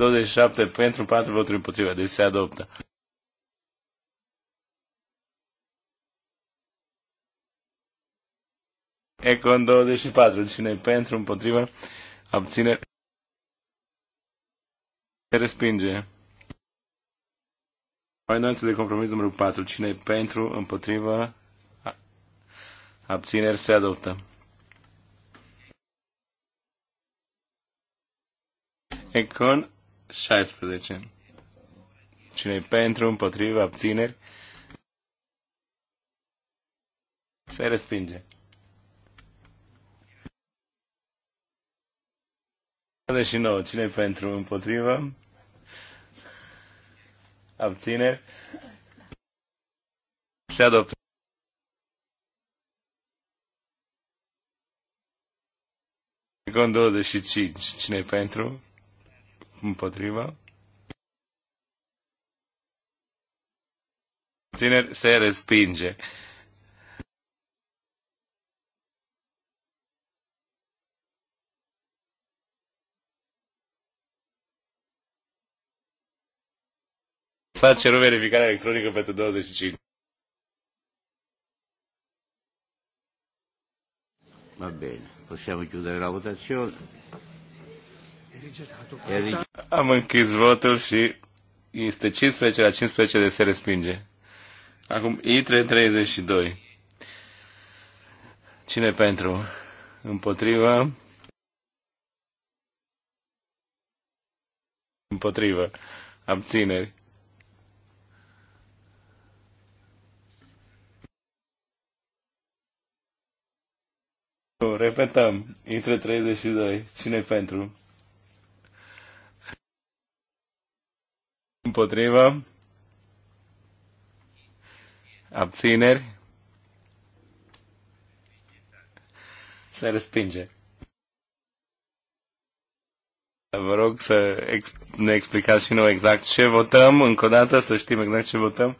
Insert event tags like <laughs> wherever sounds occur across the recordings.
27 pentru, 4 voturi împotriva. Deci se adoptă. Econ 24. Cine pentru, împotriva, abține. Se respinge. Amendamentul de compromis numărul 4. Cine pentru, împotriva, abțineri se adoptă. Econ 16. cine pentru, împotriva, abțineri? Se respinge. 29. cine pentru, împotriva? Abțineri? Se adoptă. Second 25. cine pentru? Împotriva. Tineri se respinge. S-a cerut verificarea electronică pentru 25. Va bene, possiamo chiudere la votazione. Am închis votul și este 15 la 15 de se respinge. Acum, ITRE 32. Cine pentru? Împotrivă? Împotrivă. Abțineri. Repetăm. Intre 32. Cine pentru? Împotrivă. Abțineri. Se respinge. Vă rog să ne explicați și noi exact ce votăm, încă o dată să știm exact ce votăm.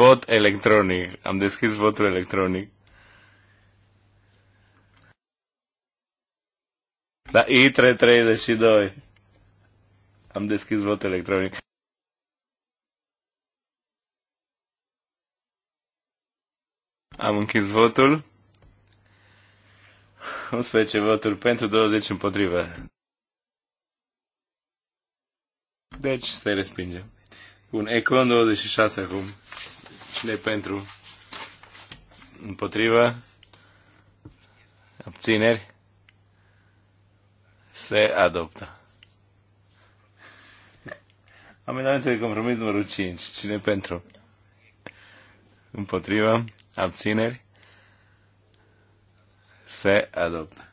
Vot electronic. Am deschis votul electronic. La I332. Am deschis votul electronic. Am închis votul. 11 voturi pentru, 20 împotrivă. Deci se respinge. Bun, Econ 26 acum cine pentru? Împotrivă? Abțineri? Se adoptă. Amendamentul de compromis numărul 5. Cine pentru? Împotrivă? Abțineri? Se adoptă.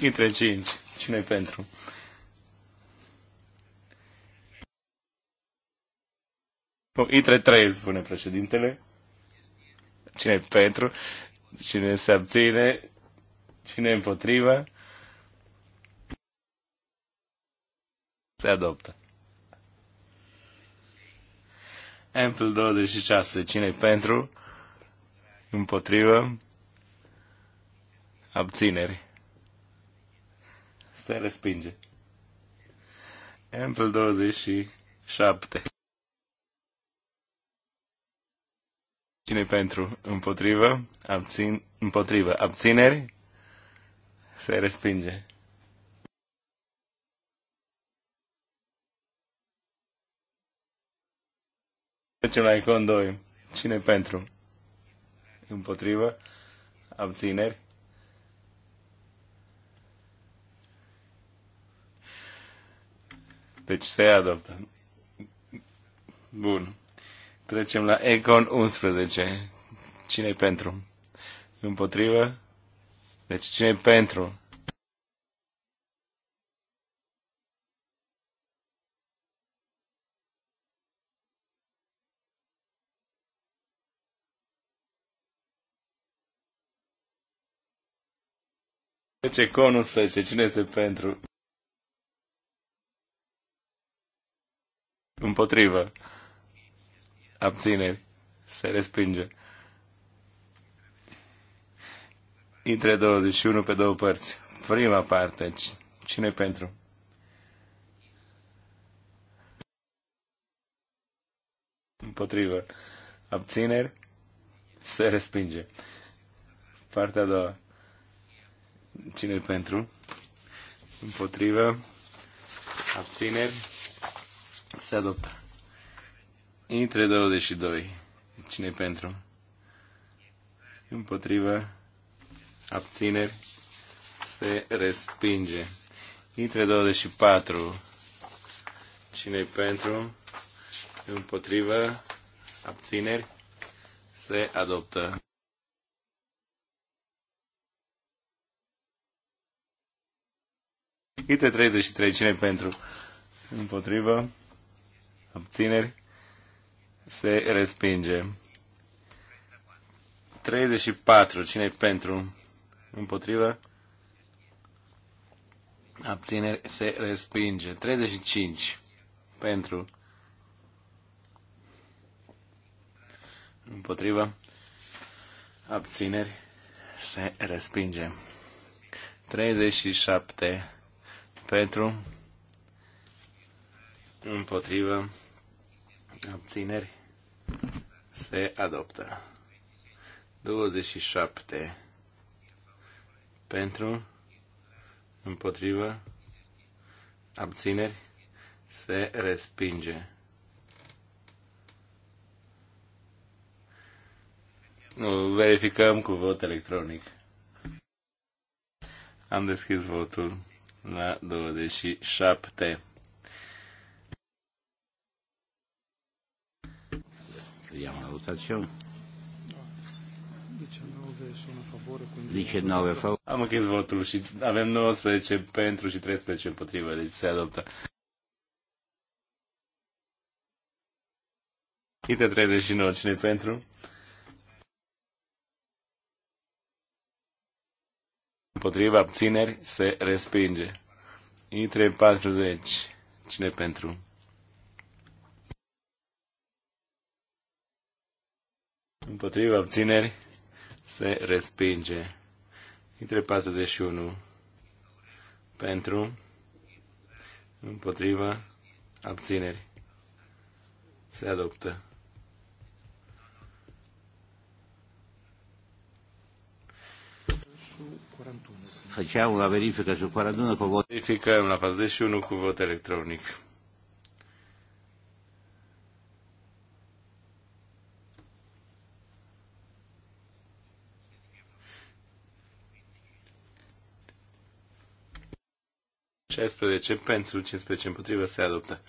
Între 5. Cine pentru? Nu, ITRE trei, spune președintele. Cine pentru? Cine se abține? Cine împotriva? Se adoptă. Ample 26. Cine pentru? Împotrivă? Abțineri. Se respinge. Ample 27. cine pentru? Împotrivă? Abțin, împotrivă. Abțineri? Se respinge. Trecem la icon 2. Cine pentru? Împotrivă? Abțineri? Deci se adoptă. Bun. Trecem la Econ 11. Cine-i pentru? Împotrivă? Deci cine-i pentru? Deci Econ 11. Cine este pentru? Împotrivă abțineri, se respinge. Între 21 pe două părți. Prima parte, cine pentru? Împotrivă. Abțineri, se respinge. Partea a doua. Cine pentru? Împotrivă. Abțineri. Se adoptă. Intre 22. cine pentru? Împotrivă. Abțineri. Se respinge. Intre 24. cine pentru? Împotrivă. Abțineri. Se adoptă. Intre 33. cine pentru? Împotrivă. Abțineri se respinge. 34. Cine pentru? Împotrivă? Abțineri se respinge. 35. Pentru. Împotrivă. Abțineri se respinge. 37. Pentru. Împotrivă. Abțineri se adoptă. 27 pentru, împotrivă, abțineri, se respinge. Nu, verificăm cu vot electronic. Am deschis votul la 27. Vediamo la votazione. 19 sono a favore, quindi... 19 a favore. Am închis votul și avem 19 pentru și 13 împotrivă, deci se adoptă. Câte 39, cine pentru? Împotriva abțineri se respinge. Între 40, cine pentru? Împotriva obțineri, se respinge. Între 41 pentru, împotriva, abțineri. Se adoptă. Facem la verifică su 41 cu vot. Verificăm la 41 cu vot electronic. 16 pentru, 15 împotrivă se adoptă.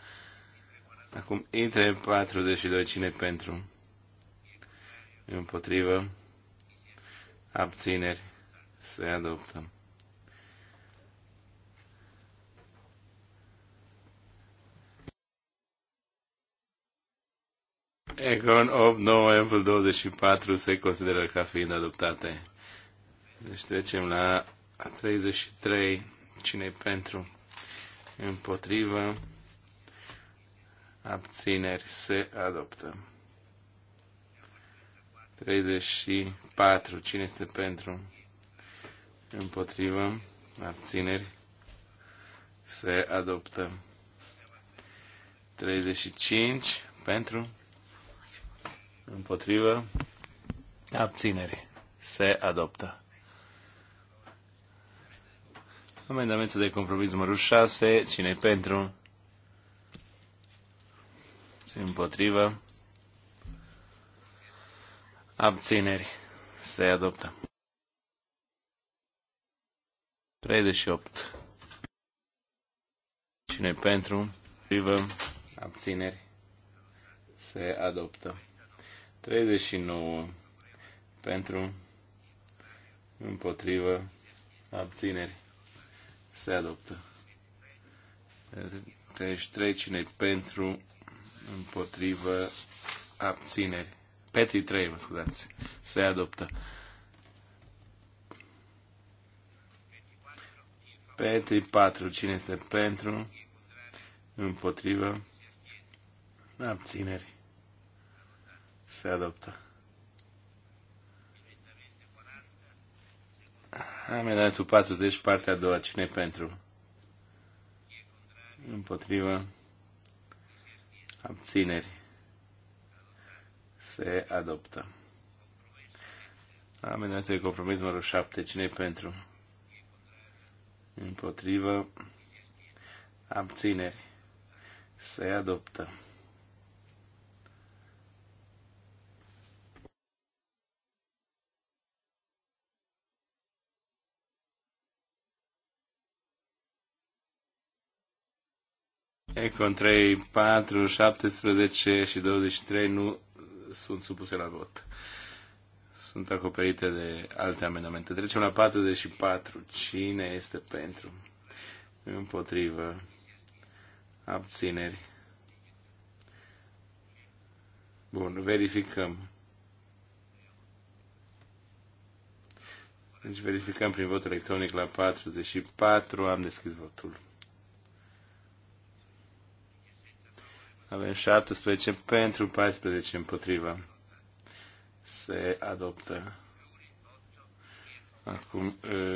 Acum intre 42 cine pentru, împotrivă, abțineri se adoptă. Egon 8, 9, Apple 24 se consideră ca fiind adoptate. Deci trecem la 33. cine pentru? împotrivă, abțineri se adoptă. 34. Cine este pentru? Împotrivă, abțineri se adoptă. 35. Pentru? Împotrivă, abțineri se adoptă. Amendamentul de compromis numărul 6. Cine-i pentru? Împotrivă. Abțineri. Se adoptă. 38. Cine pentru? Privă. Abțineri. Se adoptă. 39. Pentru. Împotrivă. Abțineri se adoptă. 33 cine pentru, împotrivă, abțineri. Petri 3, mă scuzați, se adoptă. Petri 4, cine este pentru, împotrivă, abțineri. Se adoptă. Amenatul 40, partea a doua. cine pentru? Împotrivă. Abțineri. Se adoptă. Amenatul de compromis numărul 7. cine pentru? Împotrivă. Abțineri. Se adoptă. Econ 3, 4, 17 și 23 nu sunt supuse la vot. Sunt acoperite de alte amendamente. Trecem la 44. Cine este pentru? Împotrivă. Abțineri. Bun, verificăm. Deci verificăm prin vot electronic la 44. Am deschis votul. Avem 17 pentru, 14 împotrivă. Se adoptă. Acum,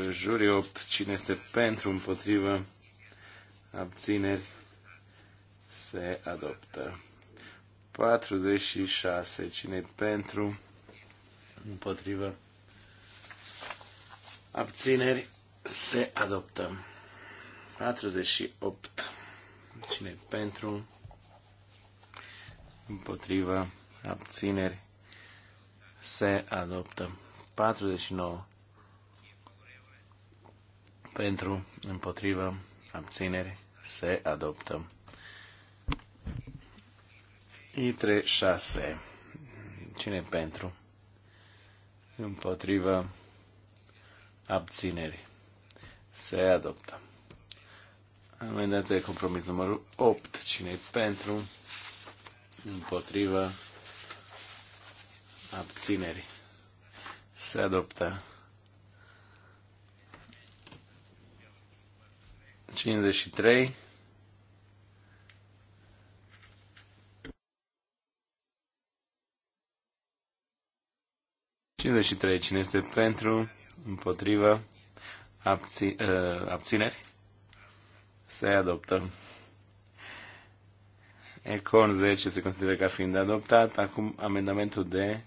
jurii 8, cine este pentru, împotrivă, abțineri, se adoptă. 46, cine pentru, împotrivă, abțineri, se adoptă. 48, cine pentru, împotriva, abțineri, se adoptă. 49 pentru, împotriva, abțineri, se adoptă. Itre 6. Cine pentru? Împotriva abțineri. Se adoptă. Amendatul de compromis numărul 8. Cine pentru? împotrivă, abținerii. Se adoptă. 53. trei. Cine este pentru, împotriva, abți, uh, abțineri, se adoptă. Econ 10 se consideră ca fiind adoptat. Acum amendamentul de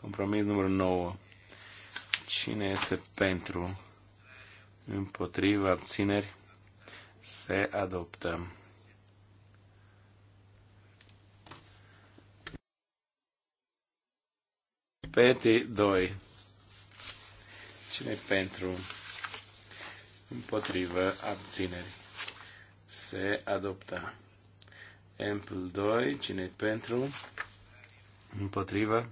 compromis numărul 9. Cine este pentru? Împotriva abțineri se adoptă. Peti 2. Cine pentru? Împotriva abțineri se adoptă. Ample 2, cine pentru? Împotrivă?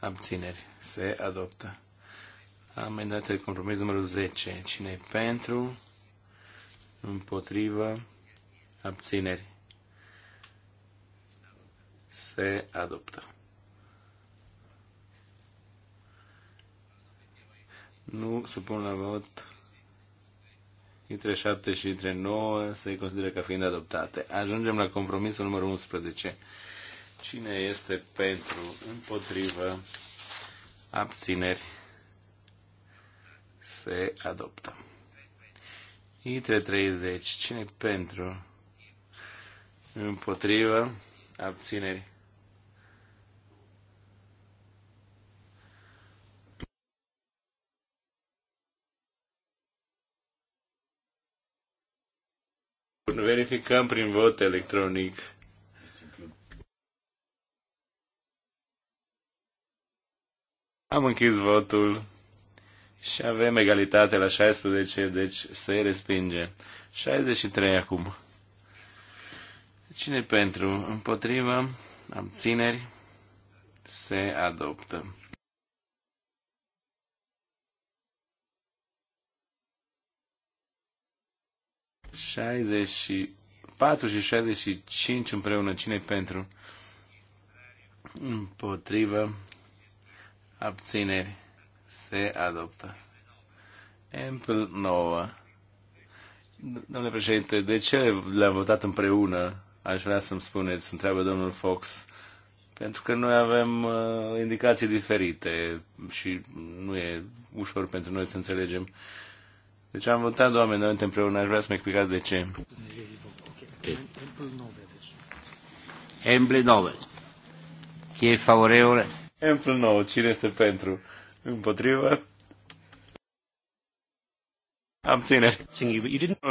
Abțineri. Se adoptă. Amendată de compromis numărul 10. cine pentru? Împotrivă? Abțineri. Se adoptă. Nu supun la vot între 7 și între 9 se consideră ca fiind adoptate. Ajungem la compromisul numărul 11. Cine este pentru, împotrivă, abțineri, se adoptă. Între 30. Cine pentru, împotrivă, abțineri, Verificăm prin vot electronic. Am închis votul și avem egalitate la 16, deci se respinge. 63 acum. Cine pentru? Împotrivă? Abțineri? Se adoptă. 64 și 65 împreună. cine pentru? Împotrivă. Abțineri. Se adoptă. Ample 9. Domnule președinte, de ce le-am votat împreună? Aș vrea să-mi spuneți, întreabă domnul Fox. Pentru că noi avem uh, indicații diferite și nu e ușor pentru noi să înțelegem. Uh, deci am votat două amendamente împreună. Aș vrea să-mi explicați de ce. Emple 9. Chi e favorevole? Emple 9. Cine este pentru? Împotriva? ține.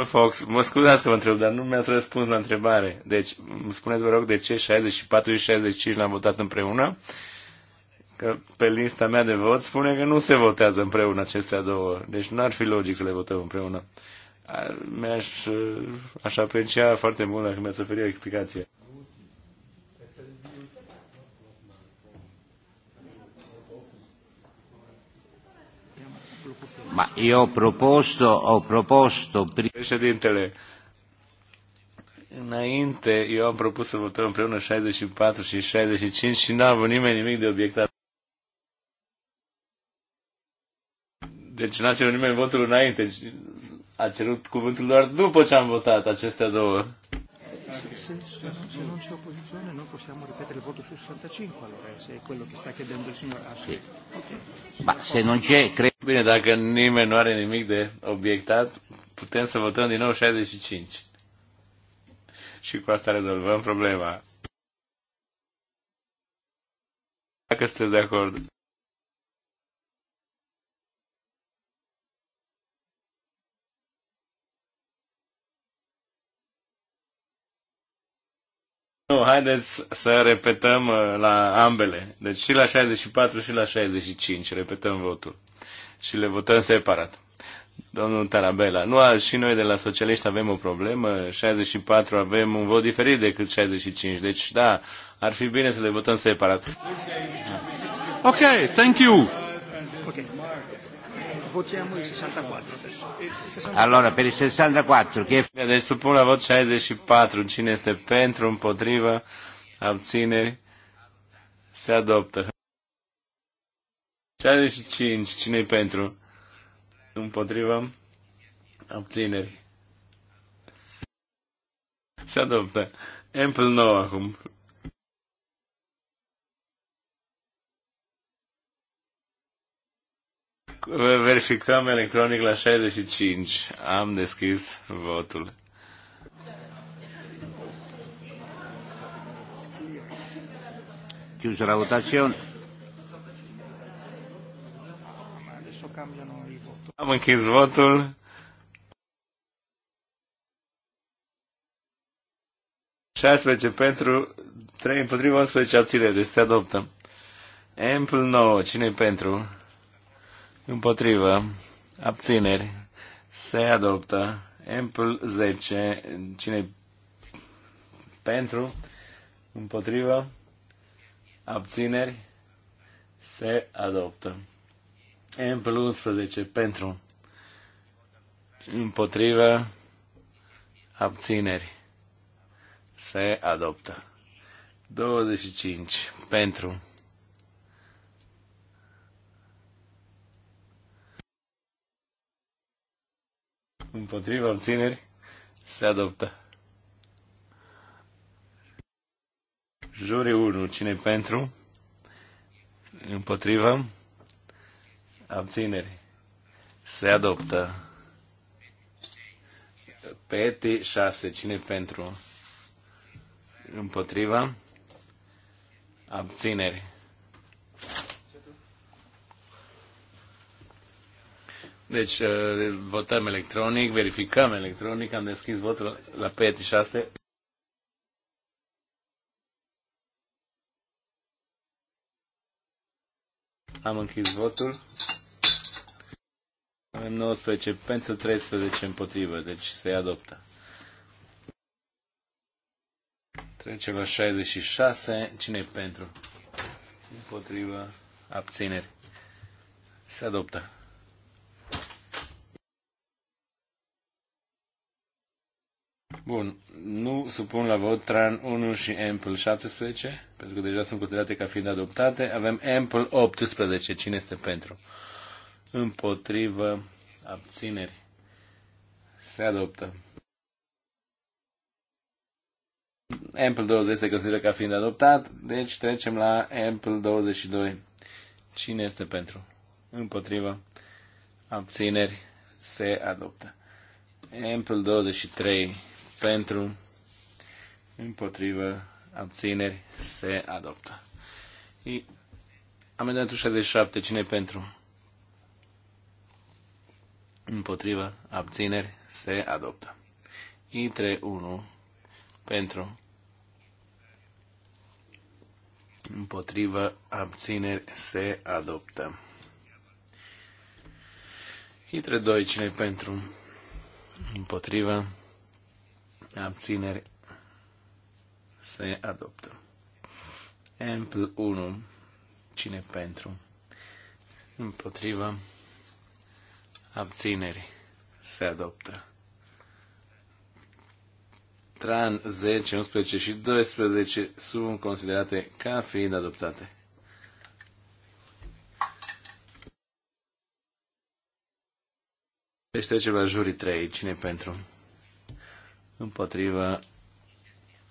Fox, mă scuzați că vă întreb, dar nu mi-ați răspuns la întrebare. Deci, spuneți, vă rog, de ce 64 și 65 l-am votat împreună? că pe lista mea de vot spune că nu se votează împreună acestea două. Deci n-ar fi logic să le votăm împreună. Mi-aș uh, aș aprecia foarte mult dacă mi-ați oferit o explicație. Ma io ho proposto, ho proposto... Președintele, înainte eu am propus să votăm împreună 64 și 65 și n-a avut nimeni nimic de obiectat. Deci n-a cerut nimeni votul înainte, a cerut cuvântul doar după ce am votat acestea două. Se, se, se nu c'è opposizione noi 65 allora, se quello che sta chiedendo il signor Ashley. Ma se non c'è, credo... Bine, dacă nimeni nu are nimic de obiectat, putem să votăm din nou 65. Și cu asta rezolvăm problema. Dacă sunteți de acord. Nu, haideți să repetăm uh, la ambele. Deci și la 64 și la 65 repetăm votul. Și le votăm separat. Domnul Tarabela, nu, și noi de la socialiști avem o problemă, 64 avem un vot diferit decât 65, deci da, ar fi bine să le votăm separat. Ok, thank you! Okay. Votiamo il 64 adesso. Il 64. Allora, per il 64 che... Deci supun la vot 64. Cine este pentru, împotrivă, abțineri, se adopta. 65. Cine-i pentru? al abțineri. Se adopta. Ample 9 acum. verificăm electronic la 65. Am deschis votul. Chiusa la votazione. Am închis votul. Șaisprezece pentru, 3 împotriva, 11 abținere. Se adoptă. Ample 9. cine pentru? Împotrivă. Abțineri. Se adoptă. Ample 10. cine pentru? Împotrivă. Abțineri. Se adoptă. plus 11. Pentru. Împotrivă. Abțineri. Se adoptă. 25. Pentru. împotriva obțineri, se adoptă. Jure 1, cine pentru, împotriva, abțineri, se adoptă. Pete 6, cine pentru, împotriva, abțineri Deci uh, votăm electronic, verificăm electronic, am deschis votul la p 6. Am închis votul. Avem 19 pentru 13 împotrivă, deci se adoptă. Trecem la 66. Cine e pentru? Împotrivă. Abțineri. Se adoptă. Bun. Nu supun la vot Tran 1 și Ample 17, pentru că deja sunt considerate ca fiind adoptate. Avem Ample 18. Cine este pentru? Împotrivă. Abțineri. Se adoptă. Ample 20 este consideră ca fiind adoptat, deci trecem la Ample 22. Cine este pentru? Împotrivă. Abțineri. Se adoptă. Ample 23 pentru, împotrivă, abțineri, se adoptă. I Amendamentul 67, cine pentru? Împotrivă, abțineri, se adoptă. Intre 1, pentru, împotrivă, abțineri, se adoptă. Intre 2, cine pentru? Împotrivă, abțineri, se adoptă. Ampl 1, cine pentru, împotriva, abțineri, se adoptă. Tran 10, 11 și 12 sunt considerate ca fiind adoptate. Deci trecem la jurii 3. Cine pentru? împotriva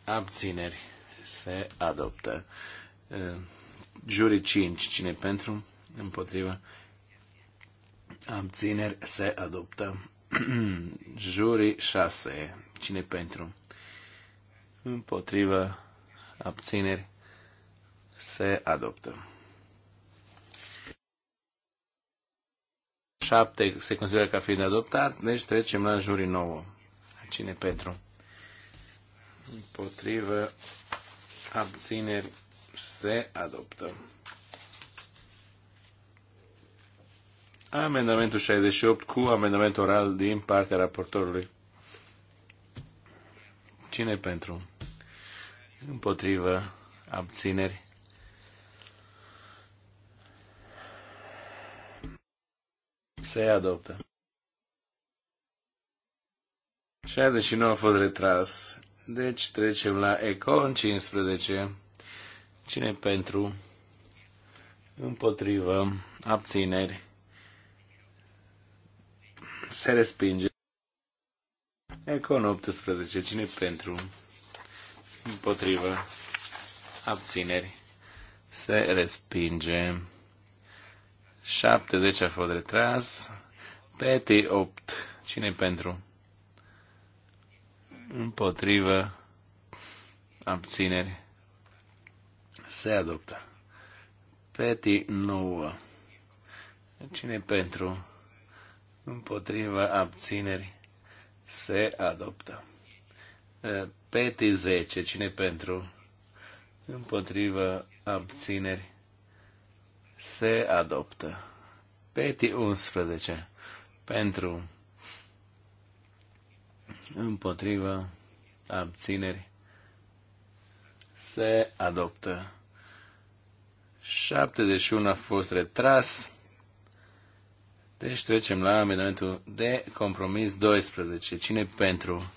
abțineri se adoptă. Jurii 5, cine pentru, împotriva abțineri se adoptă. <clears throat> Jurii 6, cine pentru, împotriva abțineri se adoptă. 7 se consideră ca fiind adoptat, deci trecem la jurii 9. Cine pentru? Împotrivă. Abțineri. Se adoptă. Amendamentul 68 cu amendament oral din partea raportorului. Cine pentru? Împotrivă. Abțineri. Se adoptă. 69 a fost retras. Deci trecem la Econ 15. Cine pentru? Împotrivă. Abțineri. Se respinge. Econ 18. Cine pentru? Împotrivă. Abțineri. Se respinge. 70 a fost retras. Peti 8. Cine pentru? împotrivă, abțineri, se adoptă. Peti nouă. Cine pentru, împotrivă, abțineri, se adoptă. Peti zece Cine pentru, împotrivă, abțineri, se adoptă. Peti 11. Pentru, împotriva, abțineri, se adoptă. 71 a fost retras. Deci trecem la amendamentul de compromis 12. Cine pentru?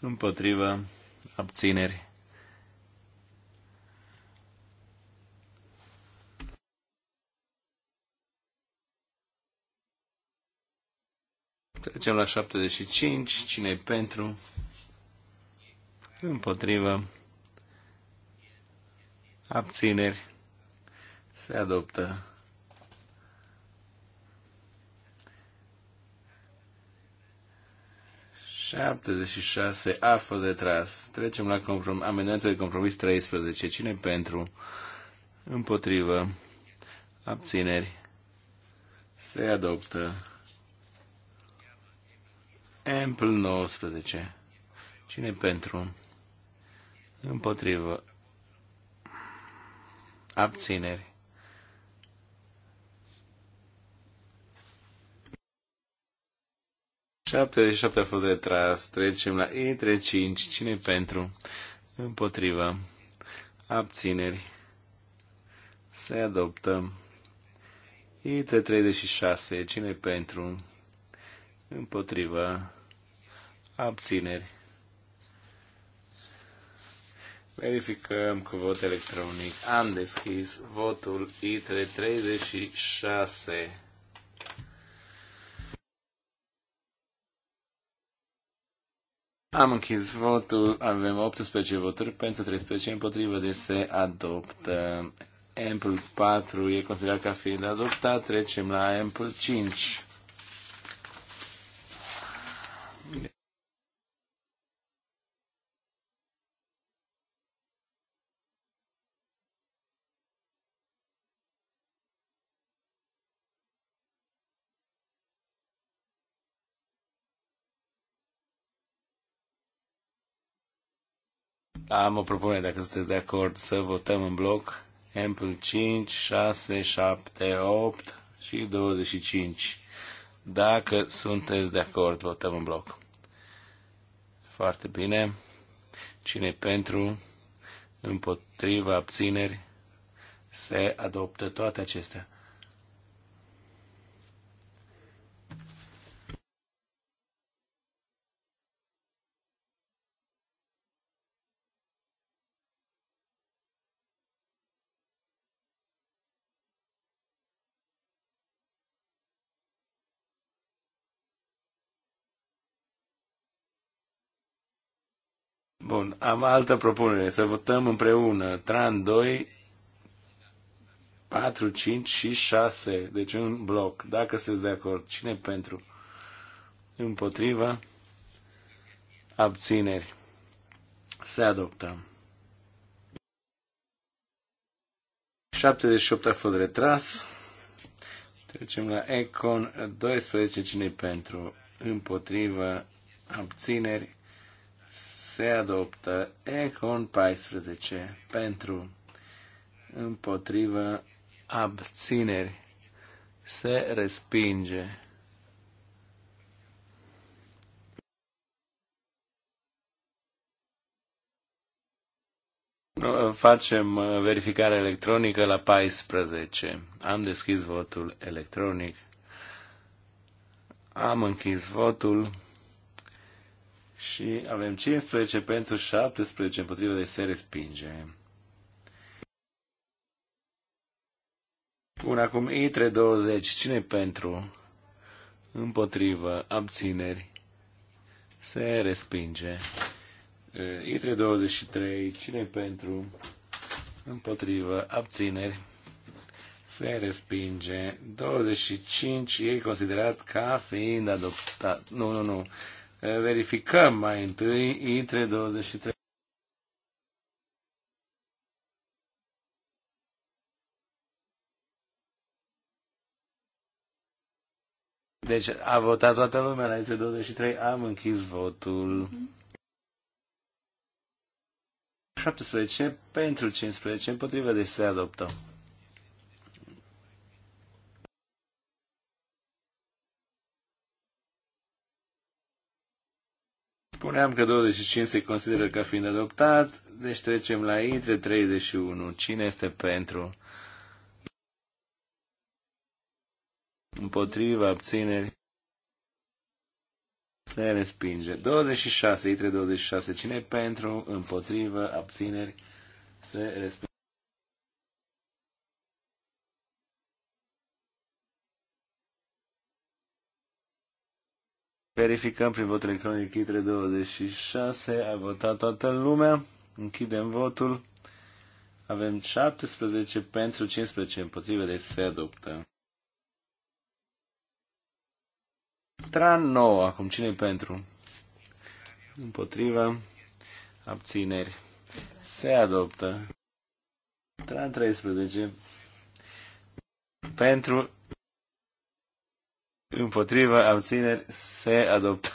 Împotrivă. Abțineri. Trecem la 75. Cine e pentru? Împotrivă. Abțineri. Se adoptă. Șaptezeci și șase a fost retras. Trecem la comprom- amendamentul de compromis 13. Cine pentru? Împotrivă. Abțineri. Se adoptă. Ample 19. Cine pentru? Împotrivă. Abțineri. Șapte de șapte a fost de tras. Trecem la E între cinci. Cine pentru? Împotrivă. Abțineri. Se adoptă. E 36. Cine pentru? Împotrivă. Abțineri. Verificăm cu vot electronic. Am deschis votul I336. Am închis votul, avem 18 voturi pentru 13 împotrivă, de deci se adoptă. Ampul 4 e considerat ca fiind adoptat, trecem la Ampul 5. Am o propunere, dacă sunteți de acord, să votăm în bloc Ample 5, 6, 7, 8 și 25. Dacă sunteți de acord, votăm în bloc. Foarte bine. Cine pentru, împotriva, abțineri, se adoptă toate acestea. Am altă propunere, să votăm împreună Tran 2, 4, 5 și 6, deci un bloc, dacă sunteți de acord. Cine pentru? Împotriva? Abțineri. Se adoptă. 78 a fost retras. Trecem la Econ 12. cine pentru? Împotrivă. Abțineri se adoptă Econ 14 pentru împotrivă abțineri se respinge. Facem uh, verificare electronică la 14. Am deschis votul electronic. Am închis votul și avem 15 pentru 17 împotriva de se respinge. Bun, acum I320. Cine pentru? Împotrivă. Abțineri. Se respinge. Uh, I323. Cine pentru? Împotrivă. Abțineri. Se respinge. 25. E considerat ca fiind adoptat. Nu, nu, nu. Eh, verificăm mai întâi între 23. Deci a votat toată lumea la între 23, am închis votul. 17 pentru 15 împotriva, de se adoptă. Spuneam că 25 se consideră ca fiind adoptat, deci trecem la ITRE 31. Cine este pentru? Împotriva abțineri. Se respinge. 26, ITRE 26. Cine pentru? Împotriva abțineri. Se respinge. Verificăm prin vot electronic ITRE 26. A votat toată lumea. Închidem votul. Avem 17 pentru 15 împotrivă, deci se adoptă. Tran 9. Acum cine pentru? Împotrivă. Abțineri. Se adoptă. Tran 13. Pentru Împotriva abțineri se adoptă.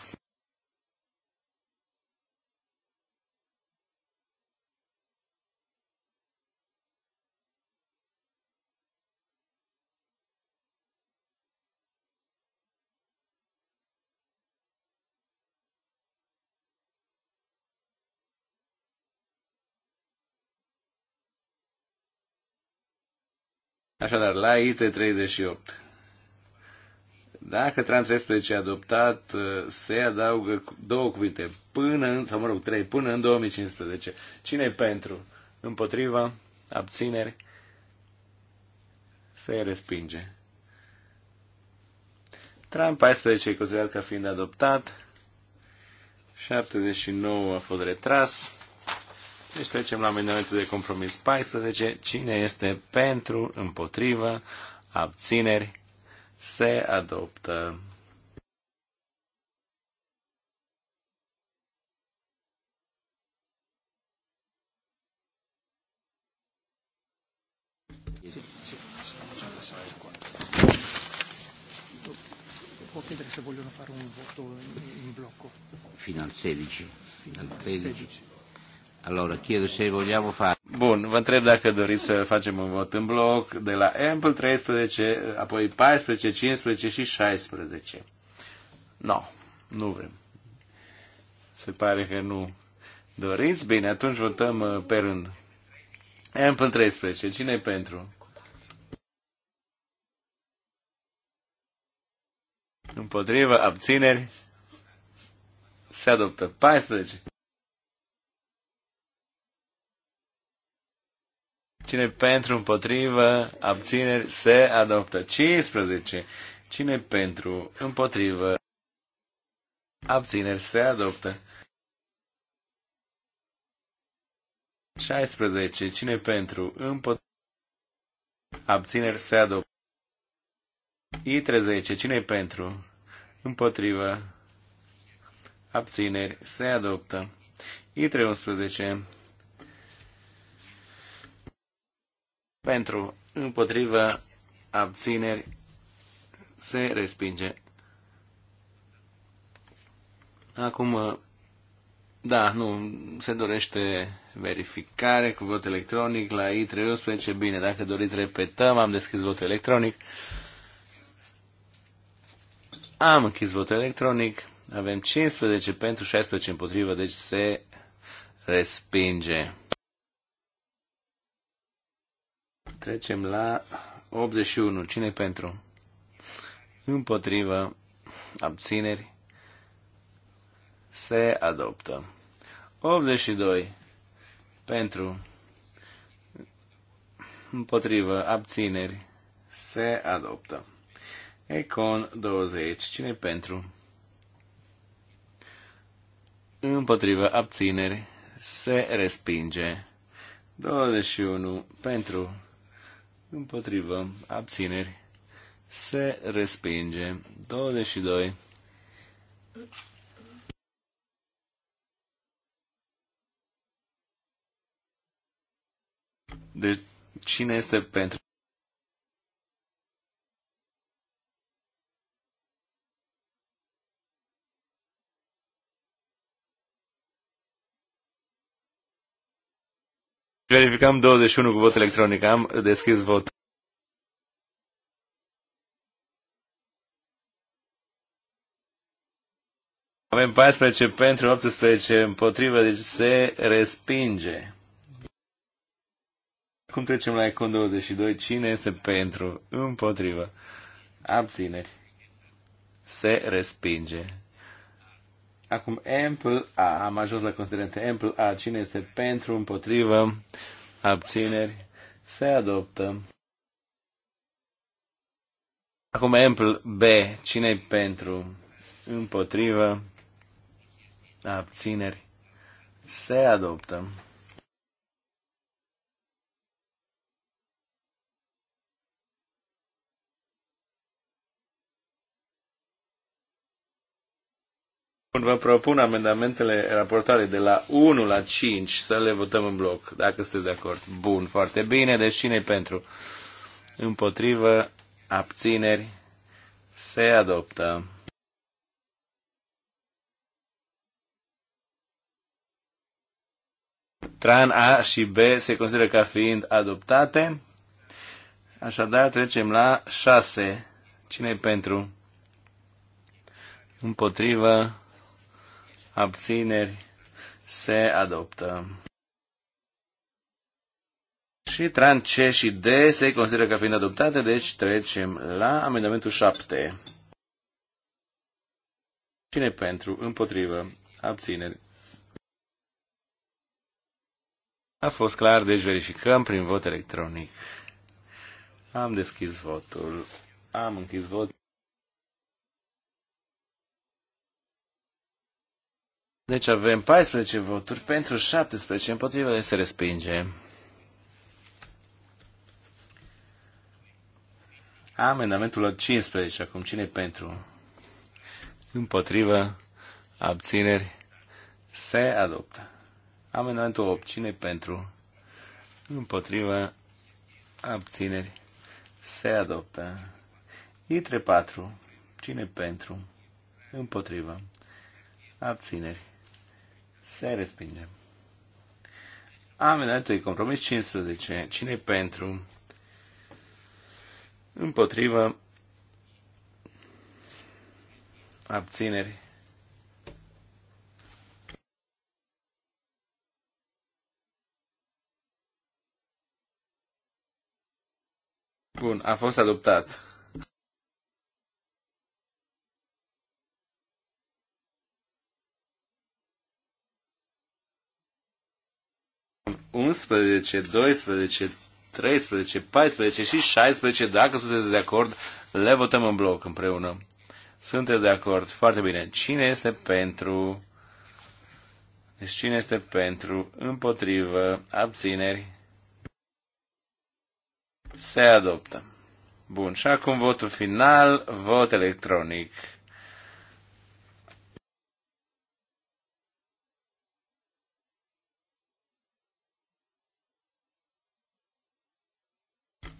Așadar, la IT 38. Dacă trans 13 adoptat, uh, se adaugă două cuvinte, până în, sau mă rog, trei, până în 2015. cine e pentru? Împotriva? Abțineri? Se respinge. Trump 14 e considerat ca fiind adoptat. 79 a fost retras. Deci trecem la amendamentul de compromis 14. Cine este pentru, împotrivă, abțineri, se adoptă. Può chiedere se vogliono fare un voto in, blocco. Fino al 16. Fino al 16. Allora, chiedo se vogliamo fare... Bun, vă întreb dacă doriți să facem un vot în bloc de la Ample 13, apoi 14, 15 și 16. Nu, No, nu vrem. Se pare că nu doriți. Bine, atunci votăm uh, pe rând. Ample 13, cine e pentru? Împotrivă, abțineri, se adoptă. 14. Cine pentru, împotrivă, abțineri, se adoptă. 15. Cine pentru, împotrivă, abțineri, se adoptă. 16. Cine pentru, împotrivă, abțineri, se adoptă. I13. Cine pentru, împotrivă, abțineri, se adoptă. I13. Pentru, împotrivă, abțineri, se respinge. Acum, da, nu, se dorește verificare cu vot electronic la I311. Bine, dacă doriți, repetăm, am deschis vot electronic. Am închis vot electronic. Avem 15 pentru 16 împotrivă, deci se respinge. Trecem la 81. Cine pentru? Împotrivă. Abțineri. Se adoptă. 82. Pentru. Împotrivă. Abțineri. Se adoptă. Econ 20. Cine pentru? Împotrivă. Abțineri. Se respinge. 21. Pentru împotrivă, abțineri, se respinge. 22. Deci, cine este pentru? Verificăm 21 cu vot electronic. Am deschis vot. Avem 14 pentru, 18 împotrivă, deci se respinge. Cum trecem la Econ 22. Cine este pentru? Împotrivă. Abțineri. Se respinge. Acum, ample A, am ajuns la considerente. Ample A, cine este pentru, împotrivă, abțineri, se adoptă. Acum, ample B, cine e pentru, împotrivă, abțineri, se adoptă. Vă propun amendamentele raportate de la 1 la 5 să le votăm în bloc, dacă sunteți de acord. Bun, foarte bine. Deci cine pentru? Împotrivă, abțineri, se adoptă. Tran A și B se consideră ca fiind adoptate. Așadar, trecem la 6. Cine pentru? Împotrivă, abțineri, se adoptă. Și tran C și D se consideră ca fiind adoptate, deci trecem la amendamentul 7. Cine pentru? Împotrivă. Abțineri. A fost clar, deci verificăm prin vot electronic. Am deschis votul. Am închis votul. Deci avem 14 voturi pentru 17 împotriva de se respinge. Amendamentul 15. Acum cine pentru? Împotrivă. Abțineri. Se adoptă. Amendamentul 8. cine pentru? Împotrivă. Abțineri. Se adoptă. Itre 4. Cine pentru? Împotrivă. Abțineri. Se respinge. Amendamentul de compromis 15. Cine pentru? Împotrivă. Abțineri. Bun, a fost adoptat. 11, 12, 13, 14 și 16, dacă sunteți de acord, le votăm în bloc împreună. Sunteți de acord? Foarte bine. Cine este pentru? Deci cine este pentru? Împotrivă? Abțineri? Se adoptă. Bun, și acum votul final, vot electronic.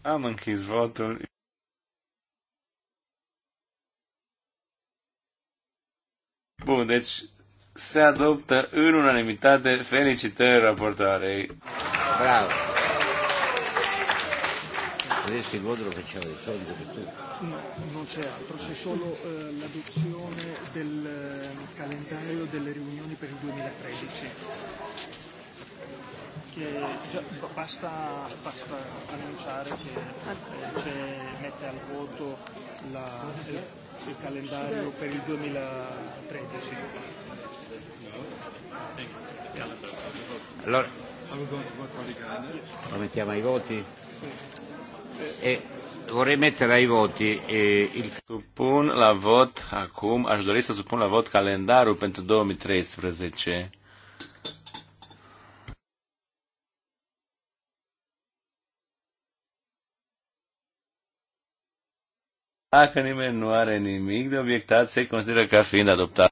Am închis votul. Bun, deci se adoptă în unanimitate. Felicitări raportoarei. Bravo. Adesso il voto lo facciamo di solito per tutti. No, non c'è altro, c'è solo eh, l'adozione del eh, calendario delle riunioni per il 2013 che già, basta, basta annunciare che eh, c'è, mette al voto la, il, eh, il calendario per il 2013. Allora, lo mettiamo ai voti? E vorrei mettere ai voti eh, il... Supun la vot acum, aș dori să supun la vot calendarul pentru 2013. Dacă nimeni nu are nimic de obiectat, se consideră ca fiind adoptat.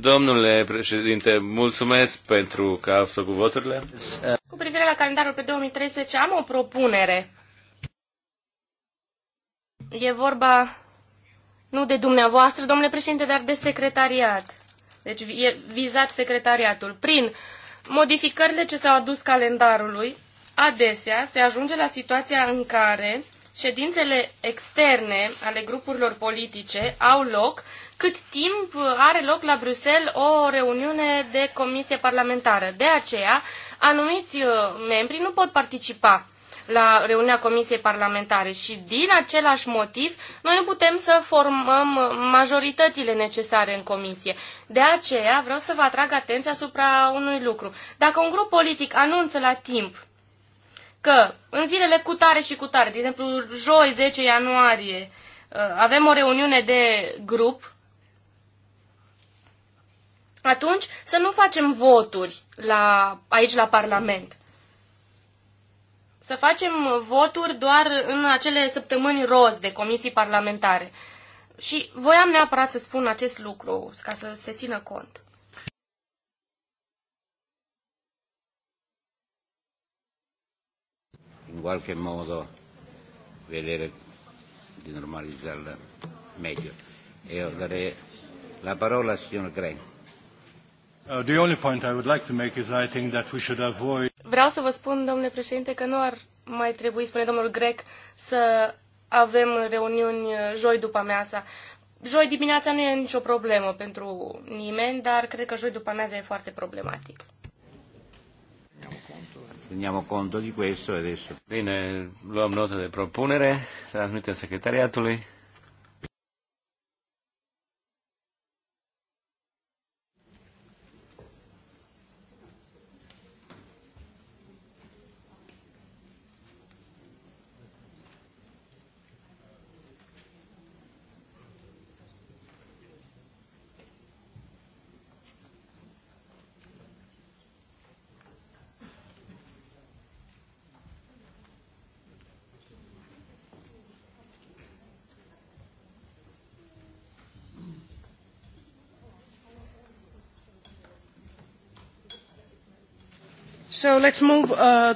Domnule președinte, mulțumesc pentru că ați făcut voturile. Cu privire la calendarul pe 2013, am o propunere. E vorba nu de dumneavoastră, domnule președinte, dar de secretariat. Deci e vizat secretariatul. Prin modificările ce s-au adus calendarului, adesea se ajunge la situația în care ședințele externe ale grupurilor politice au loc cât timp are loc la Bruxelles o reuniune de comisie parlamentară. De aceea, anumiți uh, membri nu pot participa la reuniunea comisiei parlamentare și din același motiv noi nu putem să formăm majoritățile necesare în comisie. De aceea vreau să vă atrag atenția asupra unui lucru. Dacă un grup politic anunță la timp că în zilele cu tare și cu tare, de exemplu, joi 10 ianuarie, uh, avem o reuniune de grup, atunci să nu facem voturi la, aici la Parlament. Să facem voturi doar în acele săptămâni roz de comisii parlamentare. Și voiam neapărat să spun acest lucru, ca să se țină cont. in qualche modo vedere di normalizzarla meglio. E io darei la parola al signor Gray. Uh, the only point I would like to make is I think that we should avoid... Vreau să vă spun, domnule președinte, că nu ar mai trebui, spune domnul Grec, să avem reuniuni uh, joi după amiaza. Joi dimineața nu e nicio problemă pentru nimeni, dar cred că joi după amiaza e foarte problematic. Teniamo conto di questo adesso. Bine, luăm notă de propunere, transmitem secretariatului. Uh,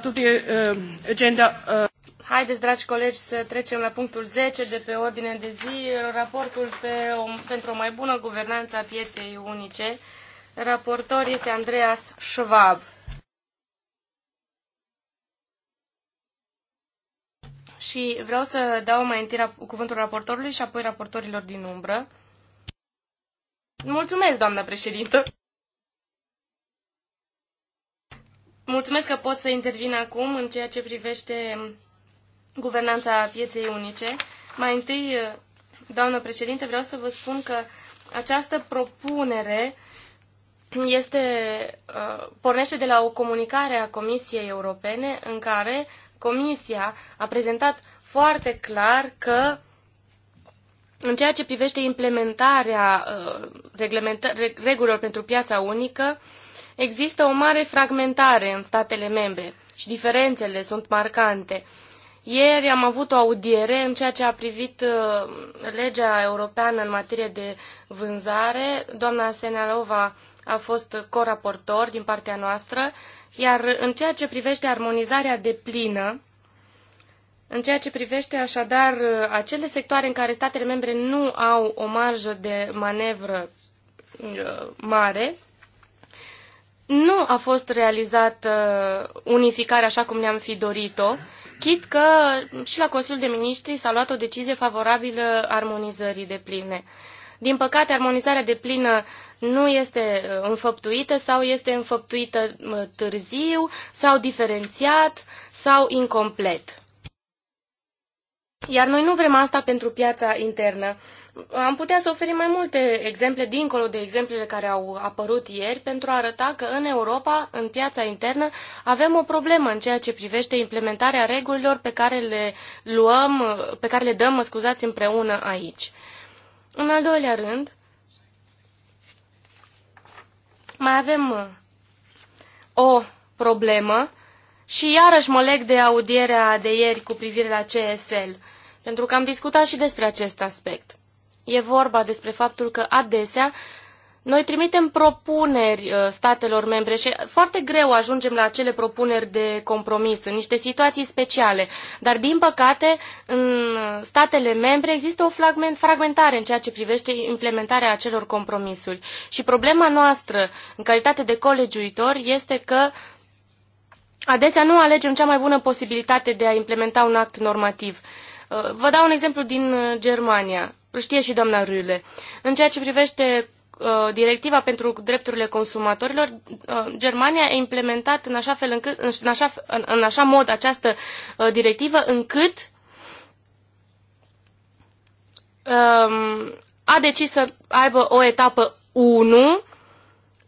uh, uh. Haideți, dragi colegi, să trecem la punctul 10 de pe ordine de zi, raportul pe o, pentru o mai bună guvernanță a pieței unice. Raportor este Andreas Schwab. Și vreau să dau mai întâi rap cuvântul raportorului și apoi raportorilor din umbră. Mulțumesc, doamnă președintă! Mulțumesc că pot să intervin acum în ceea ce privește guvernanța pieței unice. Mai întâi, doamnă președinte, vreau să vă spun că această propunere este, uh, pornește de la o comunicare a Comisiei Europene în care Comisia a prezentat foarte clar că în ceea ce privește implementarea uh, regulilor pentru piața unică, Există o mare fragmentare în statele membre și diferențele sunt marcante. Ieri am avut o audiere în ceea ce a privit uh, legea europeană în materie de vânzare. Doamna Senalova a fost coraportor din partea noastră, iar în ceea ce privește armonizarea de plină, în ceea ce privește așadar uh, acele sectoare în care statele membre nu au o marjă de manevră uh, mare, nu a fost realizată unificarea așa cum ne-am fi dorit-o, chit că și la Consiliul de Ministri s-a luat o decizie favorabilă armonizării de pline. Din păcate, armonizarea de plină nu este uh, înfăptuită sau este înfăptuită uh, târziu sau diferențiat sau incomplet. Iar noi nu vrem asta pentru piața internă am putea să oferim mai multe exemple, dincolo de exemplele care au apărut ieri, pentru a arăta că în Europa, în piața internă, avem o problemă în ceea ce privește implementarea regulilor pe care le luăm, pe care le dăm, mă scuzați, împreună aici. În al doilea rând, mai avem uh, o problemă și iarăși mă leg de audierea de ieri cu privire la CSL, pentru că am discutat și despre acest aspect. E vorba despre faptul că adesea noi trimitem propuneri uh, statelor membre și foarte greu ajungem la acele propuneri de compromis, în niște situații speciale. Dar, din păcate, în statele membre există o fragmentare în ceea ce privește implementarea acelor compromisuri. Și problema noastră, în calitate de colegiuitor este că adesea nu alegem cea mai bună posibilitate de a implementa un act normativ. Uh, vă dau un exemplu din uh, Germania știe și doamna Rule. În ceea ce privește uh, directiva pentru drepturile consumatorilor, uh, Germania a implementat în așa, fel încât, în, așa, în, așa mod această uh, directivă încât um, a decis să aibă o etapă 1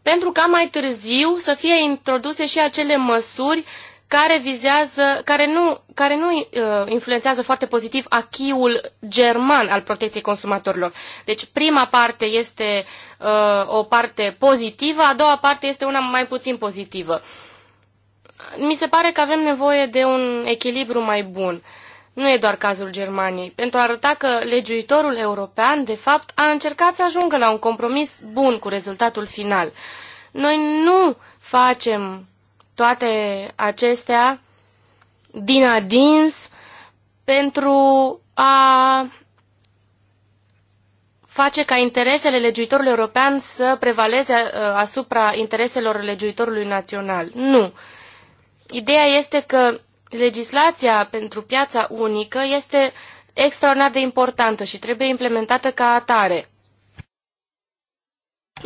pentru ca mai târziu să fie introduse și acele măsuri care vizează, care nu, care nu uh, influențează foarte pozitiv achiul german al protecției consumatorilor. Deci prima parte este uh, o parte pozitivă, a doua parte este una mai puțin pozitivă. Mi se pare că avem nevoie de un echilibru mai bun. Nu e doar cazul Germaniei, pentru a arăta că legiuitorul european, de fapt, a încercat să ajungă la un compromis bun cu rezultatul final. Noi nu facem toate acestea din adins pentru a face ca interesele legiuitorului european să prevaleze uh, asupra intereselor legiuitorului național. Nu. Ideea este că legislația pentru piața unică este extraordinar de importantă și trebuie implementată ca atare.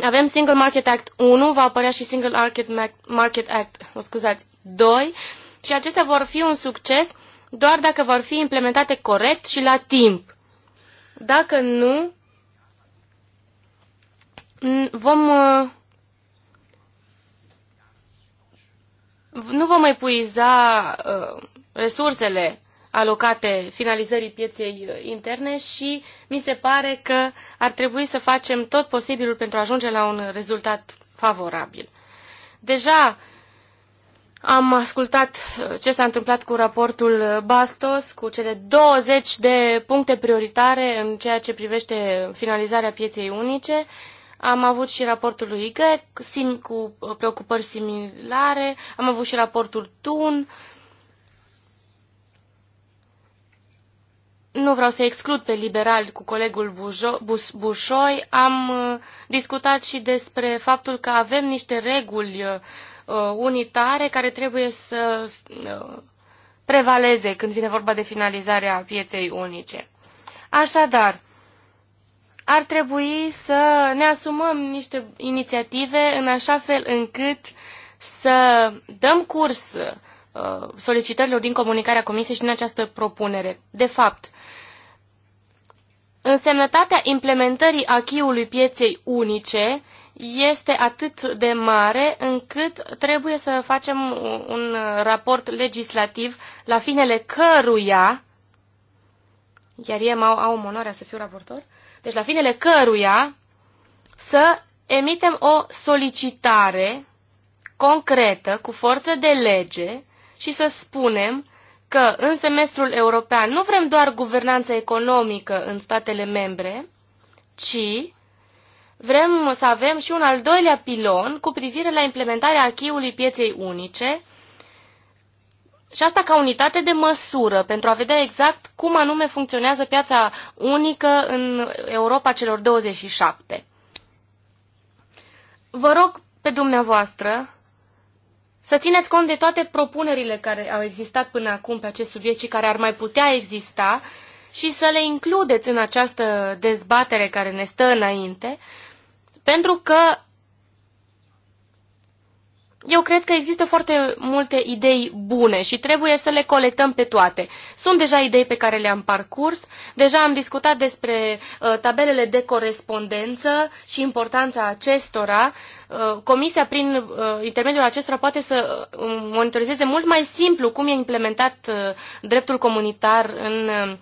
Avem Single Market Act 1, va apărea și Single Market, Market Act mă scuzați, 2 și acestea vor fi un succes doar dacă vor fi implementate corect și la timp. Dacă nu, vom uh, nu vom epuiza uh, resursele alocate finalizării pieței uh, interne și mi se pare că ar trebui să facem tot posibilul pentru a ajunge la un rezultat favorabil. Deja am ascultat uh, ce s-a întâmplat cu raportul Bastos, cu cele 20 de puncte prioritare în ceea ce privește finalizarea pieței unice. Am avut și raportul lui Ghec, sim, cu uh, preocupări similare, am avut și raportul Tun, uh, nu vreau să exclud pe liberali cu colegul Bușoi, am uh, discutat și despre faptul că avem niște reguli uh, uh, unitare care trebuie să prevaleze când vine vorba de finalizarea pieței unice. Așadar, ar trebui să ne asumăm niște inițiative în așa fel încât să dăm curs Uh, solicitărilor din comunicarea Comisiei și din această propunere. De fapt, însemnătatea implementării achiului pieței unice este atât de mare încât trebuie să facem un raport legislativ la finele căruia, iar ei au, au onoarea să fiu raportor, deci la finele căruia să emitem o solicitare concretă, cu forță de lege, și să spunem că în semestrul european nu vrem doar guvernanță economică în statele membre, ci vrem să avem și un al doilea pilon cu privire la implementarea achiului pieței unice și asta ca unitate de măsură pentru a vedea exact cum anume funcționează piața unică în Europa celor 27. Vă rog pe dumneavoastră să țineți cont de toate propunerile care au existat până acum pe acest subiect și care ar mai putea exista și să le includeți în această dezbatere care ne stă înainte, pentru că eu cred că există foarte multe idei bune și trebuie să le colectăm pe toate. Sunt deja idei pe care le-am parcurs, deja am discutat despre uh, tabelele de corespondență și importanța acestora. Uh, comisia, prin uh, intermediul acestora, poate să uh, monitorizeze mult mai simplu cum e implementat uh, dreptul comunitar în. Uh,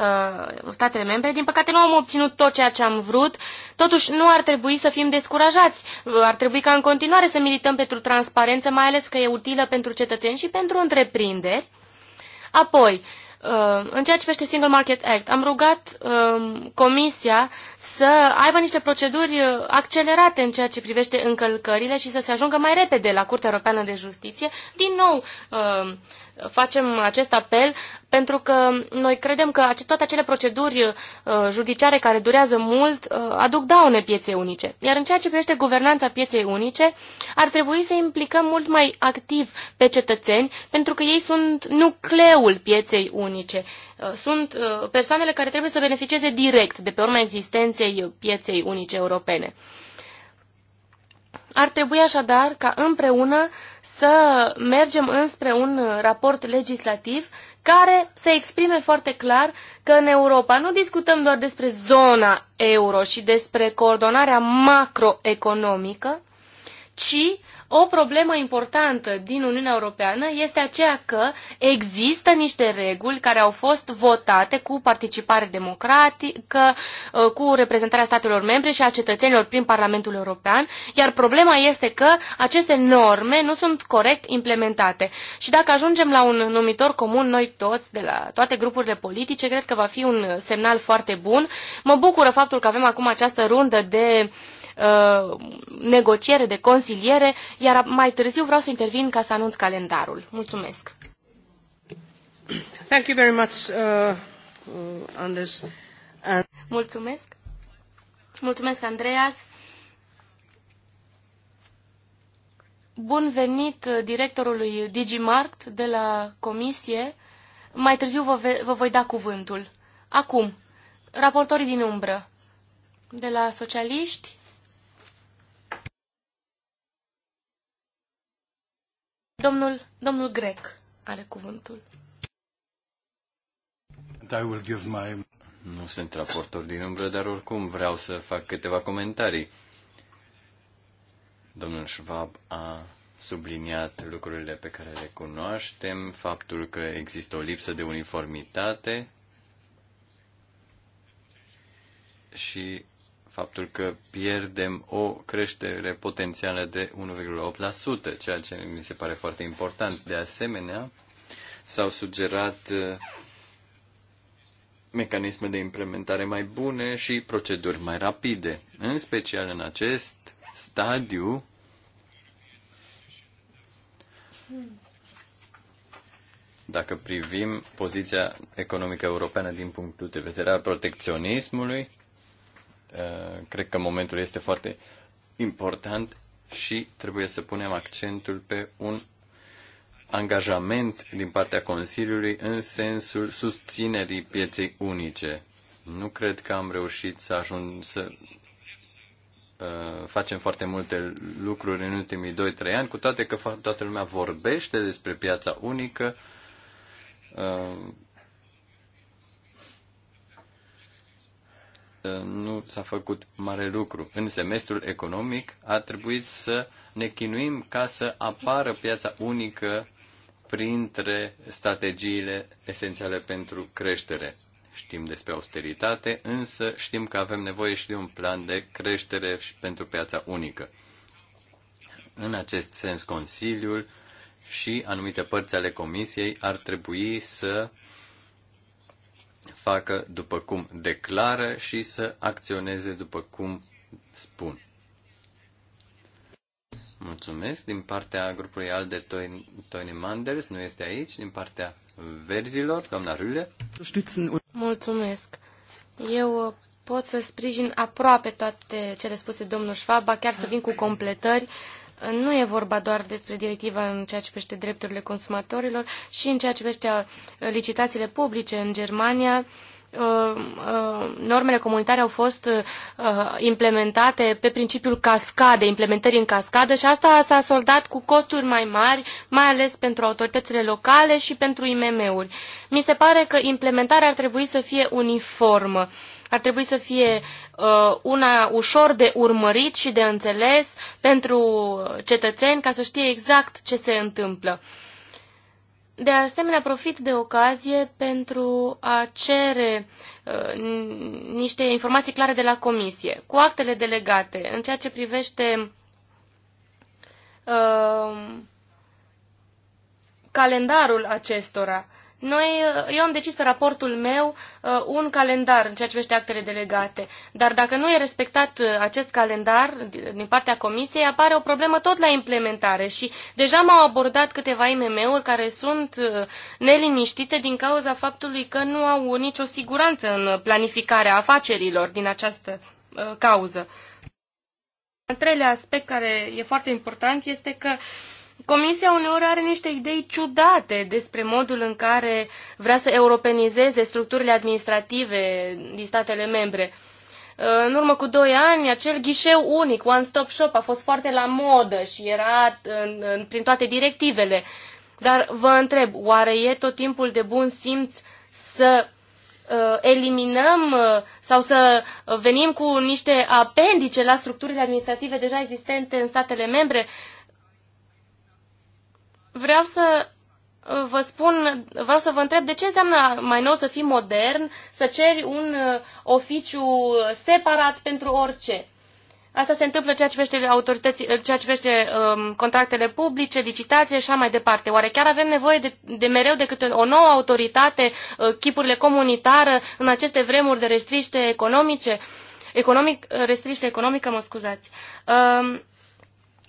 uh, statele membre. Din păcate nu am obținut tot ceea ce am vrut. Totuși nu ar trebui să fim descurajați. Ar trebui ca în continuare să milităm pentru transparență, mai ales că e utilă pentru cetățeni și pentru întreprinderi. Apoi, uh, în ceea ce privește Single Market Act, am rugat uh, Comisia să aibă niște proceduri uh, accelerate în ceea ce privește încălcările și să se ajungă mai repede la Curtea Europeană de Justiție, din nou uh, facem acest apel pentru că noi credem că toate acele proceduri uh, judiciare care durează mult uh, aduc daune pieței unice. Iar în ceea ce privește guvernanța pieței unice, ar trebui să implicăm mult mai activ pe cetățeni pentru că ei sunt nucleul pieței unice. Uh, sunt persoanele care trebuie să beneficieze direct de pe urma existenței pieței unice europene. Ar trebui așadar ca împreună să mergem înspre un raport legislativ care să exprime foarte clar că în Europa nu discutăm doar despre zona euro și despre coordonarea macroeconomică, ci o problemă importantă din Uniunea Europeană este aceea că există niște reguli care au fost votate cu participare democratică, ă, cu reprezentarea statelor membre și a cetățenilor prin Parlamentul European, iar problema este că aceste norme nu sunt corect implementate. Și dacă ajungem la un numitor comun noi toți, de la toate grupurile politice, cred că va fi un semnal foarte bun. Mă bucură faptul că avem acum această rundă de uh, Uh, negociere, de consiliere, iar mai târziu vreau să intervin ca să anunț calendarul. Mulțumesc! Thank you very much, uh, uh Anders. And... Mulțumesc! Mulțumesc, Andreas! Bun venit directorului Digimarkt de la Comisie. Mai târziu vă, vă voi da cuvântul. Acum, raportorii din umbră. De la socialiști, Domnul, domnul Grec are cuvântul. My... Nu sunt raportor din umbră, dar oricum vreau să fac câteva comentarii. Domnul Schwab a subliniat lucrurile pe care le cunoaștem, faptul că există o lipsă de uniformitate și faptul că pierdem o creștere potențială de 1,8%, ceea ce mi se pare foarte important. De asemenea, s-au sugerat uh, mecanisme de implementare mai bune și proceduri mai rapide. În special în acest stadiu, dacă privim poziția economică europeană din punctul de vedere al protecționismului, Eh, cred că momentul este foarte important și trebuie să punem accentul pe un angajament din partea Consiliului în sensul susținerii pieței unice. Nu cred că am reușit să ajung să uh, facem foarte multe lucruri în ultimii 2-3 ani, cu toate că toată lumea vorbește despre piața unică. Uh, Uh, nu s-a făcut mare lucru. În semestrul economic a trebuit să ne chinuim ca să apară piața unică printre strategiile esențiale pentru creștere. Știm despre austeritate, însă știm că avem nevoie și de un plan de creștere și pentru piața unică. În acest sens, Consiliul și anumite părți ale Comisiei ar trebui să facă după cum declară și să acționeze după cum spun. Mulțumesc. Din partea grupului al de Tony Manders, nu este aici. Din partea verzilor, doamna Rule. Mulțumesc. Eu pot să sprijin aproape toate cele spuse domnul Schwab, chiar să vin cu completări. Uh, nu e vorba doar despre directiva în ceea ce privește drepturile consumatorilor și în ceea ce privește uh, licitațiile publice în Germania. Uh, uh, normele comunitare au fost implementate pe principiul cascade, implementării în cascadă și asta s-a soldat cu costuri mai mari, mai ales pentru autoritățile locale și pentru IMM-uri. Mi se pare că implementarea ar trebui să fie uniformă ar trebui să fie uh, una ușor de urmărit și de înțeles pentru cetățeni ca să știe exact ce se întâmplă. De asemenea, profit de ocazie pentru a cere uh, niște informații clare de la comisie, cu actele delegate, în ceea ce privește uh, calendarul acestora. Noi, eu am decis pe raportul meu uh, un calendar în ceea ce privește actele delegate, dar dacă nu e respectat uh, acest calendar din partea comisiei, apare o problemă tot la implementare și deja m-au abordat câteva IMM-uri care sunt uh, neliniștite din cauza faptului că nu au nicio siguranță în planificarea afacerilor din această cauză. Al treilea aspect care e foarte important este că uh, Comisia uneori are niște idei ciudate despre modul în care vrea să europenizeze structurile administrative din statele membre. În urmă cu doi ani, acel ghișeu unic, One Stop Shop, a fost foarte la modă și era în, în, prin toate directivele. Dar vă întreb, oare e tot timpul de bun simț să uh, eliminăm uh, sau să venim cu niște apendice la structurile administrative deja existente în statele membre? vreau să uh, vă spun, vreau să vă întreb de ce înseamnă mai nou să fii modern, să ceri un uh, oficiu separat pentru orice. Asta se întâmplă ceea ce privește, autorități, ceea ce privește um, contractele publice, licitație și așa mai departe. Oare chiar avem nevoie de, de mereu de câte o nouă autoritate, uh, chipurile comunitară, în aceste vremuri de restriște economice? Economic, restriște economică, mă scuzați. Uh,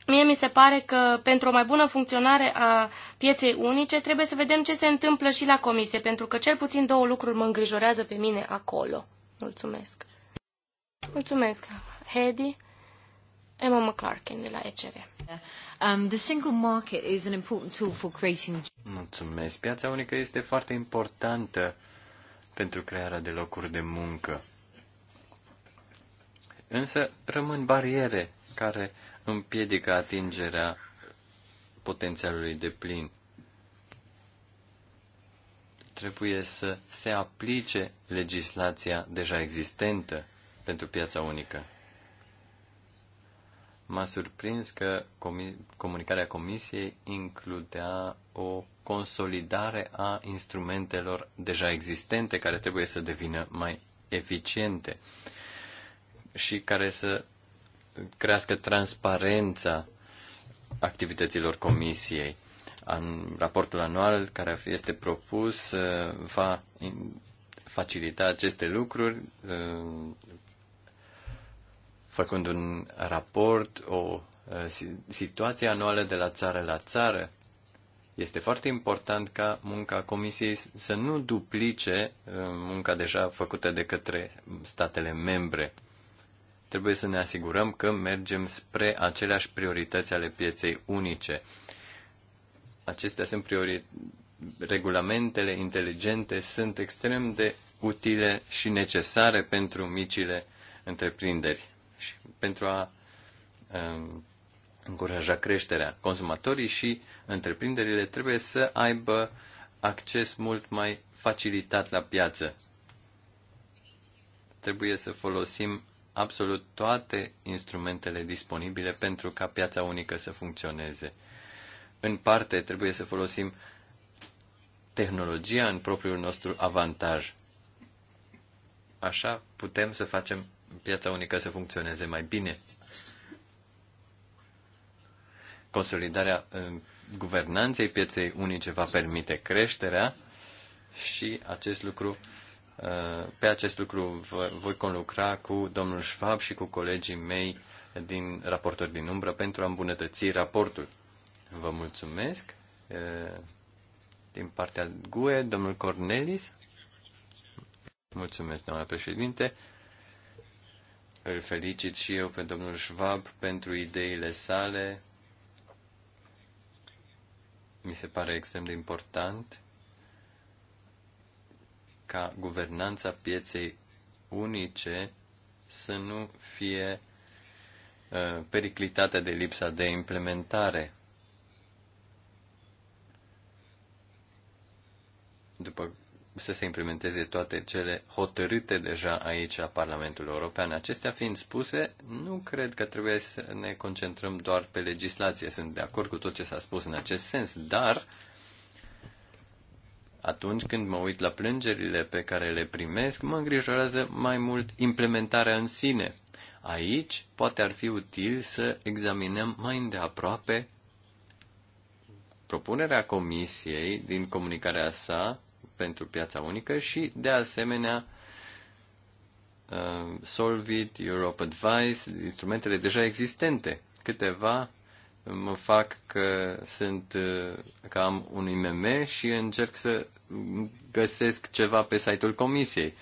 Mie mi se pare că pentru o mai bună funcționare a pieței unice trebuie să vedem ce se întâmplă și la comisie, pentru că cel puțin două lucruri mă îngrijorează pe mine acolo. Mulțumesc. Mulțumesc, Hedy. Emma McClarkin de la ECR. Um, the single market is an important tool for creating... Mulțumesc. Piața unică este foarte importantă pentru crearea de locuri de muncă. Însă rămân bariere care împiedică atingerea potențialului de plin. Trebuie să se aplice legislația deja existentă pentru piața unică. M-a surprins că comunicarea Comisiei includea o consolidare a instrumentelor deja existente care trebuie să devină mai eficiente și care să crească transparența activităților comisiei. În raportul anual care este propus uh, va facilita aceste lucruri, uh, făcând un raport, o uh, situație anuală de la țară la țară. Este foarte important ca munca Comisiei să nu duplice munca deja făcută de către statele membre. Trebuie să ne asigurăm că mergem spre aceleași priorități ale pieței unice. Acestea sunt priorități. Regulamentele inteligente sunt extrem de utile și necesare pentru micile întreprinderi și pentru a um, încuraja creșterea. Consumatorii și întreprinderile trebuie să aibă acces mult mai facilitat la piață. Trebuie să folosim absolut toate instrumentele disponibile pentru ca piața unică să funcționeze. În parte, trebuie să folosim tehnologia în propriul nostru avantaj. Așa putem să facem piața unică să funcționeze mai bine. Consolidarea ă, guvernanței pieței unice va permite creșterea și acest lucru Uh, pe acest lucru voi conlucra cu domnul Schwab și cu colegii mei din raportori din umbră pentru a îmbunătăți raportul. Vă mulțumesc. Uh, din partea GUE, domnul Cornelis. Mulțumesc, doamna președinte. Îl felicit și eu pe domnul Schwab pentru ideile sale. Mi se pare extrem de important ca guvernanța pieței unice să nu fie uh, periclitată de lipsa de implementare. După să se implementeze toate cele hotărâte deja aici la Parlamentul European. Acestea fiind spuse, nu cred că trebuie să ne concentrăm doar pe legislație. Sunt de acord cu tot ce s-a spus în acest sens, dar uh, atunci când mă uit la plângerile pe care le primesc, mă îngrijorează mai mult implementarea în sine. Aici poate ar fi util să examinăm mai îndeaproape propunerea Comisiei din comunicarea sa pentru piața unică și, de asemenea, uh, Solvit, Europe Advice, instrumentele deja existente. Câteva mă fac că sunt uh, cam un IMM și încerc să găsesc ceva pe site-ul comisiei.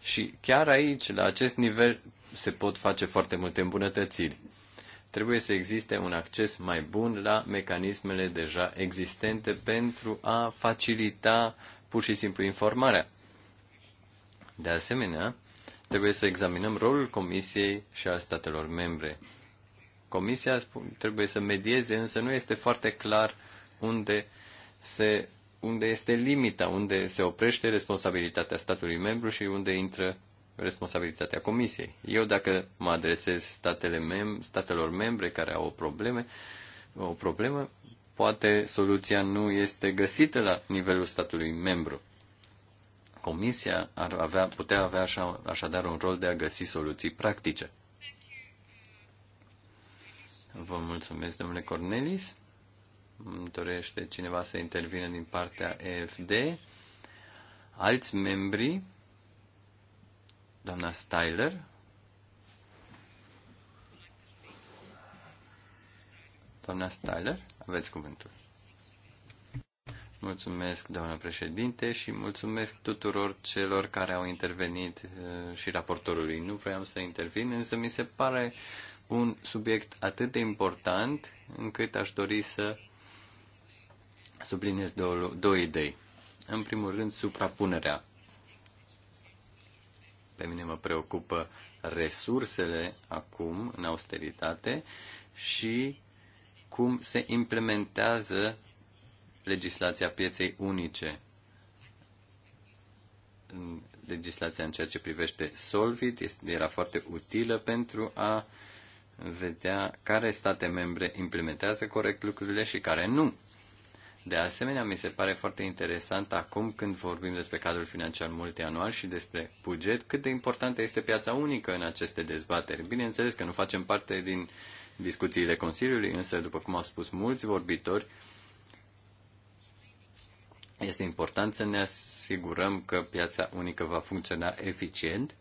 Și chiar aici, la acest nivel, se pot face foarte multe îmbunătățiri. Trebuie să existe un acces mai bun la mecanismele deja existente pentru a facilita pur și simplu informarea. De asemenea, trebuie să examinăm rolul Comisiei și al statelor membre. Comisia trebuie să medieze, însă nu este foarte clar unde se unde este limita, unde se oprește responsabilitatea statului membru și unde intră responsabilitatea Comisiei. Eu, dacă mă adresez statele mem- statelor membre care au o, probleme, o problemă, poate soluția nu este găsită la nivelul statului membru. Comisia ar avea, putea avea așa, așadar un rol de a găsi soluții practice. Vă mulțumesc, domnule Cornelis dorește cineva să intervină din partea EFD. Alți membri, doamna Styler. Doamna Styler, aveți cuvântul. Mulțumesc, doamnă președinte, și mulțumesc tuturor celor care au intervenit uh, și raportorului. Nu vreau să intervin, însă mi se pare un subiect atât de important încât aș dori să subliniez două, două idei. În primul rând, suprapunerea. Pe mine mă preocupă resursele acum în austeritate și cum se implementează legislația pieței unice. Legislația în ceea ce privește Solvit era foarte utilă pentru a vedea care state membre implementează corect lucrurile și care nu. De asemenea, mi se pare foarte interesant acum când vorbim despre cadrul financiar multianual și despre buget, cât de importantă este piața unică în aceste dezbateri. Bineînțeles că nu facem parte din discuțiile Consiliului, însă, după cum au spus mulți vorbitori, este important să ne asigurăm că piața unică va funcționa eficient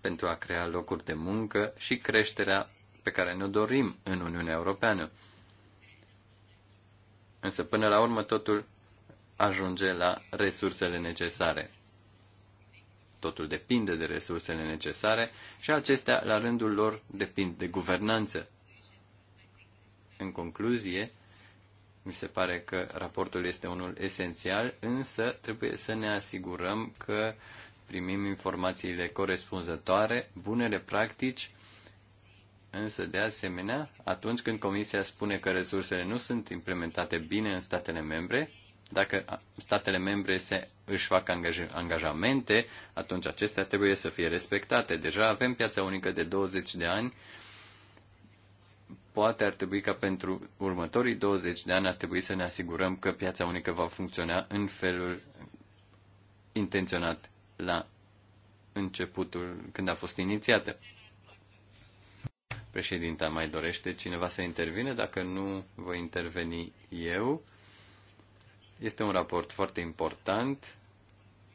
pentru a crea locuri de muncă și creșterea pe care ne-o dorim în Uniunea Europeană. Însă, până la urmă, totul ajunge la resursele necesare. Totul depinde de resursele necesare și acestea, la rândul lor, depind de guvernanță. În concluzie, mi se pare că raportul este unul esențial, însă trebuie să ne asigurăm că primim informațiile corespunzătoare, bunele practici Însă, de asemenea, atunci când Comisia spune că resursele nu sunt implementate bine în statele membre, dacă statele membre se, își fac angaj, angajamente, atunci acestea trebuie să fie respectate. Deja avem piața unică de 20 de ani. Poate ar trebui ca pentru următorii 20 de ani ar trebui să ne asigurăm că piața unică va funcționa în felul intenționat la începutul, când a fost inițiată. Președinta, mai dorește cineva să intervine? Dacă nu, voi interveni eu. Este un raport foarte important,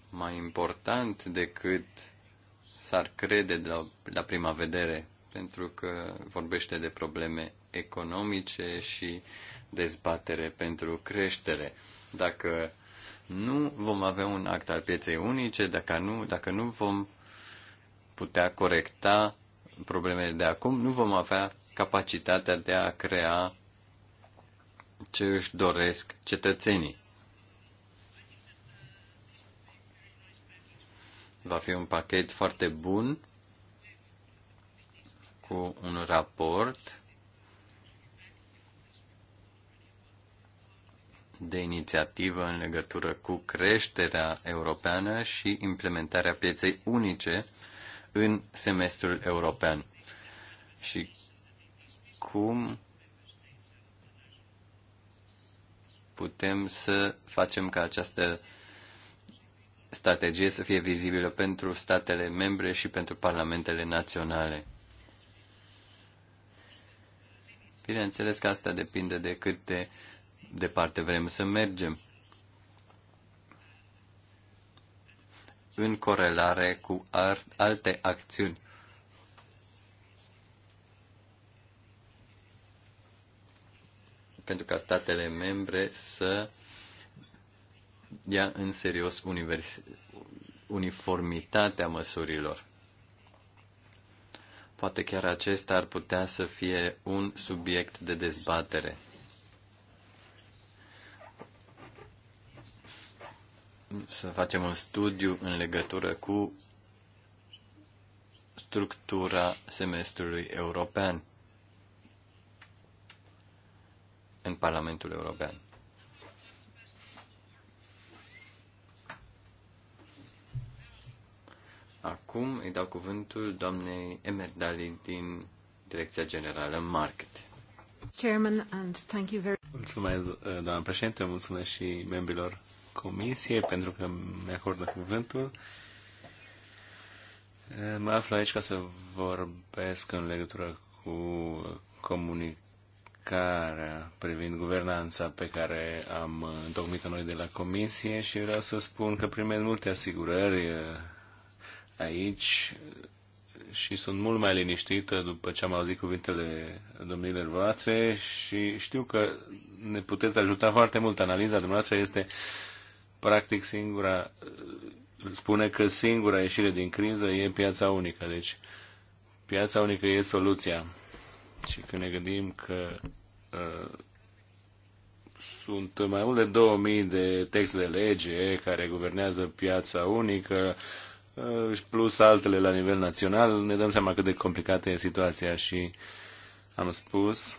mai important decât s-ar crede la, la prima vedere, pentru că vorbește de probleme economice și dezbatere pentru creștere. Dacă nu vom avea un act al pieței unice, dacă nu, dacă nu vom putea corecta problemele de acum, nu vom avea capacitatea de a crea ce își doresc cetățenii. Va fi un pachet foarte bun cu un raport de inițiativă în legătură cu creșterea europeană și implementarea pieței unice în semestrul european și cum putem să facem ca această strategie să fie vizibilă pentru statele membre și pentru parlamentele naționale. Bineînțeles că asta depinde de cât de departe vrem să mergem. în corelare cu alte acțiuni. Pentru ca statele membre să ia în serios univers, uniformitatea măsurilor. Poate chiar acesta ar putea să fie un subiect de dezbatere. să facem un studiu în legătură cu structura semestrului european în Parlamentul European. Acum îi dau cuvântul doamnei Emerdali din Direcția Generală Market. Chairman, and thank you very... Mulțumesc, doamna președinte, mulțumesc și membrilor Comisie, pentru că mi acordă cuvântul. Mă aflu aici ca să vorbesc în legătură cu comunicarea privind guvernanța pe care am întocmit-o noi de la Comisie și vreau să spun că primesc multe asigurări eh, aici și sunt mult mai liniștită după ce am auzit cuvintele domnilor voastre și știu că ne puteți ajuta foarte mult. Analiza dumneavoastră este uh, practic singura, spune că singura ieșire din criză e piața unică. Deci piața unică e soluția. Și când ne gândim că uh, sunt mai mult de 2000 de texte de lege care guvernează piața unică, uh, plus altele la nivel național, ne dăm seama cât de complicată e situația și am spus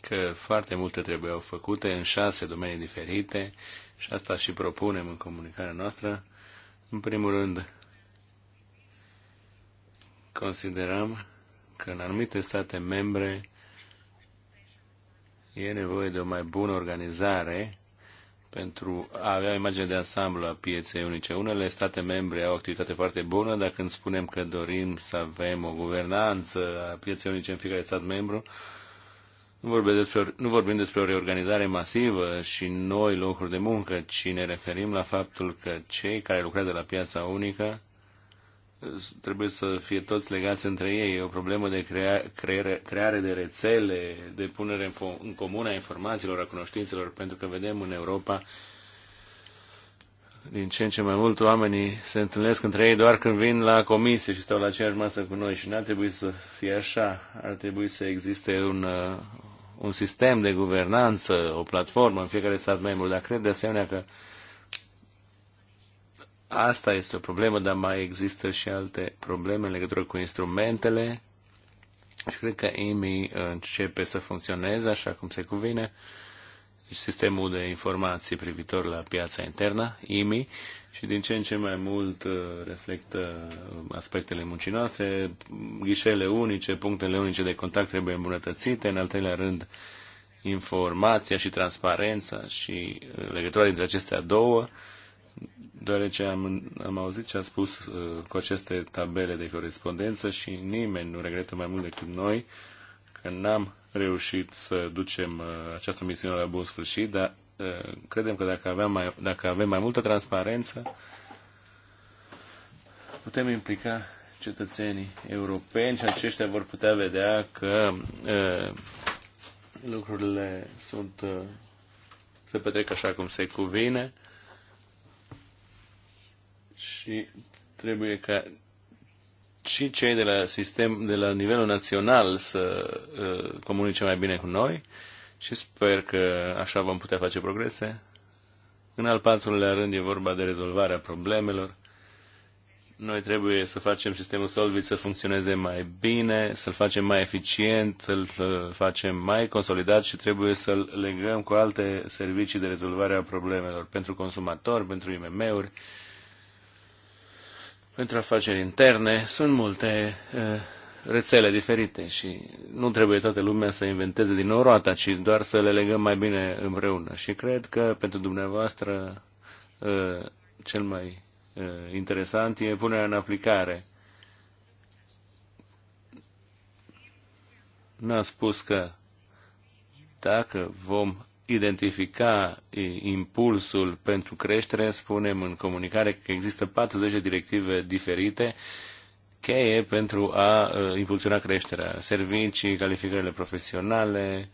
că foarte multe trebuiau făcute în șase domenii diferite și asta și propunem în comunicarea noastră. În primul rând, considerăm că în anumite state membre e nevoie de o mai bună organizare pentru a avea o imagine de ansamblu a pieței unice. Unele state membre au o activitate foarte bună, dar când spunem că dorim să avem o guvernanță a pieței unice în fiecare stat membru, nu vorbim, despre, nu vorbim despre o reorganizare masivă și noi locuri de muncă, ci ne referim la faptul că cei care lucrează la piața unică trebuie să fie toți legați între ei. E o problemă de crea, creare, creare de rețele, de punere în, în comun a informațiilor, a cunoștințelor, pentru că vedem în Europa din ce în ce mai mult oamenii se întâlnesc între ei doar când vin la comisie și stau la aceeași masă cu noi și n-ar trebui să fie așa. Ar trebui să existe un, uh, un sistem de guvernanță, o platformă în fiecare stat membru, dar cred de asemenea că asta este o problemă, dar mai există și alte probleme în legătură cu instrumentele și cred că EMI începe să funcționeze așa cum se cuvine. Sistemul de informații privitor la piața internă, IMI, și din ce în ce mai mult uh, reflectă uh, aspectele muncinoase, ghișele unice, punctele unice de contact trebuie îmbunătățite, în al treilea rând informația și transparența și uh, legătura dintre acestea două, deoarece am, am auzit ce a spus uh, cu aceste tabele de corespondență și nimeni nu regretă mai mult decât noi că n-am reușit să ducem uh, această misiune la bun sfârșit, dar Eh, credem că dacă avem mai, dacă avem mai multă transparență, putem implica cetățenii europeni și aceștia vor putea vedea că e, eh, lucrurile sunt eh, se petrec așa cum se cuvine și trebuie ca și cei de la sistem de la nivelul național să e, comunice mai bine cu noi și sper că așa vom putea face progrese. În al patrulea rând e vorba de rezolvarea problemelor. Noi trebuie să facem sistemul Solvit să funcționeze mai bine, să-l facem mai eficient, să-l uh, facem mai consolidat și trebuie să-l legăm cu alte servicii de rezolvare a problemelor pentru consumatori, pentru IMM-uri, pentru afaceri interne. Sunt multe uh, rețele diferite și nu trebuie toată lumea să inventeze din nou roata, ci doar să le legăm mai bine împreună. Și cred că pentru dumneavoastră ă, cel mai ă, interesant e punerea în aplicare. N-a spus că dacă vom identifica impulsul pentru creștere, spunem în comunicare că există 40 de directive diferite cheie pentru a uh, impulsiona creșterea. Servicii, calificările profesionale,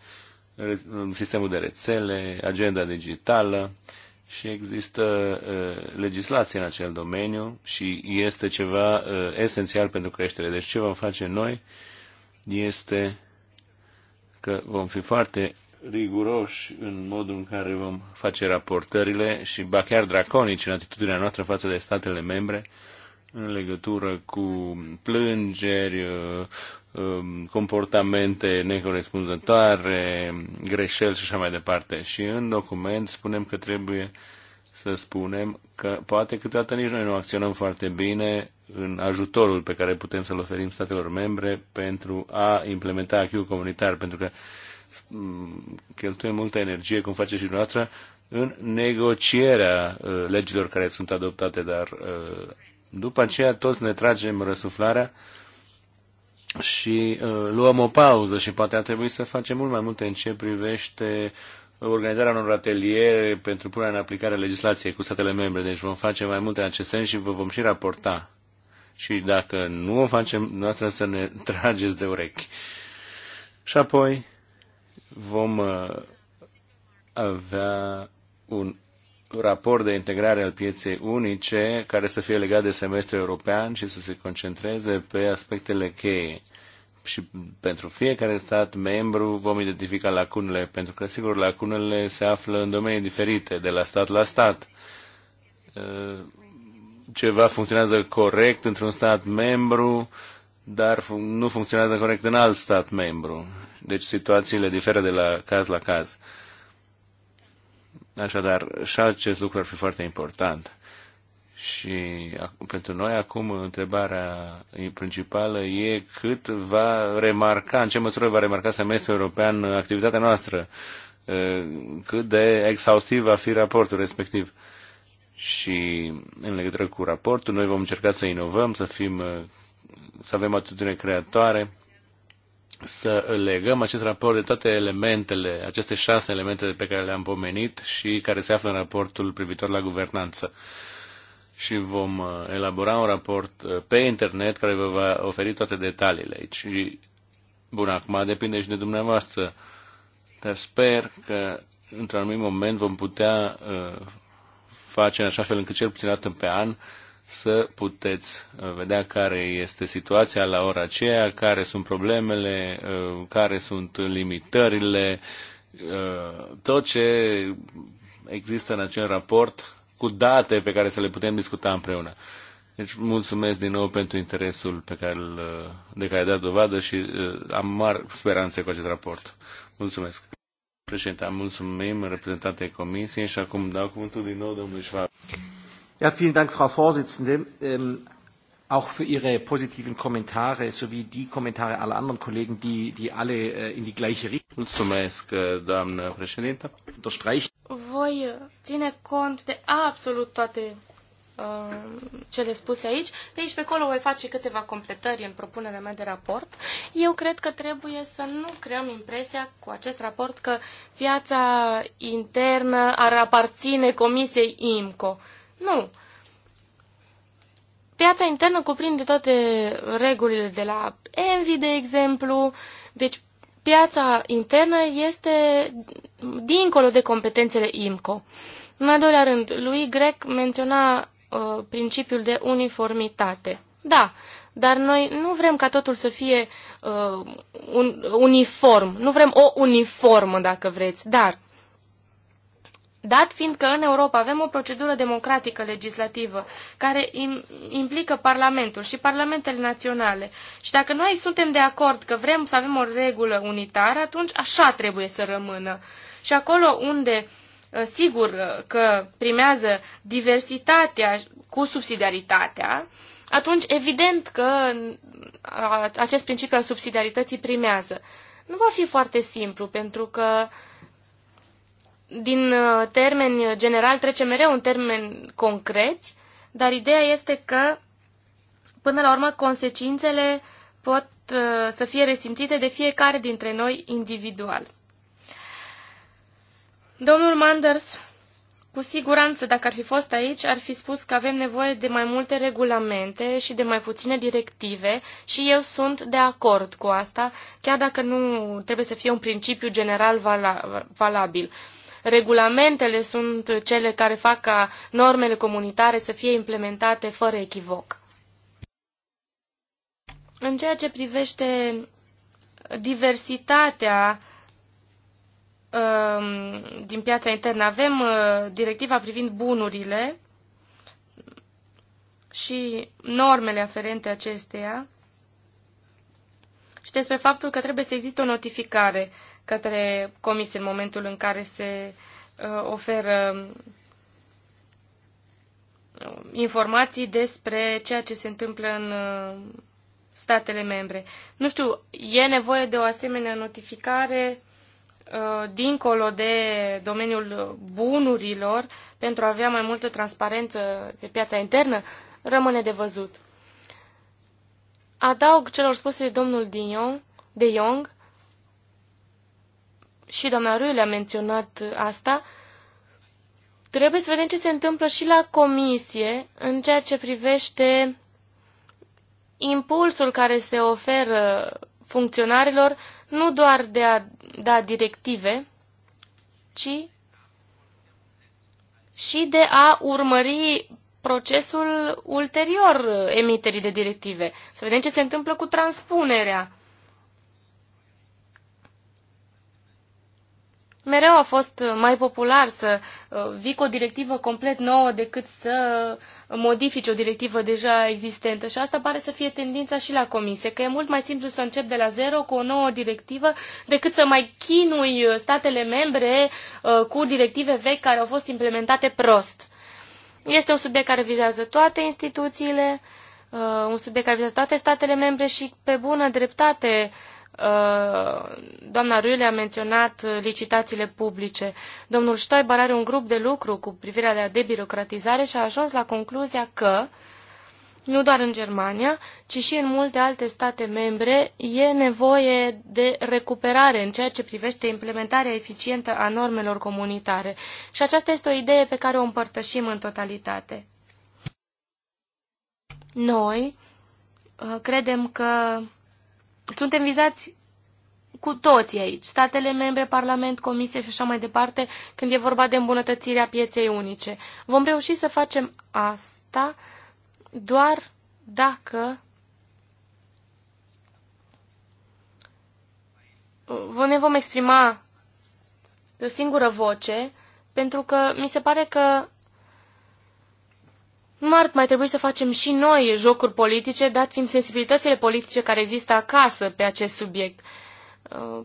uh, sistemul de rețele, agenda digitală și există uh, legislație în acel domeniu și este ceva uh, esențial pentru creștere. Deci ce vom face noi este că vom fi foarte riguroși în modul în care vom face raportările și ba chiar draconici în atitudinea noastră față de statele membre în legătură cu plângeri, uh, um, comportamente necorespunzătoare, greșeli și așa mai departe. Și în document spunem că trebuie să spunem că poate câteodată nici noi nu acționăm foarte bine în ajutorul pe care putem să-l oferim statelor membre pentru a implementa acquis comunitar, pentru că mm, cheltuim multă energie, cum face și dumneavoastră, în negocierea uh, legilor care sunt adoptate, dar uh, după aceea toți ne tragem răsuflarea și uh, luăm o pauză și poate ar trebui să facem mult mai multe în ce privește organizarea unor ateliere pentru punerea în aplicare a legislației cu statele membre. Deci vom face mai multe în acest sens și vă vom și raporta. Și dacă nu o facem, trebuie să ne <laughs> trageți de urechi. Și apoi vom uh, avea un raport de integrare al pieței unice care să fie legat de semestrul european și să se concentreze pe aspectele cheie. Și pentru fiecare stat membru vom identifica lacunele, pentru că, sigur, lacunele se află în domenii diferite, de la stat la stat. Uh, ceva funcționează corect într-un stat membru, dar nu funcționează corect în alt stat membru. Deci situațiile diferă de la caz la caz. Așadar, și acest lucru ar fi foarte important. Și pentru noi acum întrebarea principală e cât va remarca, în ce măsură va remarca semestrul european activitatea noastră, cât de exhaustiv va fi raportul respectiv. Și în legătură cu raportul, noi vom încerca să inovăm, să fim, să avem atitudine creatoare să legăm acest raport de toate elementele, aceste șase elemente pe care le-am pomenit și care se află în raportul privitor la guvernanță. Și vom uh, elabora un raport uh, pe internet care vă va oferi toate detaliile aici. Și, bun, acum depinde și de dumneavoastră, dar sper că într-un anumit moment vom putea uh, face în așa fel încât cel puțin dată pe an uh, să puteți uh, vedea care este situația la ora aceea, care sunt problemele, uh, care sunt limitările, uh, tot ce există în acel raport cu date pe care să le putem discuta împreună. Deci mulțumesc din nou pentru interesul pe care îl, de care ai dat dovadă și am mari speranțe cu acest raport. Mulțumesc. Președinte, mulțumim reprezentantei Comisiei și acum dau cuvântul din nou domnului Schwab. Ja, vielen Dank, Frau Vorsitzende, ähm, auch für Ihre positiven Kommentare sowie die Kommentare aller anderen Kollegen, die, die alle äh, in die gleiche Richtung. Mulțumesc, äh, doamnă președintă. Voi ține cont de absolut toate uh, cele spuse aici. De aici pe acolo voi face câteva completări în propunerea mea de raport. Eu cred că trebuie să nu creăm impresia cu acest raport că piața internă ar aparține Comisiei IMCO. Nu. Piața internă cuprinde toate regulile de la Envy, de exemplu. Deci, piața internă este dincolo de competențele IMCO. În al doilea rând, lui Grec menționa uh, principiul de uniformitate. Da, dar noi nu vrem ca totul să fie uh, un, uniform. Nu vrem o uniformă, dacă vreți, dar dat fiind că în Europa avem o procedură democratică legislativă care implică Parlamentul și Parlamentele naționale. Și dacă noi suntem de acord că vrem să avem o regulă unitară, atunci așa trebuie să rămână. Și acolo unde ă, sigur ă, că primează diversitatea cu subsidiaritatea, atunci evident că ă, acest principiu al subsidiarității primează. Nu va fi foarte simplu, pentru că uh, din uh, termeni general trece mereu în termeni concreți, dar ideea este că, până la urmă, consecințele pot uh, să fie resimțite de fiecare dintre noi individual. Domnul Manders, cu siguranță, dacă ar fi fost aici, ar fi spus că avem nevoie de mai multe regulamente și de mai puține directive și eu sunt de acord cu asta, chiar dacă nu trebuie să fie un principiu general valabil regulamentele sunt cele care fac ca normele comunitare să fie implementate fără echivoc. În ceea ce privește diversitatea um, din piața internă, avem uh, directiva privind bunurile și normele aferente acesteia și despre faptul că trebuie să existe o notificare către comisie în momentul în care se uh, oferă uh, informații despre ceea ce se întâmplă în uh, statele membre. Nu știu, e nevoie de o asemenea notificare dincolo de domeniul bunurilor pentru a avea mai multă transparență pe piața internă, rămâne de văzut. Adaug celor spuse de domnul Dion, de Young și doamna Râle a menționat asta, trebuie să vedem ce se întâmplă și la comisie în ceea ce privește impulsul care se oferă funcționarilor nu doar de a da directive, ci și de a urmări procesul ulterior emiterii de directive. Să vedem ce se întâmplă cu transpunerea mereu a fost uh, mai popular să uh, vii cu o directivă complet nouă decât să modifici o directivă deja existentă. Și asta pare să fie tendința și la comisie, că e mult mai simplu să încep de la zero cu o nouă directivă decât să mai chinui uh, statele membre cu directive vechi care au fost implementate prost. Este un subiect care vizează toate instituțiile, un subiect care vizează toate statele membre și pe bună dreptate uh, Uh, doamna Râle a menționat uh, licitațiile publice. Domnul Stoiber are un grup de lucru cu privire la debirocratizare și a ajuns la concluzia că, nu doar în Germania, ci și în multe alte state membre, e nevoie de recuperare în ceea ce privește implementarea eficientă a normelor comunitare. Și aceasta este o idee pe care o împărtășim în totalitate. Noi uh, credem că suntem vizați cu toții aici, statele membre, Parlament, Comisie și așa mai departe, când e vorba de îmbunătățirea pieței unice. Vom reuși să facem asta doar dacă ne vom exprima o singură voce, pentru că mi se pare că Mart mai trebuie să facem și noi jocuri politice, dat fiind sensibilitățile politice care există acasă pe acest subiect. Uh,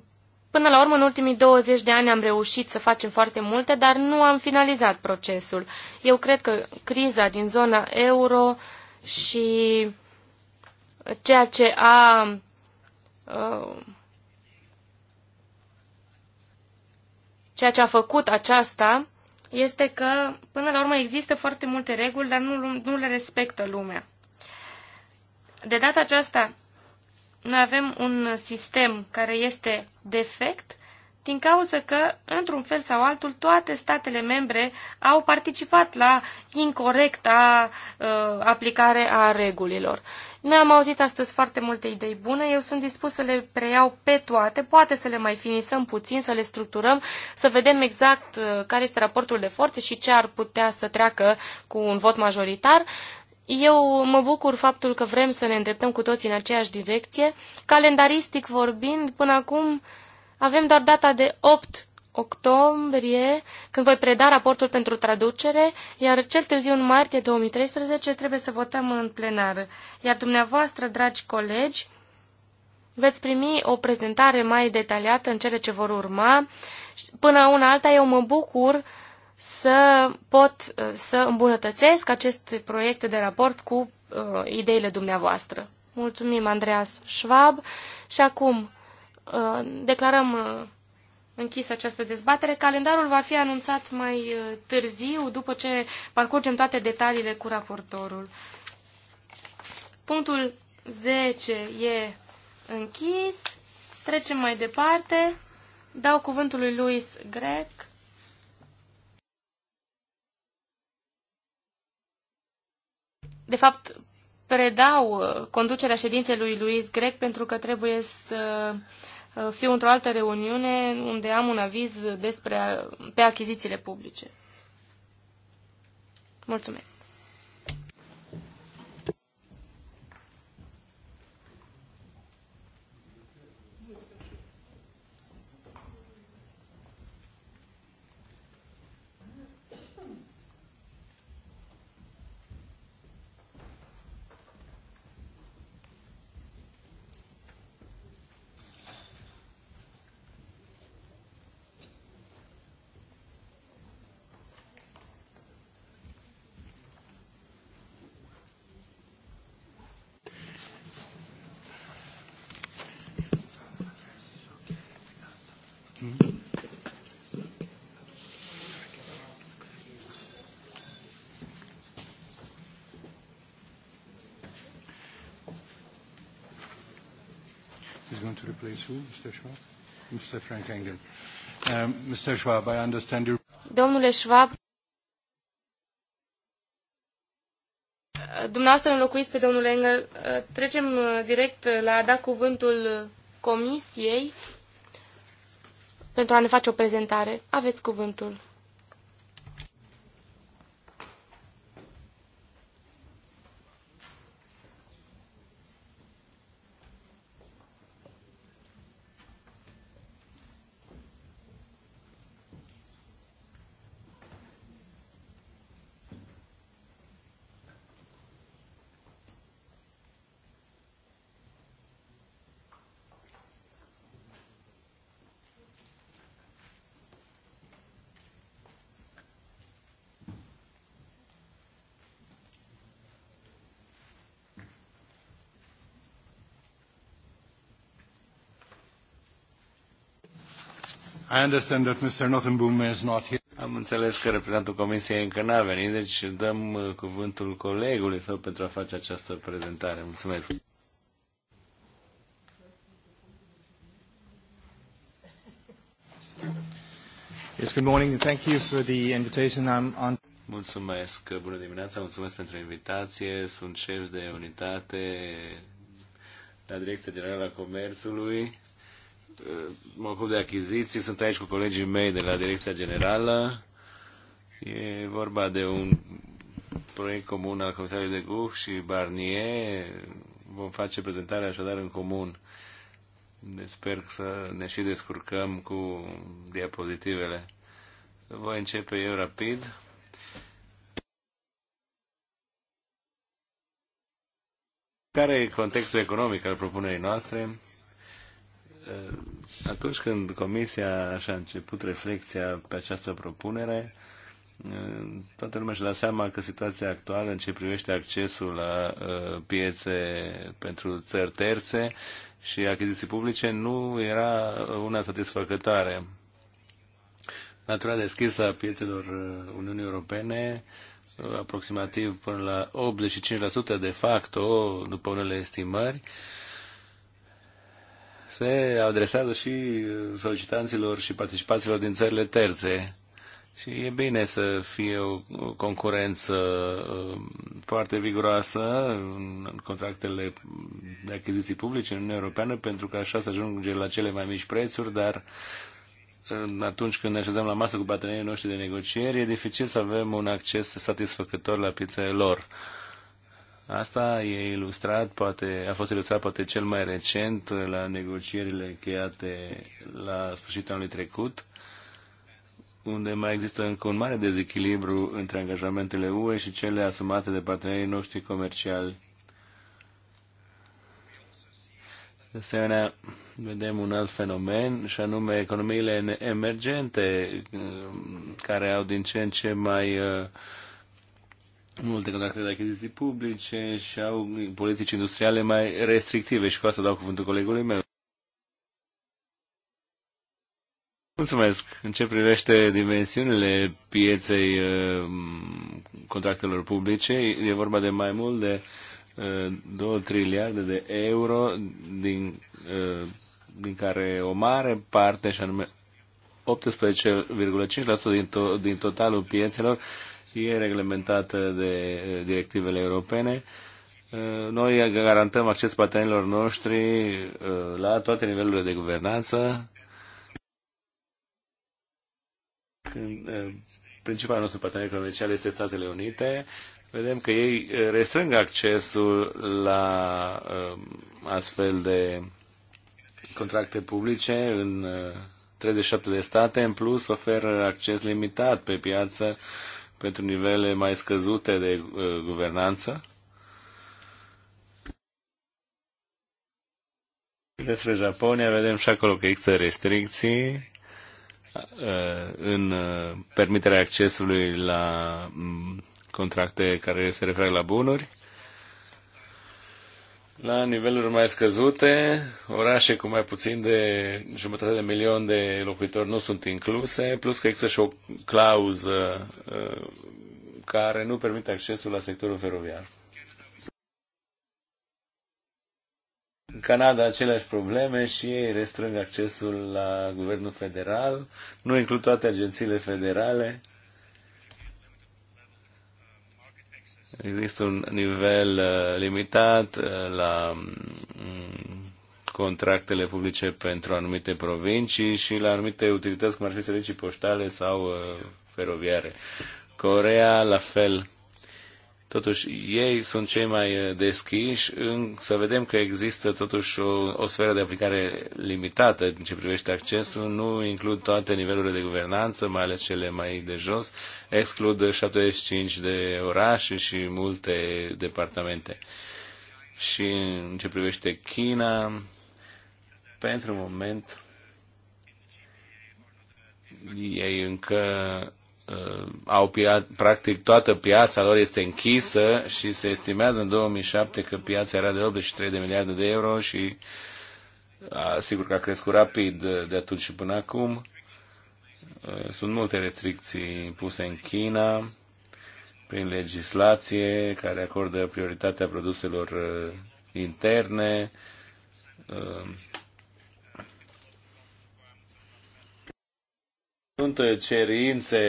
până la urmă, în ultimii 20 de ani am reușit să facem foarte multe, dar nu am finalizat procesul. Eu cred că criza din zona euro și ceea ce a uh, ceea ce a făcut aceasta este că, până la urmă, există foarte multe reguli, dar nu, nu le respectă lumea. De data aceasta, noi avem un sistem care este defect din cauza că, într-un fel sau altul, toate statele membre au participat la incorrecta uh, aplicare a regulilor. ne am auzit astăzi foarte multe idei bune, eu sunt dispus să le preiau pe toate, poate să le mai finisăm puțin, să le structurăm, să vedem exact uh, care este raportul de forțe și ce ar putea să treacă cu un vot majoritar. Eu mă bucur faptul că vrem să ne îndreptăm cu toții în aceeași direcție. Calendaristic vorbind, până acum avem doar data de 8 octombrie, când voi preda raportul pentru traducere, iar cel târziu în martie 2013 trebuie să votăm în plenar. Iar dumneavoastră, dragi colegi, veți primi o prezentare mai detaliată în cele ce vor urma. Până una alta, eu mă bucur să pot să îmbunătățesc acest proiect de raport cu uh, ideile dumneavoastră. Mulțumim, Andreas Schwab. Și acum Uh, declarăm uh, închis această dezbatere. Calendarul va fi anunțat mai uh, târziu, după ce parcurgem toate detaliile cu raportorul. Punctul 10 e închis. Trecem mai departe. Dau cuvântul lui Luis Grec. De fapt, predau conducerea ședinței lui Luis Grec pentru că trebuie să uh, Uh, fiu într-o altă reuniune unde am un aviz despre, pe achizițiile publice. Mulțumesc! going to replace who, Mr. Schwab? Mr. Frank Engel. Um, Mr. Schwab, I understand you... Domnule Schwab, dumneavoastră înlocuiți pe domnul Engel. Uh, trecem uh, direct uh, la a da cuvântul comisiei pentru a ne face o prezentare. Aveți cuvântul. I understand that Mr. Notenboom is not here. Am înțeles că reprezentantul Comisiei încă n-a venit, deci dăm uh, cuvântul colegului său pentru a face această prezentare. Mulțumesc! Yes, good morning and thank you for the invitation. I'm on... Mulțumesc, bună dimineața, mulțumesc pentru invitație. Sunt șef de unitate la Direcția Generală a Comerțului mă ocup de achiziții, sunt aici cu colegii mei de la Direcția Generală. E vorba de un proiect comun al Comisarului de Guh și Barnier. Vom face prezentarea așadar în comun. Ne sper să ne și descurcăm cu diapozitivele. Voi începe eu rapid. Care e contextul economic al propunerii noastre? atunci când Comisia așa a început reflexia pe această propunere, toată lumea și-a dat seama că situația actuală în ce privește accesul la uh, piețe pentru țări terțe și achiziții publice nu era una satisfăcătoare. Natura deschisă a piețelor uh, Uniunii Europene uh, aproximativ până la 85% de facto, după unele estimări, uh, se adresează și uh, solicitanților și participanților din țările terțe. Și e bine să fie o concurență uh, foarte viguroasă în contractele de achiziții publice în Uniunea Europeană, pentru că așa se ajunge la cele mai mici prețuri, dar uh, atunci când ne așezăm la masă cu partenerii noștri de negocieri, e dificil să avem un acces satisfăcător la piețele lor. Asta e ilustrat, poate, a fost ilustrat poate cel mai recent la negocierile încheiate la sfârșitul anului trecut, unde mai există încă un mare dezechilibru între angajamentele UE și cele asumate de partenerii noștri comerciali. De asemenea, vedem un alt fenomen, și anume economiile emergente, care au din ce în ce mai uh, multe contracte de achiziții publice și au politici industriale mai restrictive și cu asta dau cuvântul colegului meu. Mulțumesc. În ce privește dimensiunile pieței uh, contractelor publice, e vorba de mai mult de 2 uh, triliarde de euro, din, uh, din care o mare parte, și anume 18,5% din, to- din totalul piețelor, fie reglementată de eh, directivele europene. Eh, noi garantăm acces patenilor noștri eh, la toate nivelurile de guvernanță. Când principalul nostru partener comercial este Statele Unite, vedem că ei restrâng accesul la astfel de contracte publice în 37 de state, în plus oferă acces limitat pe piață uh, pentru nivele mai scăzute de uh, guvernanță. Despre Japonia vedem și acolo că există restricții uh, în uh, permiterea accesului la mm, contracte care se referă la bunuri la niveluri mai scăzute, orașe cu mai puțin de jumătate de milion de locuitori nu sunt incluse, plus că există și o clauză uh, care nu permite accesul la sectorul feroviar. În Canada aceleași probleme și ei restrâng accesul la guvernul federal, nu includ toate agențiile federale Există un nivel uh, limitat uh, la mm, contractele publice pentru anumite provincii și la anumite utilități, cum ar fi servicii poștale sau uh, feroviare. Corea, la fel, Totuși, ei sunt cei mai eh, deschiși, în, să vedem că există totuși o, o sferă de aplicare limitată în ce privește accesul, nu includ toate nivelurile de guvernanță, mai ales cele mai de jos, exclud 75 de orașe și multe departamente. Și în ce privește China, pentru moment, ei încă Uh, au practic toată piața lor este închisă și se estimează în 2007 că piața era de 83 de miliarde de euro și sigur că a crescut rapid de atunci și până acum. Uh, sunt multe restricții puse în China prin legislație care acordă prioritatea produselor uh, interne Sunt cerințe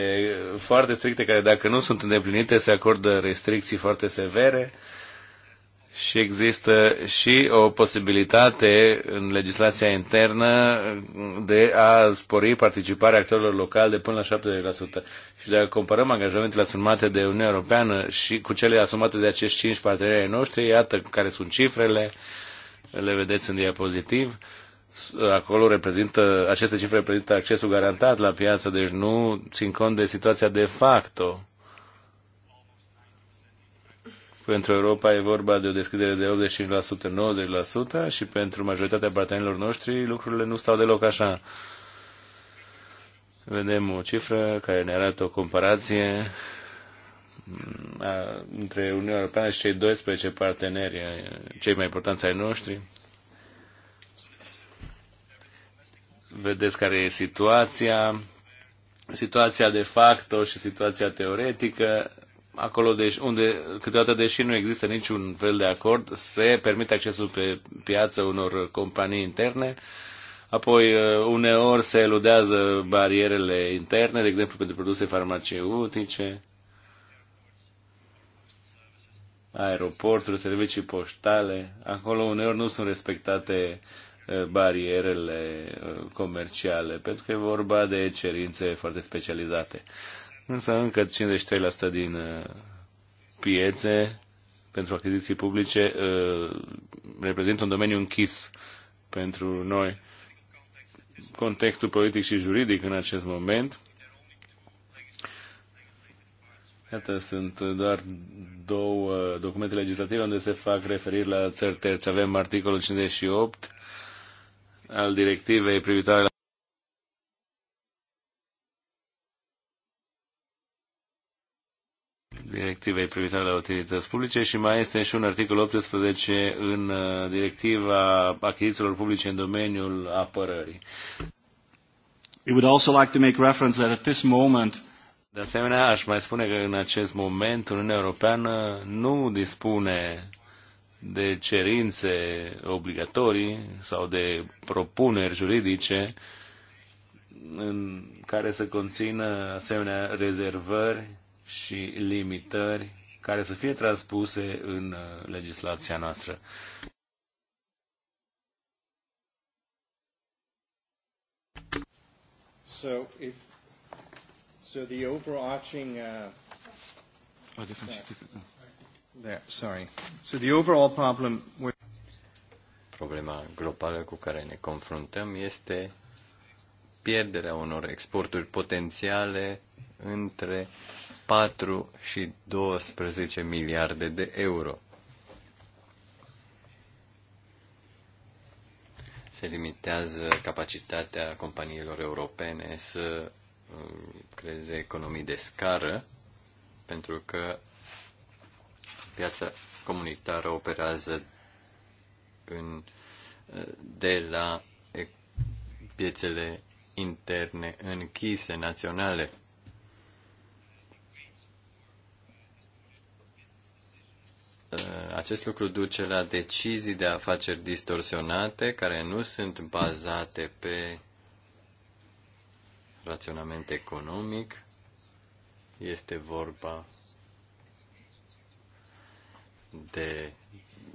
foarte stricte care dacă nu sunt îndeplinite se acordă restricții foarte severe și există și o posibilitate în legislația internă de a spori participarea actorilor locali de până la 70%. Și dacă comparăm angajamentele asumate de Uniunea Europeană și cu cele asumate de acești cinci parteneri noștri, iată care sunt cifrele, le vedeți în diapozitiv acolo reprezintă, aceste cifre reprezintă accesul garantat la piață, deci nu țin cont de situația de facto. Pentru Europa e vorba de o deschidere de 85%, 90% și pentru majoritatea partenerilor noștri lucrurile nu stau deloc așa. Vedem o cifră care ne arată o comparație mm, între Uniunea Europeană și cei 12 parteneri, cei mai importanți ai noștri. vedeți care e situația, situația de facto și situația teoretică. Acolo, deși, unde câteodată, deși nu există niciun fel de acord, se permite accesul pe piață unor companii interne. Apoi, uh, uneori se eludează barierele interne, de exemplu, pentru produse farmaceutice, aeroporturi, servicii poștale. Acolo, uneori, nu sunt respectate barierele uh, comerciale, pentru că e vorba de cerințe foarte specializate. Însă încă 53% din uh, piețe pentru achiziții publice uh, reprezintă un domeniu închis pentru noi. Contextul politic și juridic în acest moment Iată, sunt doar două documente legislative unde se fac referiri la țări terți. Avem articolul 58 al directivei privitoare la directivei privitoare la utilități publice și mai este și un articol 18 în uh, directiva achizițiilor publice în domeniul apărării. It would also like to make reference that at this moment de asemenea, aș mai spune că în acest moment Uniunea Europeană nu dispune de cerințe obligatorii sau de propuneri juridice în care să conțină asemenea rezervări și limitări care să fie transpuse în uh, legislația noastră. So if so the overarching uh, oh, There, sorry. So the overall problem with... Problema globală cu care ne confruntăm este pierderea unor exporturi potențiale între 4 și 12 miliarde de euro. Se limitează capacitatea companiilor europene să uh, creeze economii de scară, pentru că Piața comunitară operează în, de la piețele interne închise, naționale. Acest lucru duce la decizii de afaceri distorsionate care nu sunt bazate pe raționament economic. Este vorba de,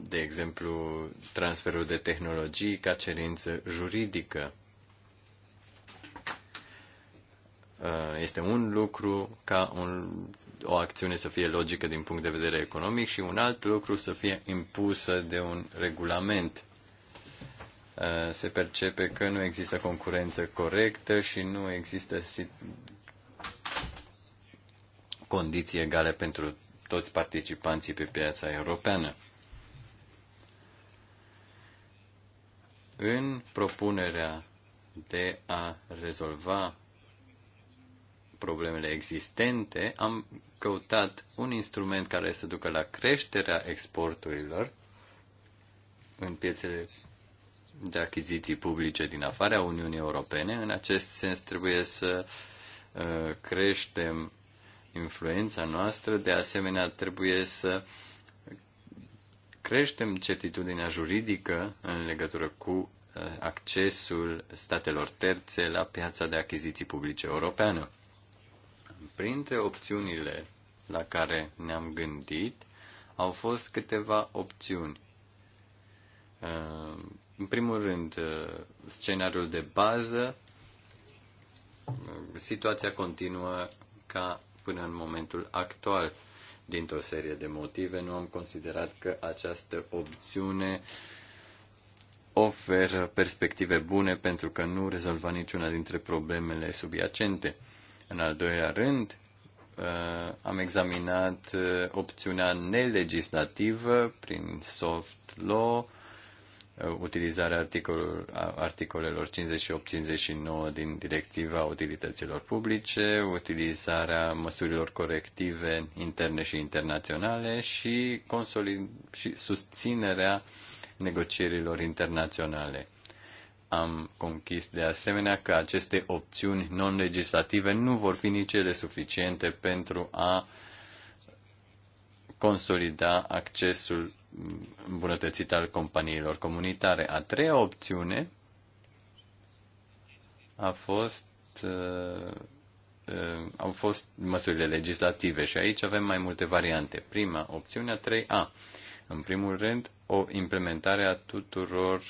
de exemplu, transferul de tehnologii ca cerință juridică. Uh, este un lucru ca un, o acțiune să fie logică din punct de vedere economic și un alt lucru să fie impusă de un regulament. Uh, se percepe că nu există concurență corectă și nu există condiții egale pentru toți participanții pe piața europeană. În propunerea de a rezolva problemele existente, am căutat un instrument care să ducă la creșterea exporturilor în piețele de achiziții publice din afara Uniunii Europene. În acest sens trebuie să uh, creștem influența noastră. De asemenea, trebuie să creștem certitudinea juridică în legătură cu uh, accesul statelor terțe la piața de achiziții publice europeană. Printre opțiunile la care ne-am gândit au fost câteva opțiuni. Uh, în primul rând, uh, scenariul de bază, situația continuă ca până în momentul actual. Dintr-o serie de motive nu am considerat că această opțiune oferă perspective bune pentru că nu rezolva niciuna dintre problemele subiacente. În al doilea rând, uh, am examinat uh, opțiunea nelegislativă prin soft law, Uh, utilizarea articolelor 58-59 din Directiva Utilităților Publice, utilizarea măsurilor corective interne și internaționale și, și susținerea negocierilor internaționale. Am conchis de asemenea că aceste opțiuni non-legislative nu vor fi nici ele suficiente pentru a consolida accesul îmbunătățit al companiilor comunitare. A treia opțiune a fost, uh, uh, au fost măsurile legislative și aici avem mai multe variante. Prima, opțiunea 3A. În primul rând, o implementare a tuturor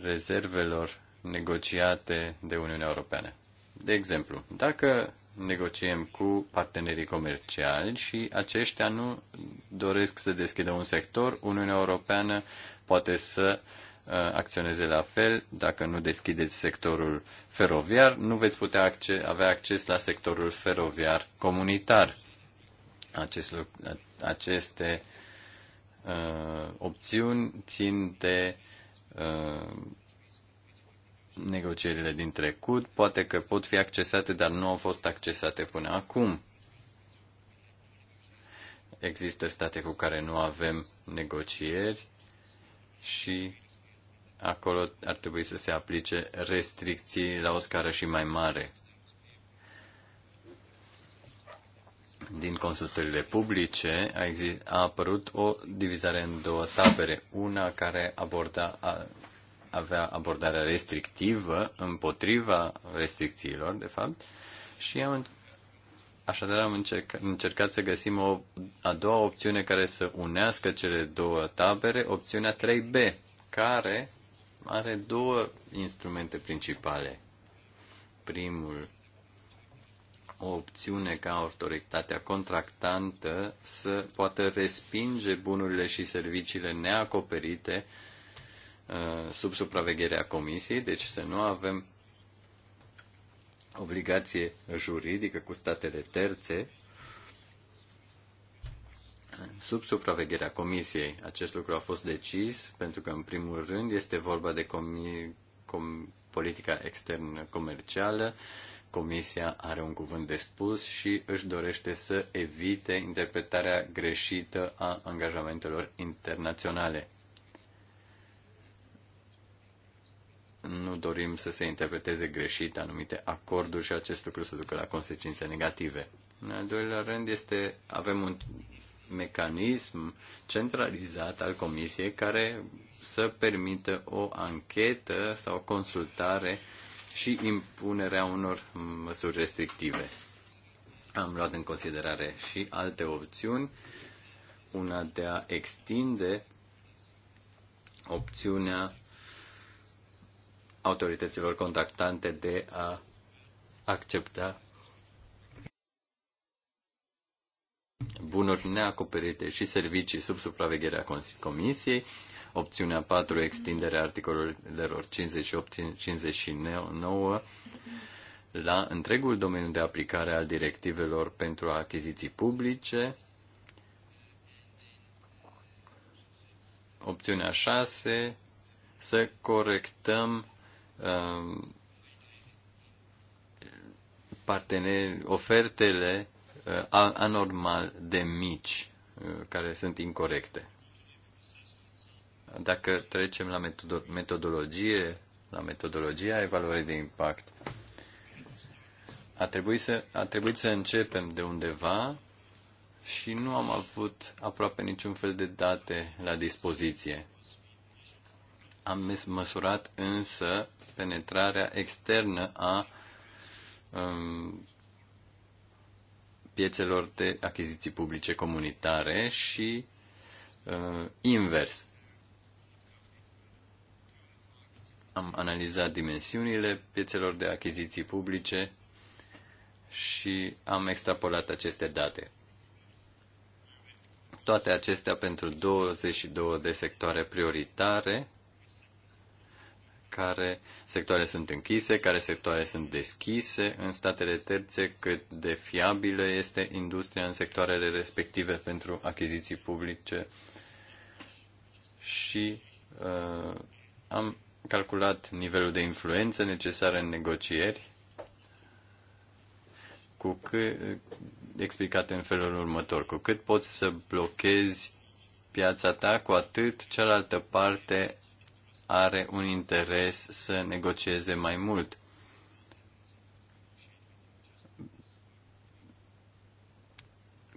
rezervelor negociate de Uniunea Europeană. De exemplu, dacă negociem cu partenerii comerciali și aceștia nu doresc să deschidă un sector. Uniunea Europeană poate să uh, acționeze la fel. Dacă nu deschideți sectorul feroviar, nu veți putea acce- avea acces la sectorul feroviar comunitar. Acest lucru, aceste uh, opțiuni țin de uh, negocierile din trecut, poate că pot fi accesate, dar nu au fost accesate până acum. Există state cu care nu avem negocieri și acolo ar trebui să se aplice restricții la o scară și mai mare. Din consultările publice a apărut o divizare în două tabere, una care aborda avea abordarea restrictivă împotriva restricțiilor, de fapt, și am, așadar am încercat, încercat să găsim o a doua opțiune care să unească cele două tabere, opțiunea 3B, care are două instrumente principale. Primul, o opțiune ca autoritatea contractantă să poată respinge bunurile și serviciile neacoperite Uh, sub supravegherea comisiei, deci să nu avem obligație juridică cu statele terțe sub supravegherea comisiei. Acest lucru a fost decis pentru că, în primul rând, este vorba de comi- com- politica externă comercială. Comisia are un cuvânt de spus și își dorește să evite interpretarea greșită a angajamentelor internaționale. nu dorim să se interpreteze greșit anumite acorduri și acest lucru să ducă la consecințe negative. În al doilea rând este, avem un mecanism centralizat al comisiei care să permită o anchetă sau o consultare și impunerea unor măsuri restrictive. Am luat în considerare și alte opțiuni, una de a extinde opțiunea autorităților contactante de a accepta bunuri neacoperite și servicii sub supravegherea Comisiei. Opțiunea 4, extinderea articolelor 58-59 la întregul domeniu de aplicare al directivelor pentru achiziții publice. Opțiunea 6, să corectăm Um, parteneri, ofertele uh, anormal de mici, uh, care sunt incorrecte. Dacă trecem la metodologie, la metodologia evaluării de impact, a trebuit, să, a trebuit să începem de undeva și nu am avut aproape niciun fel de date la dispoziție. Am măsurat însă penetrarea externă a um, piețelor de achiziții publice comunitare și uh, invers. Am analizat dimensiunile piețelor de achiziții publice și am extrapolat aceste date. Toate acestea pentru 22 de sectoare prioritare care sectoare sunt închise, care sectoare sunt deschise în statele terțe, cât de fiabilă este industria în sectoarele respective pentru achiziții publice și uh, am calculat nivelul de influență necesar în negocieri cu cât, explicat în felul următor, cu cât poți să blochezi piața ta, cu atât cealaltă parte are un interes să negocieze mai mult.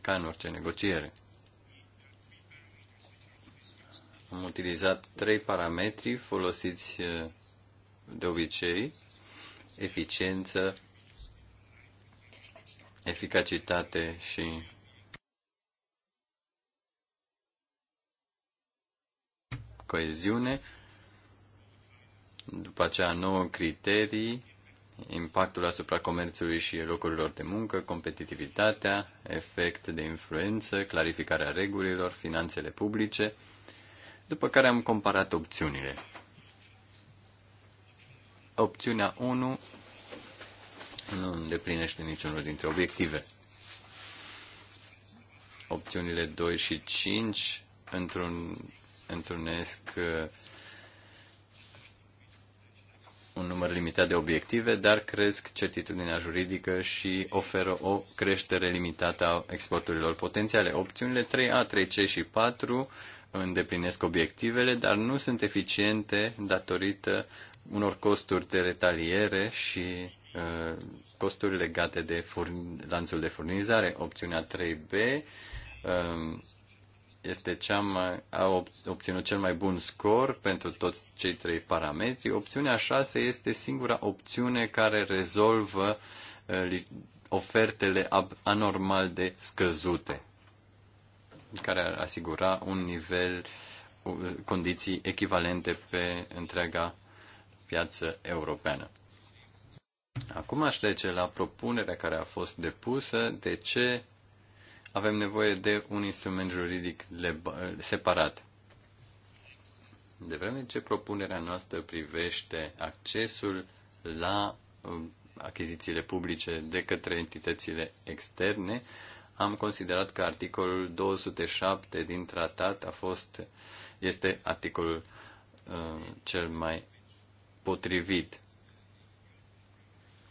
Ca în orice negociere. Am utilizat trei parametri folosiți eh, de obicei. Eficiență, eficacitate și coeziune după aceea nouă criterii, impactul asupra comerțului și locurilor de muncă, competitivitatea, efect de influență, clarificarea regulilor, finanțele publice, după care am comparat opțiunile. Opțiunea 1 nu îndeplinește niciunul dintre obiective. Opțiunile 2 și 5 într-un, întrunesc un număr limitat de obiective, dar cresc certitudinea juridică și oferă o creștere limitată a exporturilor potențiale. Opțiunile 3A, 3C și 4 îndeplinesc obiectivele, dar nu sunt eficiente datorită unor costuri de retaliere și uh, costuri legate de furn- lanțul de furnizare. Opțiunea 3B uh, um, este cea mai, a obținut cel mai bun scor pentru toți cei trei parametri. Opțiunea 6 este singura opțiune care rezolvă uh, ofertele anormal de scăzute, care ar asigura un nivel, condiții echivalente pe întreaga piață europeană. Acum aș trece la propunerea care a fost depusă de ce avem nevoie de un instrument juridic separat. De vreme ce propunerea noastră privește accesul la um, achizițiile publice de către entitățile externe, am considerat că articolul 207 din tratat a fost, este articolul uh, cel mai potrivit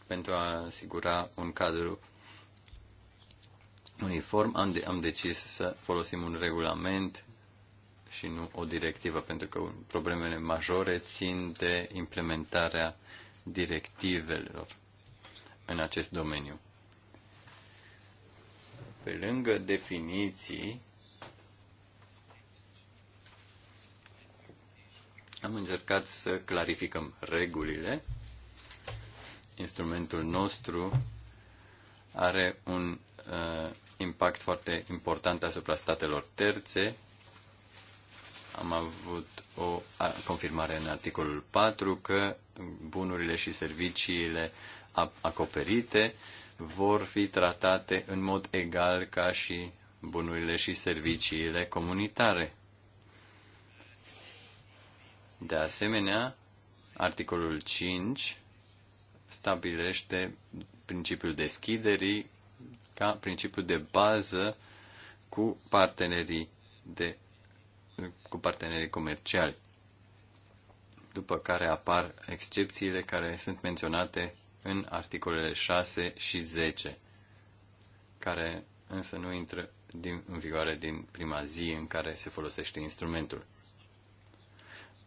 pentru a asigura un cadru uniform, am, de- am decis să folosim un regulament și nu o directivă, pentru că problemele majore țin de implementarea directivelor în acest domeniu. Pe lângă definiții, am încercat să clarificăm regulile. Instrumentul nostru are un uh, impact foarte important asupra statelor terțe. Am avut o confirmare în articolul 4 că bunurile și serviciile acoperite vor fi tratate în mod egal ca și bunurile și serviciile comunitare. De asemenea, articolul 5 stabilește principiul deschiderii ca principiu de bază cu partenerii, de, cu partenerii comerciali. După care apar excepțiile care sunt menționate în articolele 6 și 10, care însă nu intră din, în vigoare din prima zi în care se folosește instrumentul.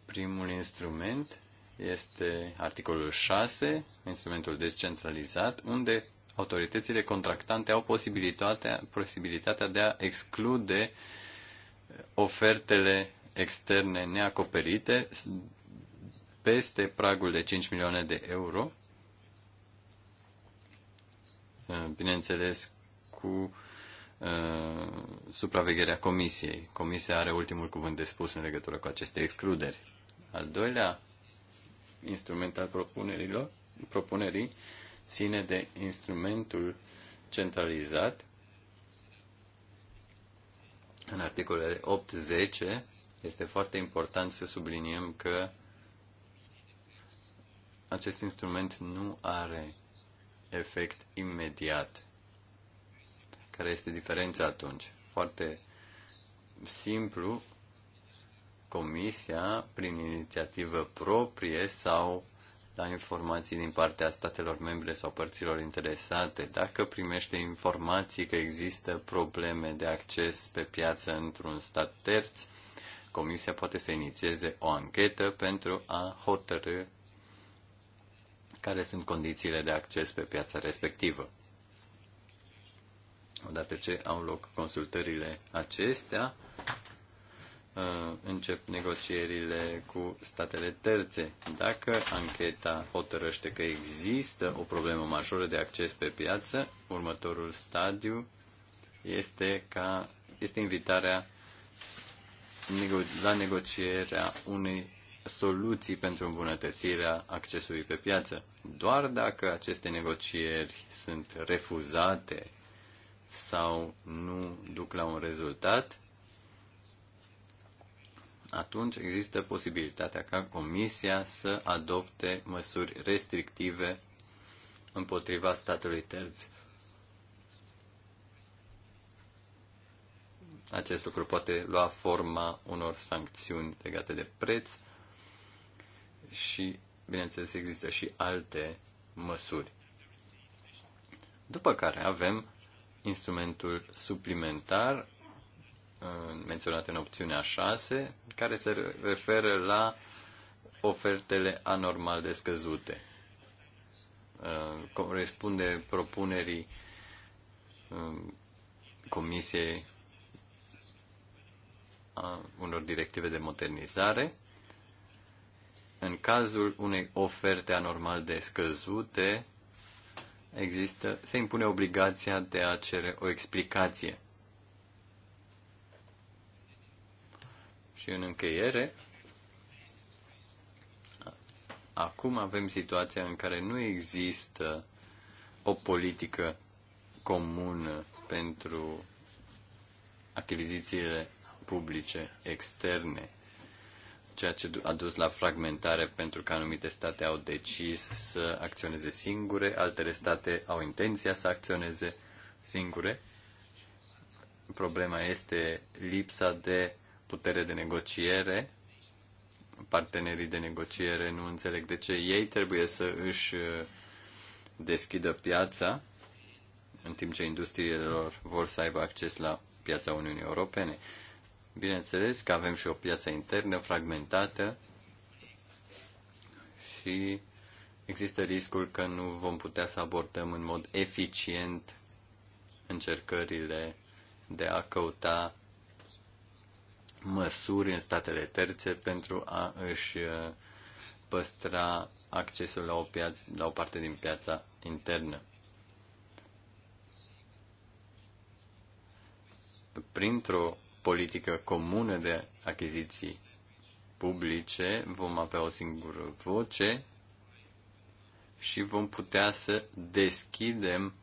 Primul instrument este articolul 6, instrumentul descentralizat, unde autoritățile contractante au posibilitatea, posibilitatea de a exclude eh, ofertele externe neacoperite peste pragul de 5 milioane de euro. Eh, bineînțeles, cu uh, supravegherea comisiei. Comisia are ultimul cuvânt de spus în legătură cu aceste excluderi. Al doilea instrument al propunerilor, propunerii ține de instrumentul centralizat. În articolele 8-10 este foarte important să subliniem că acest instrument nu are efect imediat. Care este diferența atunci? Foarte simplu, Comisia, prin inițiativă proprie sau la da informații din partea statelor membre sau părților interesate, dacă primește informații că există probleme de acces pe piață într-un stat terț, Comisia poate să inițieze o anchetă pentru a hotărâ care sunt condițiile de acces pe piața respectivă. Odată ce au loc consultările acestea, Uh, încep negocierile cu statele terțe. Dacă ancheta hotărăște că există o problemă majoră de acces pe piață, următorul stadiu este, ca, este invitarea la negocierea unei soluții pentru îmbunătățirea accesului pe piață. Doar dacă aceste negocieri sunt refuzate sau nu duc la un rezultat, atunci există posibilitatea ca Comisia să adopte măsuri restrictive împotriva statului terț. Acest lucru poate lua forma unor sancțiuni legate de preț și, bineînțeles, există și alte măsuri. După care avem instrumentul suplimentar Uh, menționat în opțiunea 6, care se referă la ofertele anormal de scăzute. Uh, corespunde propunerii uh, Comisiei a unor directive de modernizare. În cazul unei oferte anormal de scăzute, există, se impune obligația de a cere o explicație Și în încheiere, acum avem situația în care nu există o politică comună pentru achizițiile publice externe, ceea ce a dus la fragmentare pentru că anumite state au decis să acționeze singure, altele state au intenția să acționeze singure. Problema este lipsa de putere de negociere, partenerii de negociere nu înțeleg de ce ei trebuie să își uh, deschidă piața, în timp ce industriile lor vor să aibă acces la piața Uniunii Europene. Bineînțeles că avem și o piață internă fragmentată și există riscul că nu vom putea să abordăm în mod eficient încercările de a căuta măsuri în statele terțe pentru a își uh, păstra accesul la o, piață, la o parte din piața internă. Printr-o politică comună de achiziții publice vom avea o singură voce și vom putea să deschidem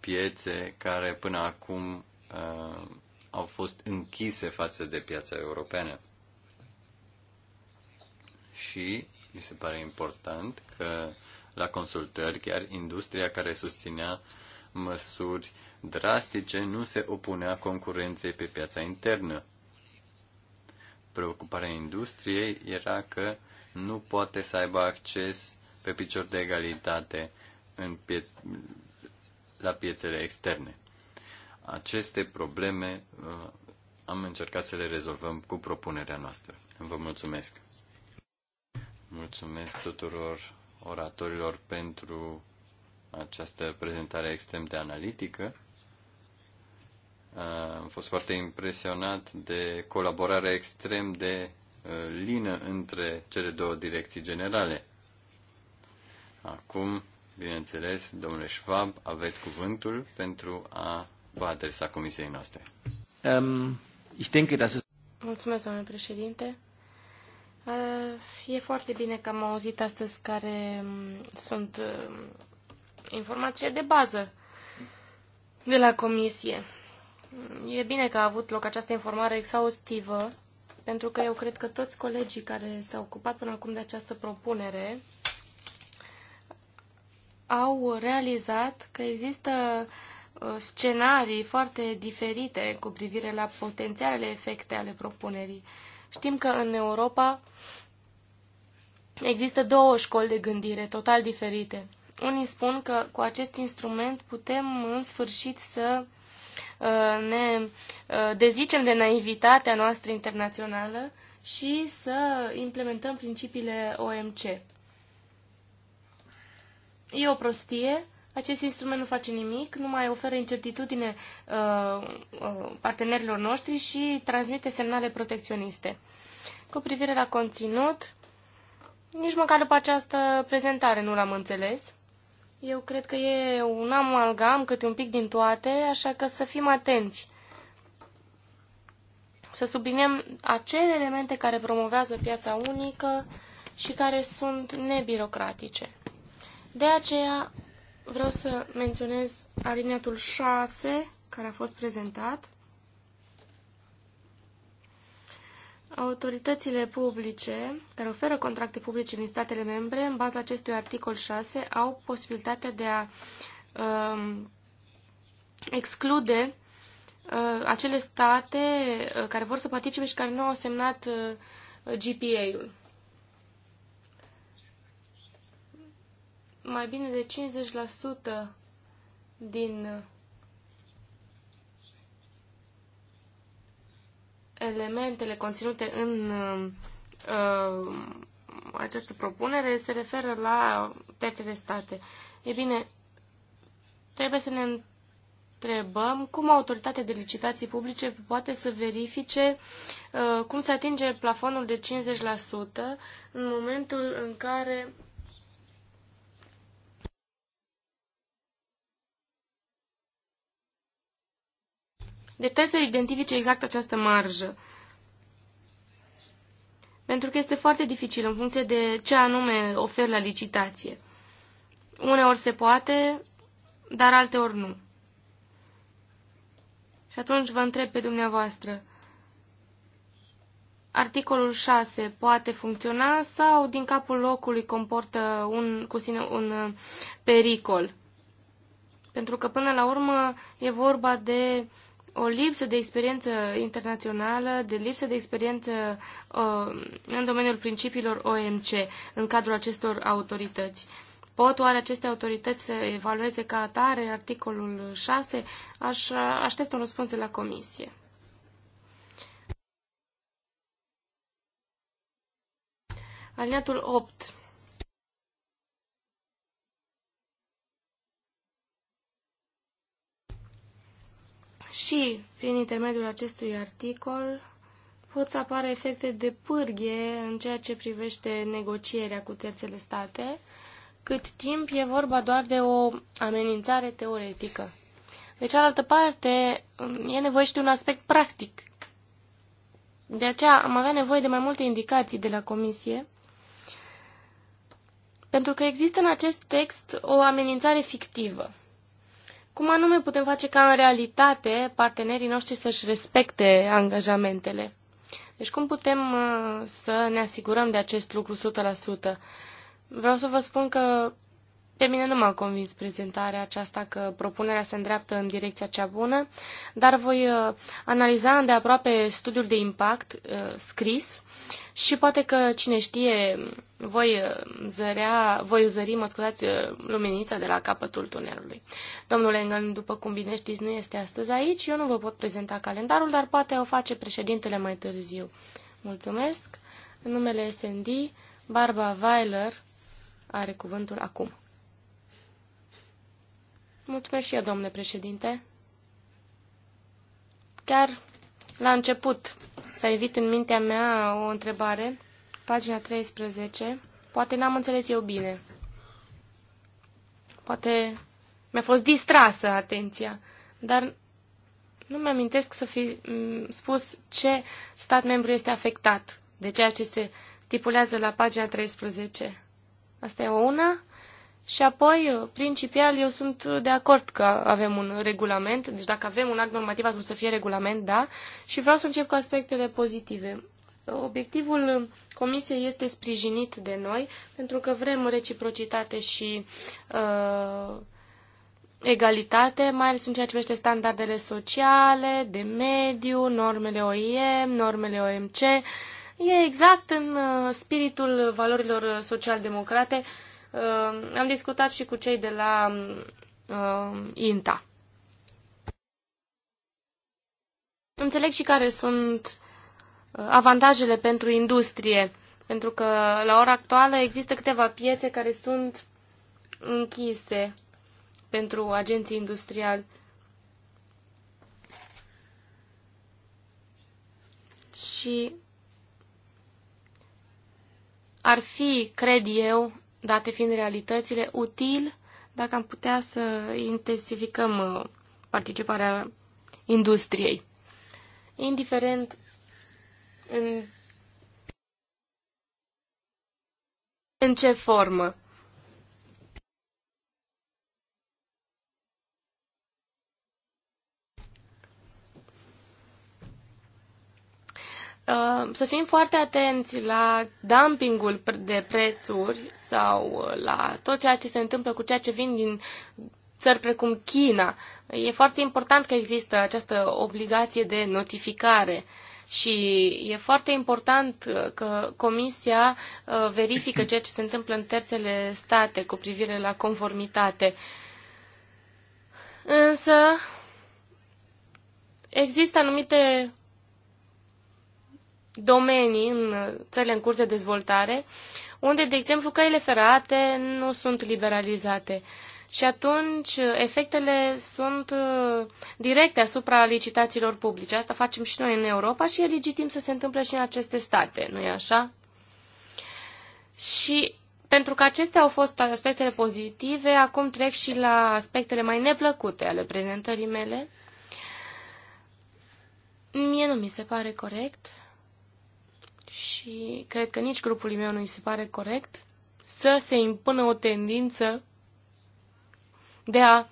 piețe care până acum uh, au fost închise față de piața europeană. Și mi se pare important că la consultări chiar industria care susținea măsuri drastice nu se opunea concurenței pe piața internă. Preocuparea industriei era că nu poate să aibă acces pe picior de egalitate în pieț- la piețele externe. Aceste probleme uh, am încercat să le rezolvăm cu propunerea noastră. Vă mulțumesc! Mulțumesc tuturor oratorilor pentru această prezentare extrem de analitică. Uh, am fost foarte impresionat de colaborarea extrem de uh, lină între cele două direcții generale. Acum, bineînțeles, domnule Schwab, aveți cuvântul pentru a va adresa comisiei noastre. Um, ich denke, dass es... Mulțumesc, domnule președinte. Ehm, e foarte bine că am auzit astăzi care mm, sunt ehm, informații de bază de la comisie. E bine că a avut loc această informare exhaustivă, pentru că eu cred că toți colegii care s-au ocupat până acum de această propunere au realizat că există Uh, scenarii foarte diferite cu privire la potențialele efecte ale propunerii. Știm că în Europa există două școli de gândire total diferite. Unii spun că cu acest instrument putem în sfârșit să uh, ne uh, dezicem de naivitatea noastră internațională și să implementăm principiile OMC. E o prostie, acest instrument nu face nimic, nu mai oferă incertitudine uh, uh, partenerilor noștri și transmite semnale protecționiste. Cu privire la conținut, nici măcar după această prezentare nu l-am înțeles. Eu cred că e un amalgam, câte un pic din toate, așa că să fim atenți. Să subliniem acele elemente care promovează piața unică și care sunt nebirocratice. De aceea vreau să menționez alineatul 6 care a fost prezentat. Autoritățile publice care oferă contracte publice din statele membre, în baza acestui articol 6, au posibilitatea de a um, exclude uh, acele state uh, care vor să participe și care nu au semnat uh, GPA-ul. mai bine de 50% din uh, elementele conținute în uh, uh, această propunere se referă la terțele state. E bine, trebuie să ne întrebăm cum autoritatea de licitații publice poate să verifice uh, cum se atinge plafonul de 50% în momentul în care Deci trebuie să identifice exact această marjă. Pentru că este foarte dificil în funcție de ce anume ofer la licitație. Uneori se poate, dar alteori nu. Și atunci vă întreb pe dumneavoastră, articolul 6 poate funcționa sau din capul locului comportă un, cu sine un uh, pericol? Pentru că până la urmă e vorba de o lipsă de experiență internațională, de lipsă de experiență uh, în domeniul principiilor OMC în cadrul acestor autorități. Pot oare aceste autorități să evalueze ca atare articolul 6? Aș aștept un răspuns de la comisie. Aliniatul 8. și prin intermediul acestui articol pot să apară efecte de pârghie în ceea ce privește negocierea cu terțele state, cât timp e vorba doar de o amenințare teoretică. De cealaltă parte, e nevoie și de un aspect practic. De aceea am avea nevoie de mai multe indicații de la Comisie, pentru că există în acest text o amenințare fictivă. Cum anume putem face ca în realitate partenerii noștri să-și respecte angajamentele? Deci cum putem uh, să ne asigurăm de acest lucru 100%? Vreau să vă spun că pe mine nu m-a convins prezentarea aceasta că propunerea se îndreaptă în direcția cea bună, dar voi uh, analiza îndeaproape studiul de impact uh, scris și poate că cine știe voi uh, zărea, voi zări, mă scuzați, luminița de la capătul tunelului. Domnule Engel, după cum bine știți, nu este astăzi aici, eu nu vă pot prezenta calendarul, dar poate o face președintele mai târziu. Mulțumesc. În numele SND, Barba Weiler are cuvântul acum. Mulțumesc și eu, domnule președinte. Chiar la început s-a evit în mintea mea o întrebare, pagina 13. Poate n-am înțeles eu bine. Poate mi-a fost distrasă atenția, dar nu mi-amintesc să fi mm, spus ce stat membru este afectat de ceea ce se stipulează la pagina 13. Asta e o una. Și apoi, principial, eu sunt de acord că avem un regulament, deci dacă avem un act normativ, atunci să fie regulament, da, și vreau să încep cu aspectele pozitive. Obiectivul Comisiei este sprijinit de noi, pentru că vrem reciprocitate și uh, egalitate, mai ales în ceea ce privește standardele sociale, de mediu, normele OIM, normele OMC. E exact în uh, spiritul valorilor social-democrate uh, Uh, am discutat și cu cei de la uh, INTA. Înțeleg și care sunt uh, avantajele pentru industrie, pentru că la ora actuală există câteva piețe care sunt închise pentru agenții industriali. Și ar fi, cred eu, date fiind realitățile, util dacă am putea să intensificăm uh, participarea industriei. Indiferent în, în ce formă. Uh, să fim foarte atenți la dumpingul de prețuri sau uh, la tot ceea ce se întâmplă cu ceea ce vin din țări precum China. E foarte important că există această obligație de notificare și e foarte important uh, că Comisia verifică ceea ce se întâmplă în terțele state cu privire la conformitate. Însă există anumite domenii în țările în curs de dezvoltare, unde, de exemplu, căile ferate nu sunt liberalizate. Și atunci efectele sunt uh, directe asupra licitațiilor publice. Asta facem și noi în Europa și e legitim să se întâmple și în aceste state, nu e așa? Și pentru că acestea au fost aspectele pozitive, acum trec și la aspectele mai neplăcute ale prezentării mele. Mie nu mi se pare corect și cred că nici grupului meu nu îi se pare corect să se impună o tendință de a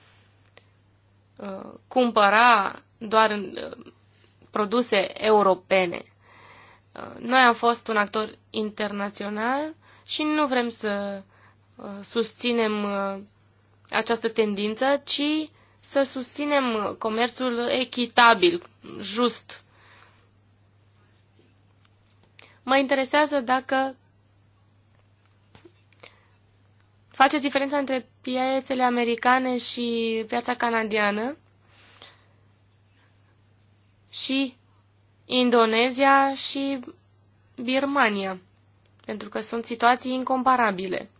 uh, cumpăra doar în, uh, produse europene. Uh, noi am fost un actor internațional și nu vrem să uh, susținem uh, această tendință, ci să susținem comerțul echitabil, just. Mă interesează dacă faceți diferența între piețele americane și piața canadiană și Indonezia și Birmania, pentru că sunt situații incomparabile.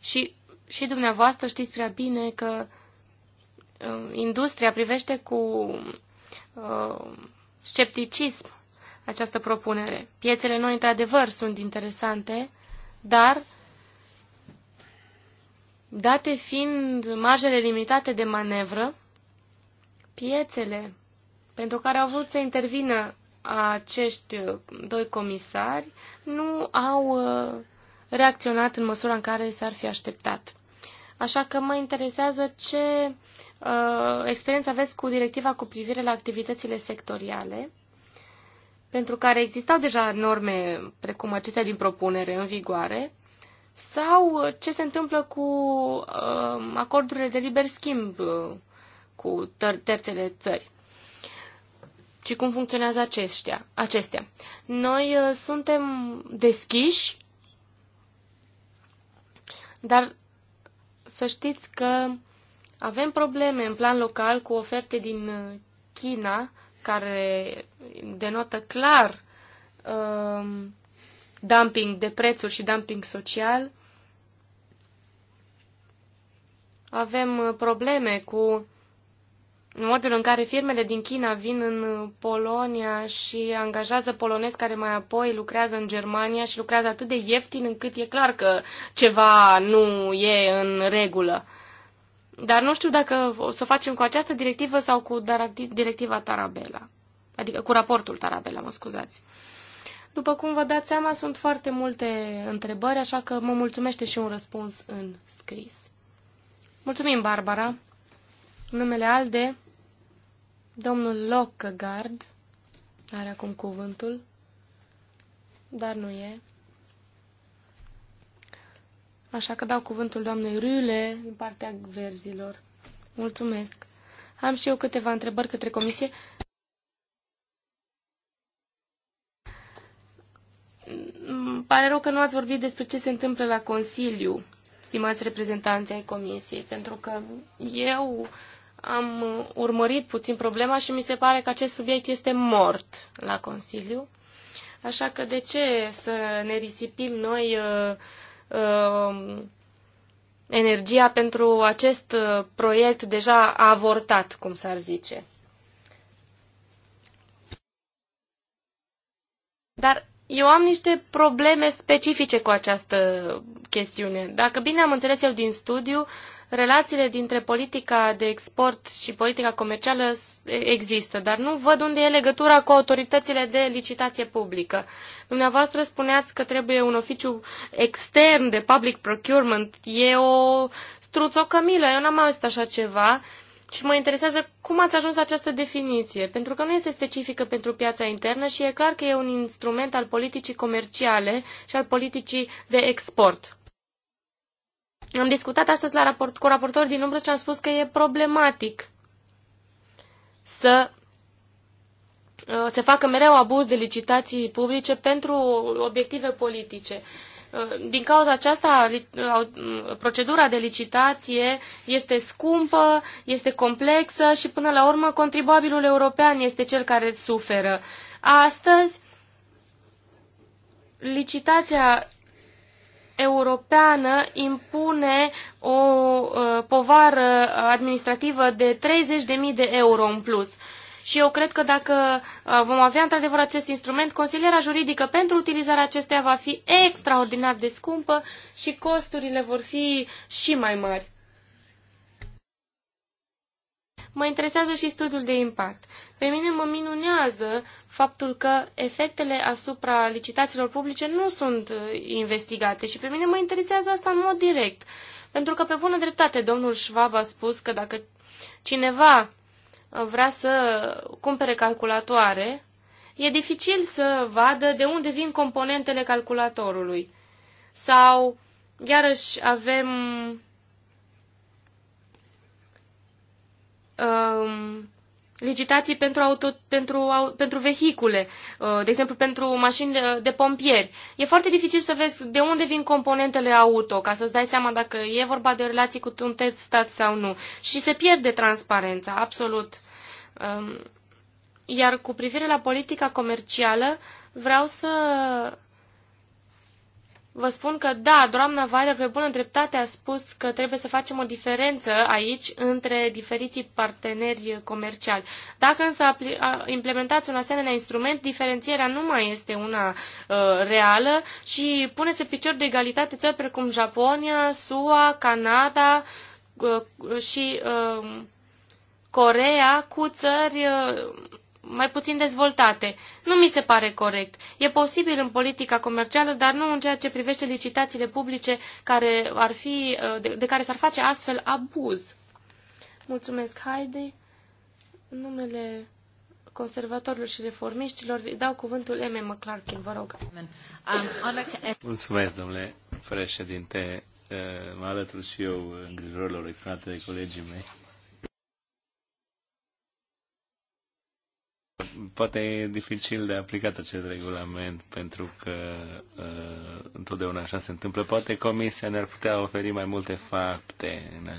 Și, și dumneavoastră știți prea bine că uh, industria privește cu uh, scepticism această propunere. Piețele noi, într-adevăr, sunt interesante, dar, date fiind marjele limitate de manevră, piețele pentru care au vrut să intervină acești doi comisari nu au uh, reacționat în măsura în care s-ar fi așteptat. Așa că mă interesează ce uh, experiență aveți cu directiva cu privire la activitățile sectoriale pentru care existau deja norme precum acestea din propunere în vigoare, sau ce se întâmplă cu uh, acordurile de liber schimb uh, cu terțele țări și cum funcționează aceștia, acestea. Noi uh, suntem deschiși, dar să știți că avem probleme în plan local cu oferte din uh, China care denotă clar um, dumping de prețuri și dumping social. Avem uh, probleme cu modul în care firmele din China vin în Polonia și angajează polonezi care mai apoi lucrează în Germania și lucrează atât de ieftin încât e clar că ceva nu e în regulă. Dar nu știu dacă o să facem cu această directivă sau cu directiva Tarabela. Adică cu raportul Tarabela, mă scuzați. După cum vă dați seama, sunt foarte multe întrebări, așa că mă mulțumește și un răspuns în scris. Mulțumim, Barbara. Numele Alde, domnul Lockegaard, are acum cuvântul, dar nu e. Așa că dau cuvântul doamnei Rüle din partea verzilor. Mulțumesc. Am și eu câteva întrebări către comisie. Mm, pare rău că nu ați vorbit despre ce se întâmplă la Consiliu, stimați reprezentanții ai comisiei, pentru că eu am urmărit puțin problema și mi se pare că acest subiect este mort la Consiliu. Așa că de ce să ne risipim noi uh, uh, energia pentru acest uh, proiect deja avortat, cum s-ar zice. Dar eu am niște probleme specifice cu această chestiune. Dacă bine am înțeles eu din studiu, relațiile dintre politica de export și politica comercială există, dar nu văd unde e legătura cu autoritățile de licitație publică. Dumneavoastră spuneați că trebuie un oficiu extern de public procurement. E o struțocămilă, eu n-am auzit așa ceva și mă interesează cum ați ajuns la această definiție, pentru că nu este specifică pentru piața internă și e clar că e un instrument al politicii comerciale și al politicii de export. Am discutat astăzi la raport, cu raportorul din umbră și am spus că e problematic să uh, se facă mereu abuz de licitații publice pentru obiective politice. Uh, din cauza aceasta, uh, uh, procedura de licitație este scumpă, este complexă și până la urmă contribuabilul european este cel care suferă. Astăzi, licitația europeană impune o povară administrativă de 30.000 de euro în plus. Uh, și eu cred că dacă uh, vom avea într-adevăr acest instrument, consilierea juridică pentru utilizarea acestuia va fi extraordinar de scumpă și costurile vor fi și mai mari. Mă interesează și studiul de impact. Pe mine mă minunează faptul că efectele asupra licitațiilor publice nu sunt uh, investigate și pe mine mă interesează asta în mod direct. Pentru că, pe bună dreptate, domnul Schwab a spus că dacă cineva vrea să cumpere calculatoare, e dificil să vadă de unde vin componentele calculatorului. Sau, iarăși, avem um, licitații pentru, auto, pentru, pentru vehicule, uh, de exemplu pentru mașini de, de pompieri. E foarte dificil să vezi de unde vin componentele auto, ca să-ți dai seama dacă e vorba de o relație cu un terț stat sau nu. Și se pierde transparența, absolut. Um, iar cu privire la politica comercială, vreau să vă spun că da, doamna Weiler pe bună dreptate a spus că trebuie să facem o diferență aici între diferiții parteneri comerciali. Dacă însă implementați un asemenea instrument, diferențierea nu mai este una uh, reală și puneți pe picior de egalitate țări precum Japonia, SUA, Canada uh, și uh, Corea cu țări uh, mai puțin dezvoltate. Nu mi se pare corect. E posibil în politica comercială, dar nu în ceea ce privește licitațiile publice care ar fi, uh, de, de care s-ar face astfel abuz. Mulțumesc, Heidi. Numele conservatorilor și reformiștilor, dau cuvântul M. McClarkin, vă rog. Um, Mulțumesc, domnule președinte. Uh, mă alătur și eu îngrijorilor exprimate de colegii mei poate e dificil de aplicat acest regulament pentru că uh, întotdeauna așa se întâmplă. Poate Comisia ne-ar putea oferi mai multe fapte în,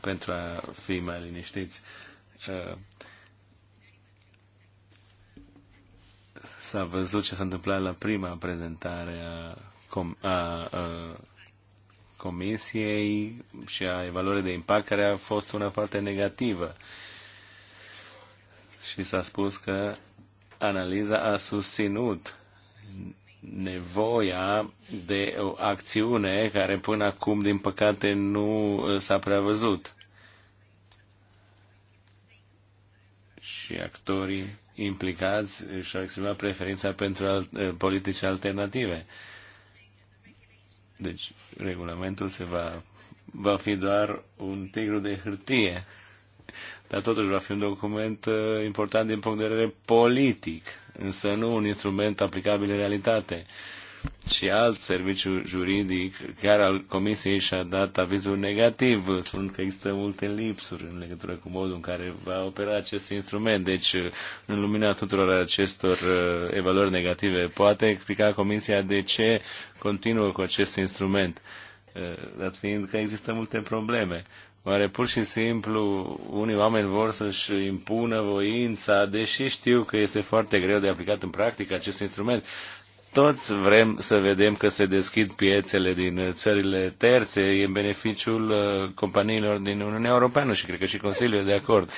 pentru a fi mai liniștiți. Uh, s-a văzut ce s-a întâmplat la prima prezentare a, com- a, uh, Comisiei și a evaluării de impact, care a fost una foarte negativă. Uh, și s-a spus că analiza a susținut nevoia de o acțiune care până acum, din păcate, nu s-a prevăzut. Și actorii implicați și-au exprimat preferința pentru al- eh, politici alternative. Deci, regulamentul se va, va fi doar un tigru de hârtie dar totuși va fi un document uh, important din punct de vedere politic, însă nu un instrument aplicabil în realitate. Și alt serviciu juridic, chiar al Comisiei, și-a dat avizul negativ, spun că există multe lipsuri în legătură cu modul în care va opera acest instrument. Deci, uh, în lumina tuturor acestor uh, evaluări negative, poate explica Comisia de ce continuă cu acest instrument, dat fiind că există multe probleme Oare pur și simplu unii oameni vor să-și impună voința, deși știu că este foarte greu de aplicat în practică acest instrument? Toți vrem să vedem că se deschid piețele din țările terțe, în beneficiul uh, companiilor din Uniunea Europeană și cred că și Consiliul e de acord.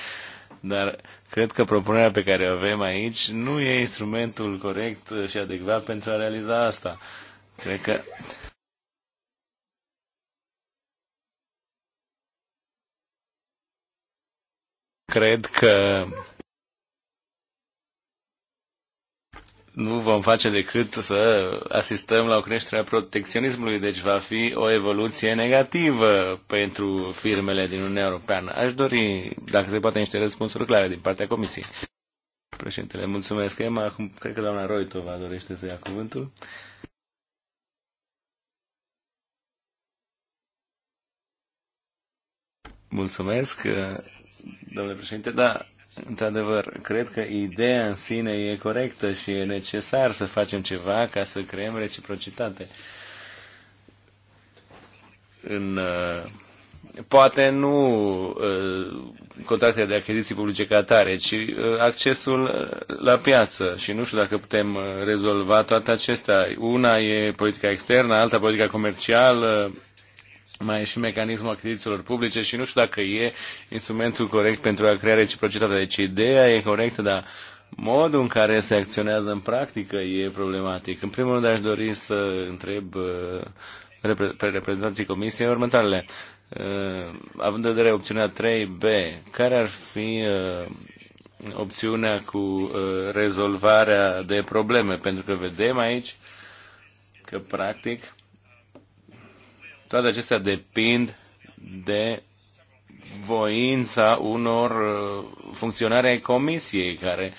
Dar cred că propunerea pe care o avem aici nu e instrumentul corect și adecvat pentru a realiza asta. Cred că cred că nu vom face decât să asistăm la o creștere a protecționismului, deci va fi o evoluție negativă pentru firmele din Uniunea Europeană. Aș dori, dacă se poate, niște răspunsuri clare din partea Comisiei. Președintele, mulțumesc, Emma. Acum, cred că doamna Roitova dorește să ia cuvântul. Mulțumesc domnule președinte, da, într-adevăr, cred că ideea în sine e corectă și e necesar să facem ceva ca să creăm reciprocitate. În, uh, poate nu uh, contractele de achiziții publice ca atare, ci uh, accesul la piață. Și nu știu dacă putem rezolva toate acestea. Una e politica externă, alta politica comercială, mai e și mecanismul achizițiilor publice și nu știu dacă e instrumentul corect pentru a crea reciprocitate. Deci ideea e corectă, dar modul în care se acționează în practică e problematic. În primul rând aș dori să întreb uh, pe reprezentanții Comisiei următoarele. Uh, având în vedere opțiunea 3B, care ar fi uh, opțiunea cu rezolvarea de probleme? Pentru că vedem aici că practic toate acestea depind de voința unor uh, funcționare ai comisiei care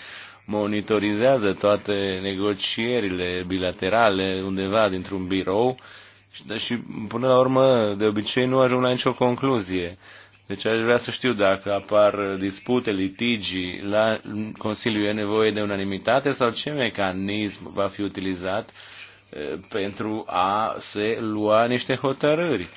monitorizează toate negocierile bilaterale undeva dintr-un birou și, și până la urmă de obicei nu ajung la nicio concluzie. Deci aș vrea să știu dacă apar dispute, litigi la Consiliu e nevoie de unanimitate sau ce mecanism va fi utilizat pentru a se lua niște hotărâri.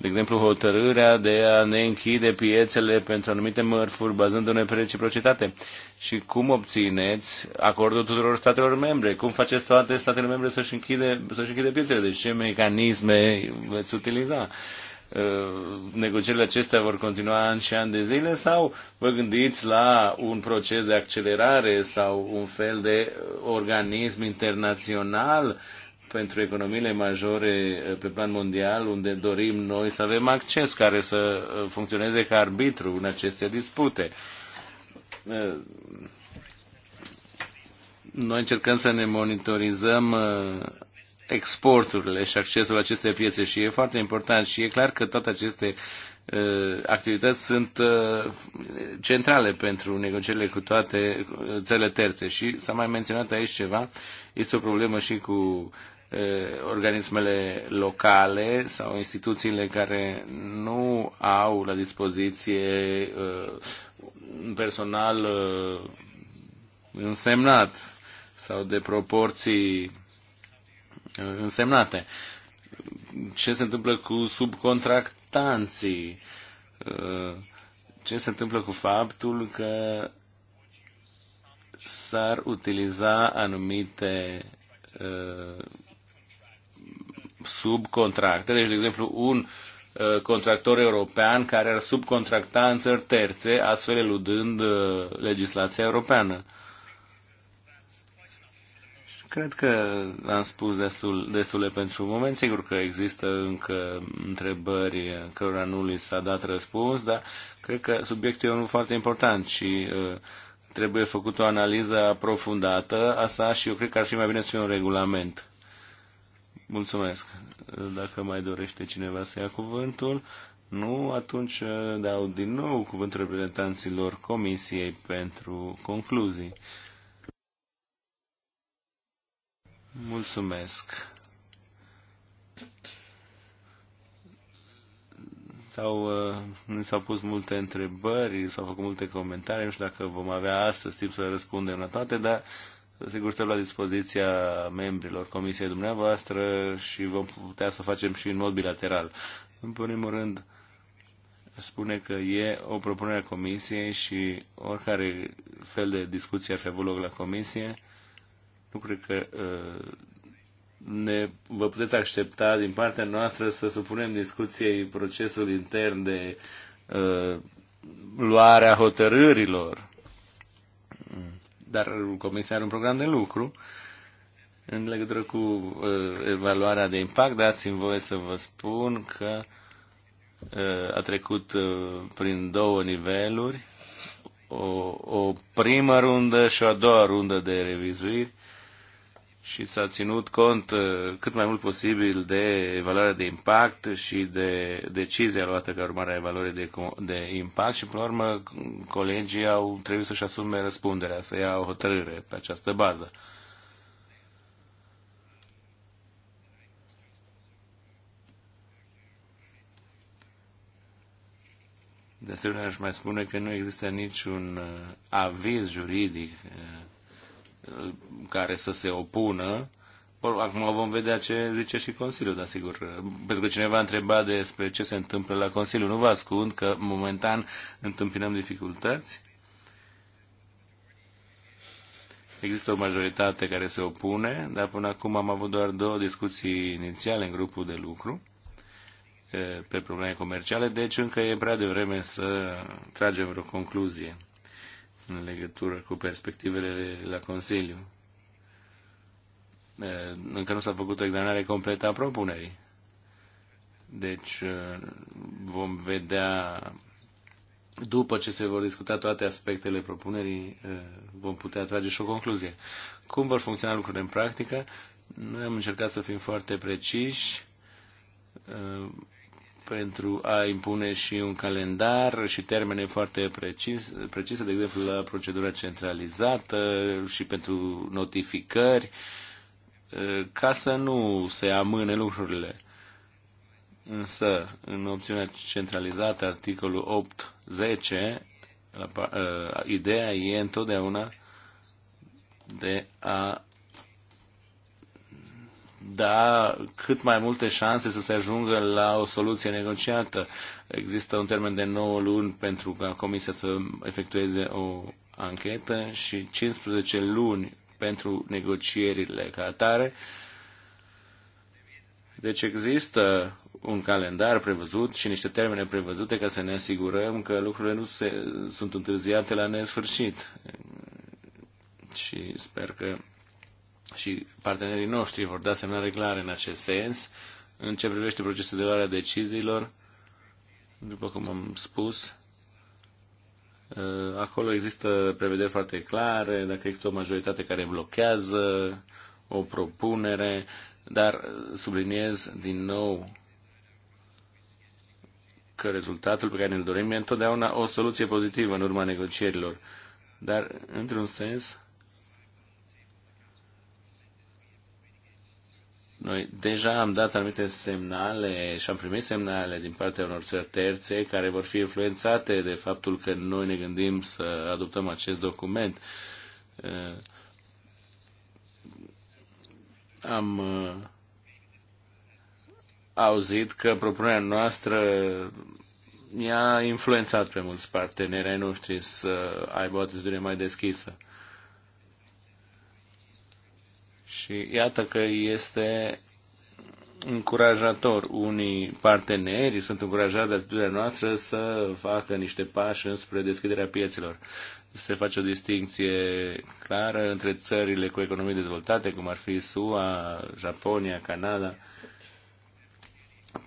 De exemplu, hotărârea de a ne închide piețele pentru anumite mărfuri bazându-ne pe reciprocitate. Și cum obțineți acordul tuturor statelor membre? Cum faceți toate statele membre să-și închide, să-și închide piețele? Deci ce mecanisme veți utiliza? Uh, negocierile acestea vor continua ani și ani de zile sau vă gândiți la un proces de accelerare sau un fel de organism internațional pentru economiile majore eh, pe plan mondial, unde dorim noi să avem acces care să eh, funcționeze ca arbitru în aceste dispute. Eh, noi încercăm să ne monitorizăm exporturile și accesul la aceste piețe și e foarte important și e clar că toate aceste activități sunt centrale pentru negocierile cu toate țările terțe și s-a mai menționat aici ceva, este o problemă și cu Eh, organismele locale sau instituțiile care nu au la dispoziție eh, un personal eh, însemnat sau de proporții însemnate. Ce se întâmplă cu subcontractanții? Ce se întâmplă cu faptul că s-ar utiliza anumite subcontracte. Deci, de exemplu, un uh, contractor european care ar subcontracta în țări terțe, astfel eludând uh, legislația europeană. Cred că am spus destul, destule pentru un moment. Sigur că există încă întrebări cărora nu li s-a dat răspuns, dar cred că subiectul e unul foarte important și uh, trebuie făcut o analiză aprofundată a sa și eu cred că ar fi mai bine să fie un regulament. Mulțumesc. Dacă mai dorește cineva să ia cuvântul, nu, atunci eh, dau din nou cuvântul reprezentanților Comisiei pentru concluzii. Mulțumesc. S-au, uh, s-au pus multe întrebări, s-au făcut multe comentarii, nu știu dacă vom avea astăzi timp să răspundem la toate, dar Sigur, stăm la dispoziția membrilor comisiei dumneavoastră și vom putea să o facem și în mod bilateral. În primul rând, spune că e o propunere a comisiei și oricare fel de discuție ar fi avut loc la comisie, nu cred că uh, ne, vă puteți aștepta din partea noastră să supunem discuției procesul intern de uh, luarea hotărârilor dar Comisia are un program de lucru în legătură cu uh, evaluarea de impact. Dați-mi voie să vă spun că uh, a trecut uh, prin două niveluri, o, o primă rundă și o a doua rundă de revizuiri. Uh, și s-a ținut cont uh, cât mai mult posibil de evaluarea de impact și de decizia luată ca urmare a evaluării de, de impact și, până la urmă, colegii au trebuit să-și asume răspunderea, să ia o hotărâre pe această bază. De asemenea, aș mai spune că nu există niciun uh, aviz juridic uh, care să se opună. Acum vom vedea ce zice și Consiliul, dar sigur. Pentru că cineva a întrebat despre ce se întâmplă la Consiliu. Nu vă ascund că momentan întâmpinăm dificultăți. Există o majoritate care se opune, dar până acum am avut doar două discuții inițiale în grupul de lucru eh, pe probleme comerciale, deci încă e prea devreme să tragem vreo concluzie în legătură cu perspectivele la Consiliu. Încă nu s-a făcut o examinare completă a propunerii. Deci vom vedea, după ce se vor discuta toate aspectele propunerii, vom putea trage și o concluzie. Cum vor funcționa lucrurile în practică? Noi am încercat să fim foarte preciși pentru a impune și un calendar și termene foarte precis, precise, de exemplu la procedura centralizată și pentru notificări, eh, ca să nu se amâne lucrurile. Însă, în opțiunea centralizată, articolul 8-10, eh, ideea e întotdeauna de a da cât mai multe șanse să se ajungă la o soluție negociată. Există un termen de 9 luni pentru ca Comisia să efectueze o anchetă și 15 luni pentru negocierile ca atare. Deci există un calendar prevăzut și niște termene prevăzute ca să ne asigurăm că lucrurile nu se, sunt întârziate la nesfârșit. Și sper că și partenerii noștri vor da semnale clare în acest sens în ce privește procesul de luare a deciziilor. După cum am spus, ă, acolo există prevederi foarte clare, dacă există o majoritate care blochează o propunere, dar subliniez din nou că rezultatul pe care ne-l dorim e întotdeauna o soluție pozitivă în urma negocierilor. Dar, într-un sens, Noi deja am dat anumite semnale și am primit semnale din partea unor țări terțe care vor fi influențate de faptul că noi ne gândim să adoptăm acest document. Eh, am eh, auzit că propunerea noastră mi a influențat pe mulți parteneri ai noștri să aibă o atitudine mai deschisă. Și iată că este încurajator. Unii parteneri sunt încurajați de atitudinea noastră să facă niște pași înspre deschiderea piețelor. Se face o distinție clară între țările cu economii dezvoltate, cum ar fi SUA, Japonia, Canada.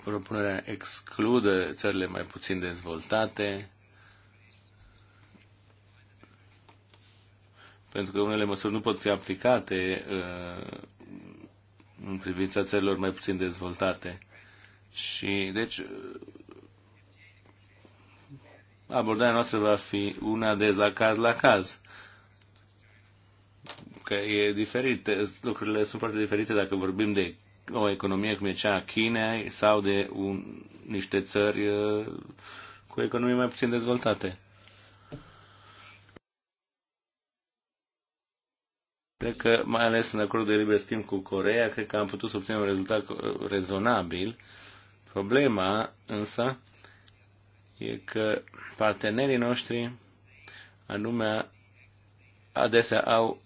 Propunerea exclude țările mai puțin dezvoltate pentru că unele măsuri nu pot fi aplicate uh, în privința țărilor mai puțin dezvoltate. Și, deci, uh, abordarea noastră va fi una de la caz la caz. Că e diferit, lucrurile sunt foarte diferite dacă vorbim de o economie cum e cea a Chinei sau de un, niște țări uh, cu economii mai puțin dezvoltate. Cred că, mai ales în acordul de liber schimb cu Corea, cred că am putut să obținem un rezultat uh, rezonabil. Problema, însă, e că partenerii noștri, anume, adesea au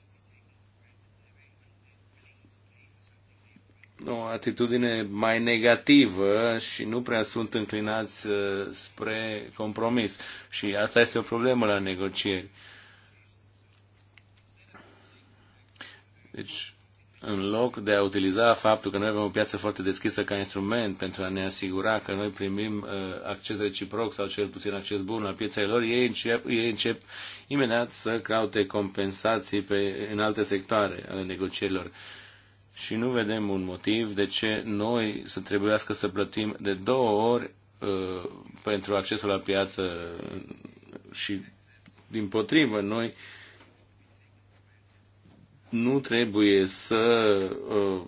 o atitudine mai negativă și nu prea sunt înclinați uh, spre compromis. Și asta este o problemă la negocieri. Deci, în loc de a utiliza faptul că noi avem o piață foarte deschisă ca instrument pentru a ne asigura că noi primim uh, acces reciproc sau cel puțin acces bun la piețele lor, ei încep, ei încep imediat să caute compensații pe, în alte sectoare ale negocierilor. Și nu vedem un motiv de ce noi să trebuiască să plătim de două ori uh, pentru accesul la piață și din potrivă noi uh, nu trebuie să uh,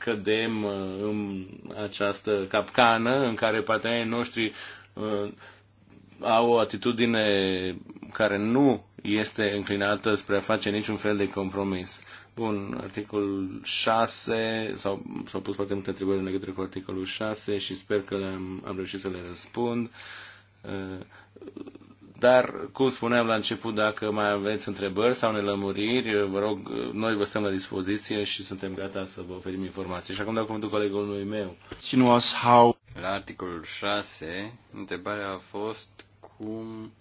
cădem uh, în această capcană în care partenerii noștri uh, au o atitudine care nu este înclinată spre a face niciun fel de compromis. Bun, articolul 6, s-au, s-au pus foarte multe întrebări în legătură cu articolul 6 și sper că le-am am reușit să le răspund. Dar, cum spuneam la început, dacă mai aveți întrebări sau nelămuriri, vă rog, noi vă stăm la dispoziție și suntem gata să vă oferim informații. Și acum dau cuvântul colegului meu. how... La articolul 6, întrebarea a fost cum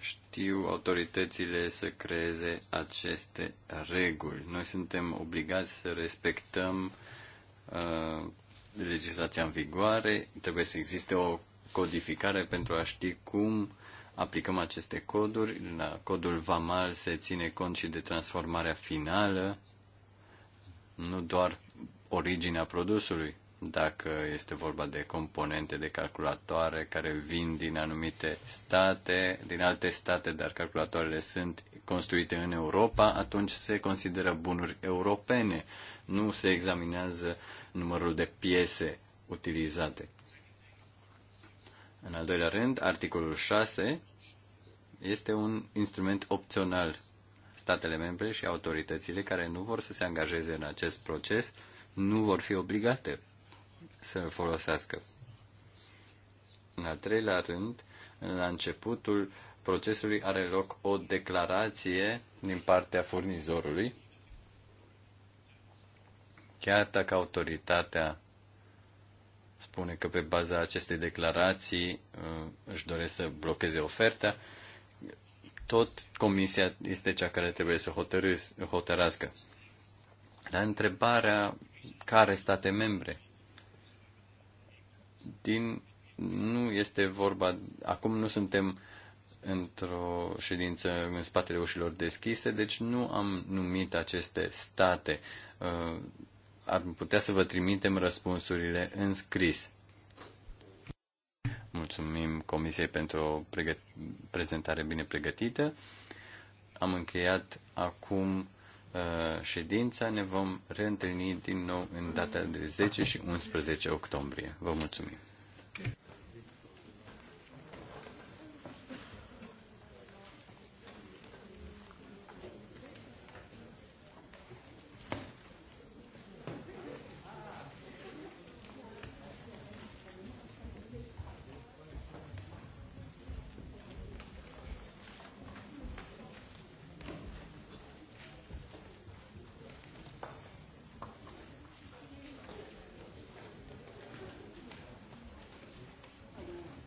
știu autoritățile să creeze aceste reguli. Noi suntem obligați să respectăm uh, legislația în vigoare, trebuie să existe o codificare pentru a ști cum aplicăm aceste coduri. La codul VAMAL se ține cont și de transformarea finală, nu doar originea produsului, dacă este vorba de componente de calculatoare care vin din anumite state, din alte state, dar calculatoarele sunt construite în Europa, atunci se consideră bunuri europene. Nu se examinează numărul de piese utilizate. În al doilea rând, articolul 6 este un instrument opțional. Statele membre și autoritățile care nu vor să se angajeze în acest proces nu vor fi obligate să-l folosească. În al treilea rând, la începutul procesului are loc o declarație din partea furnizorului, chiar dacă autoritatea spune că pe baza acestei declarații uh, își doresc să blocheze oferta, tot comisia este cea care trebuie să hotărască. La întrebarea care state membre, din, nu este vorba, acum nu suntem într-o ședință în spatele ușilor deschise, deci nu am numit aceste state. Uh, ar putea să vă trimitem răspunsurile în scris. Mulțumim Comisiei pentru o prezentare bine pregătită. Am încheiat acum uh, ședința. Ne vom reîntâlni din nou în data de 10 și 11 octombrie. Vă mulțumim!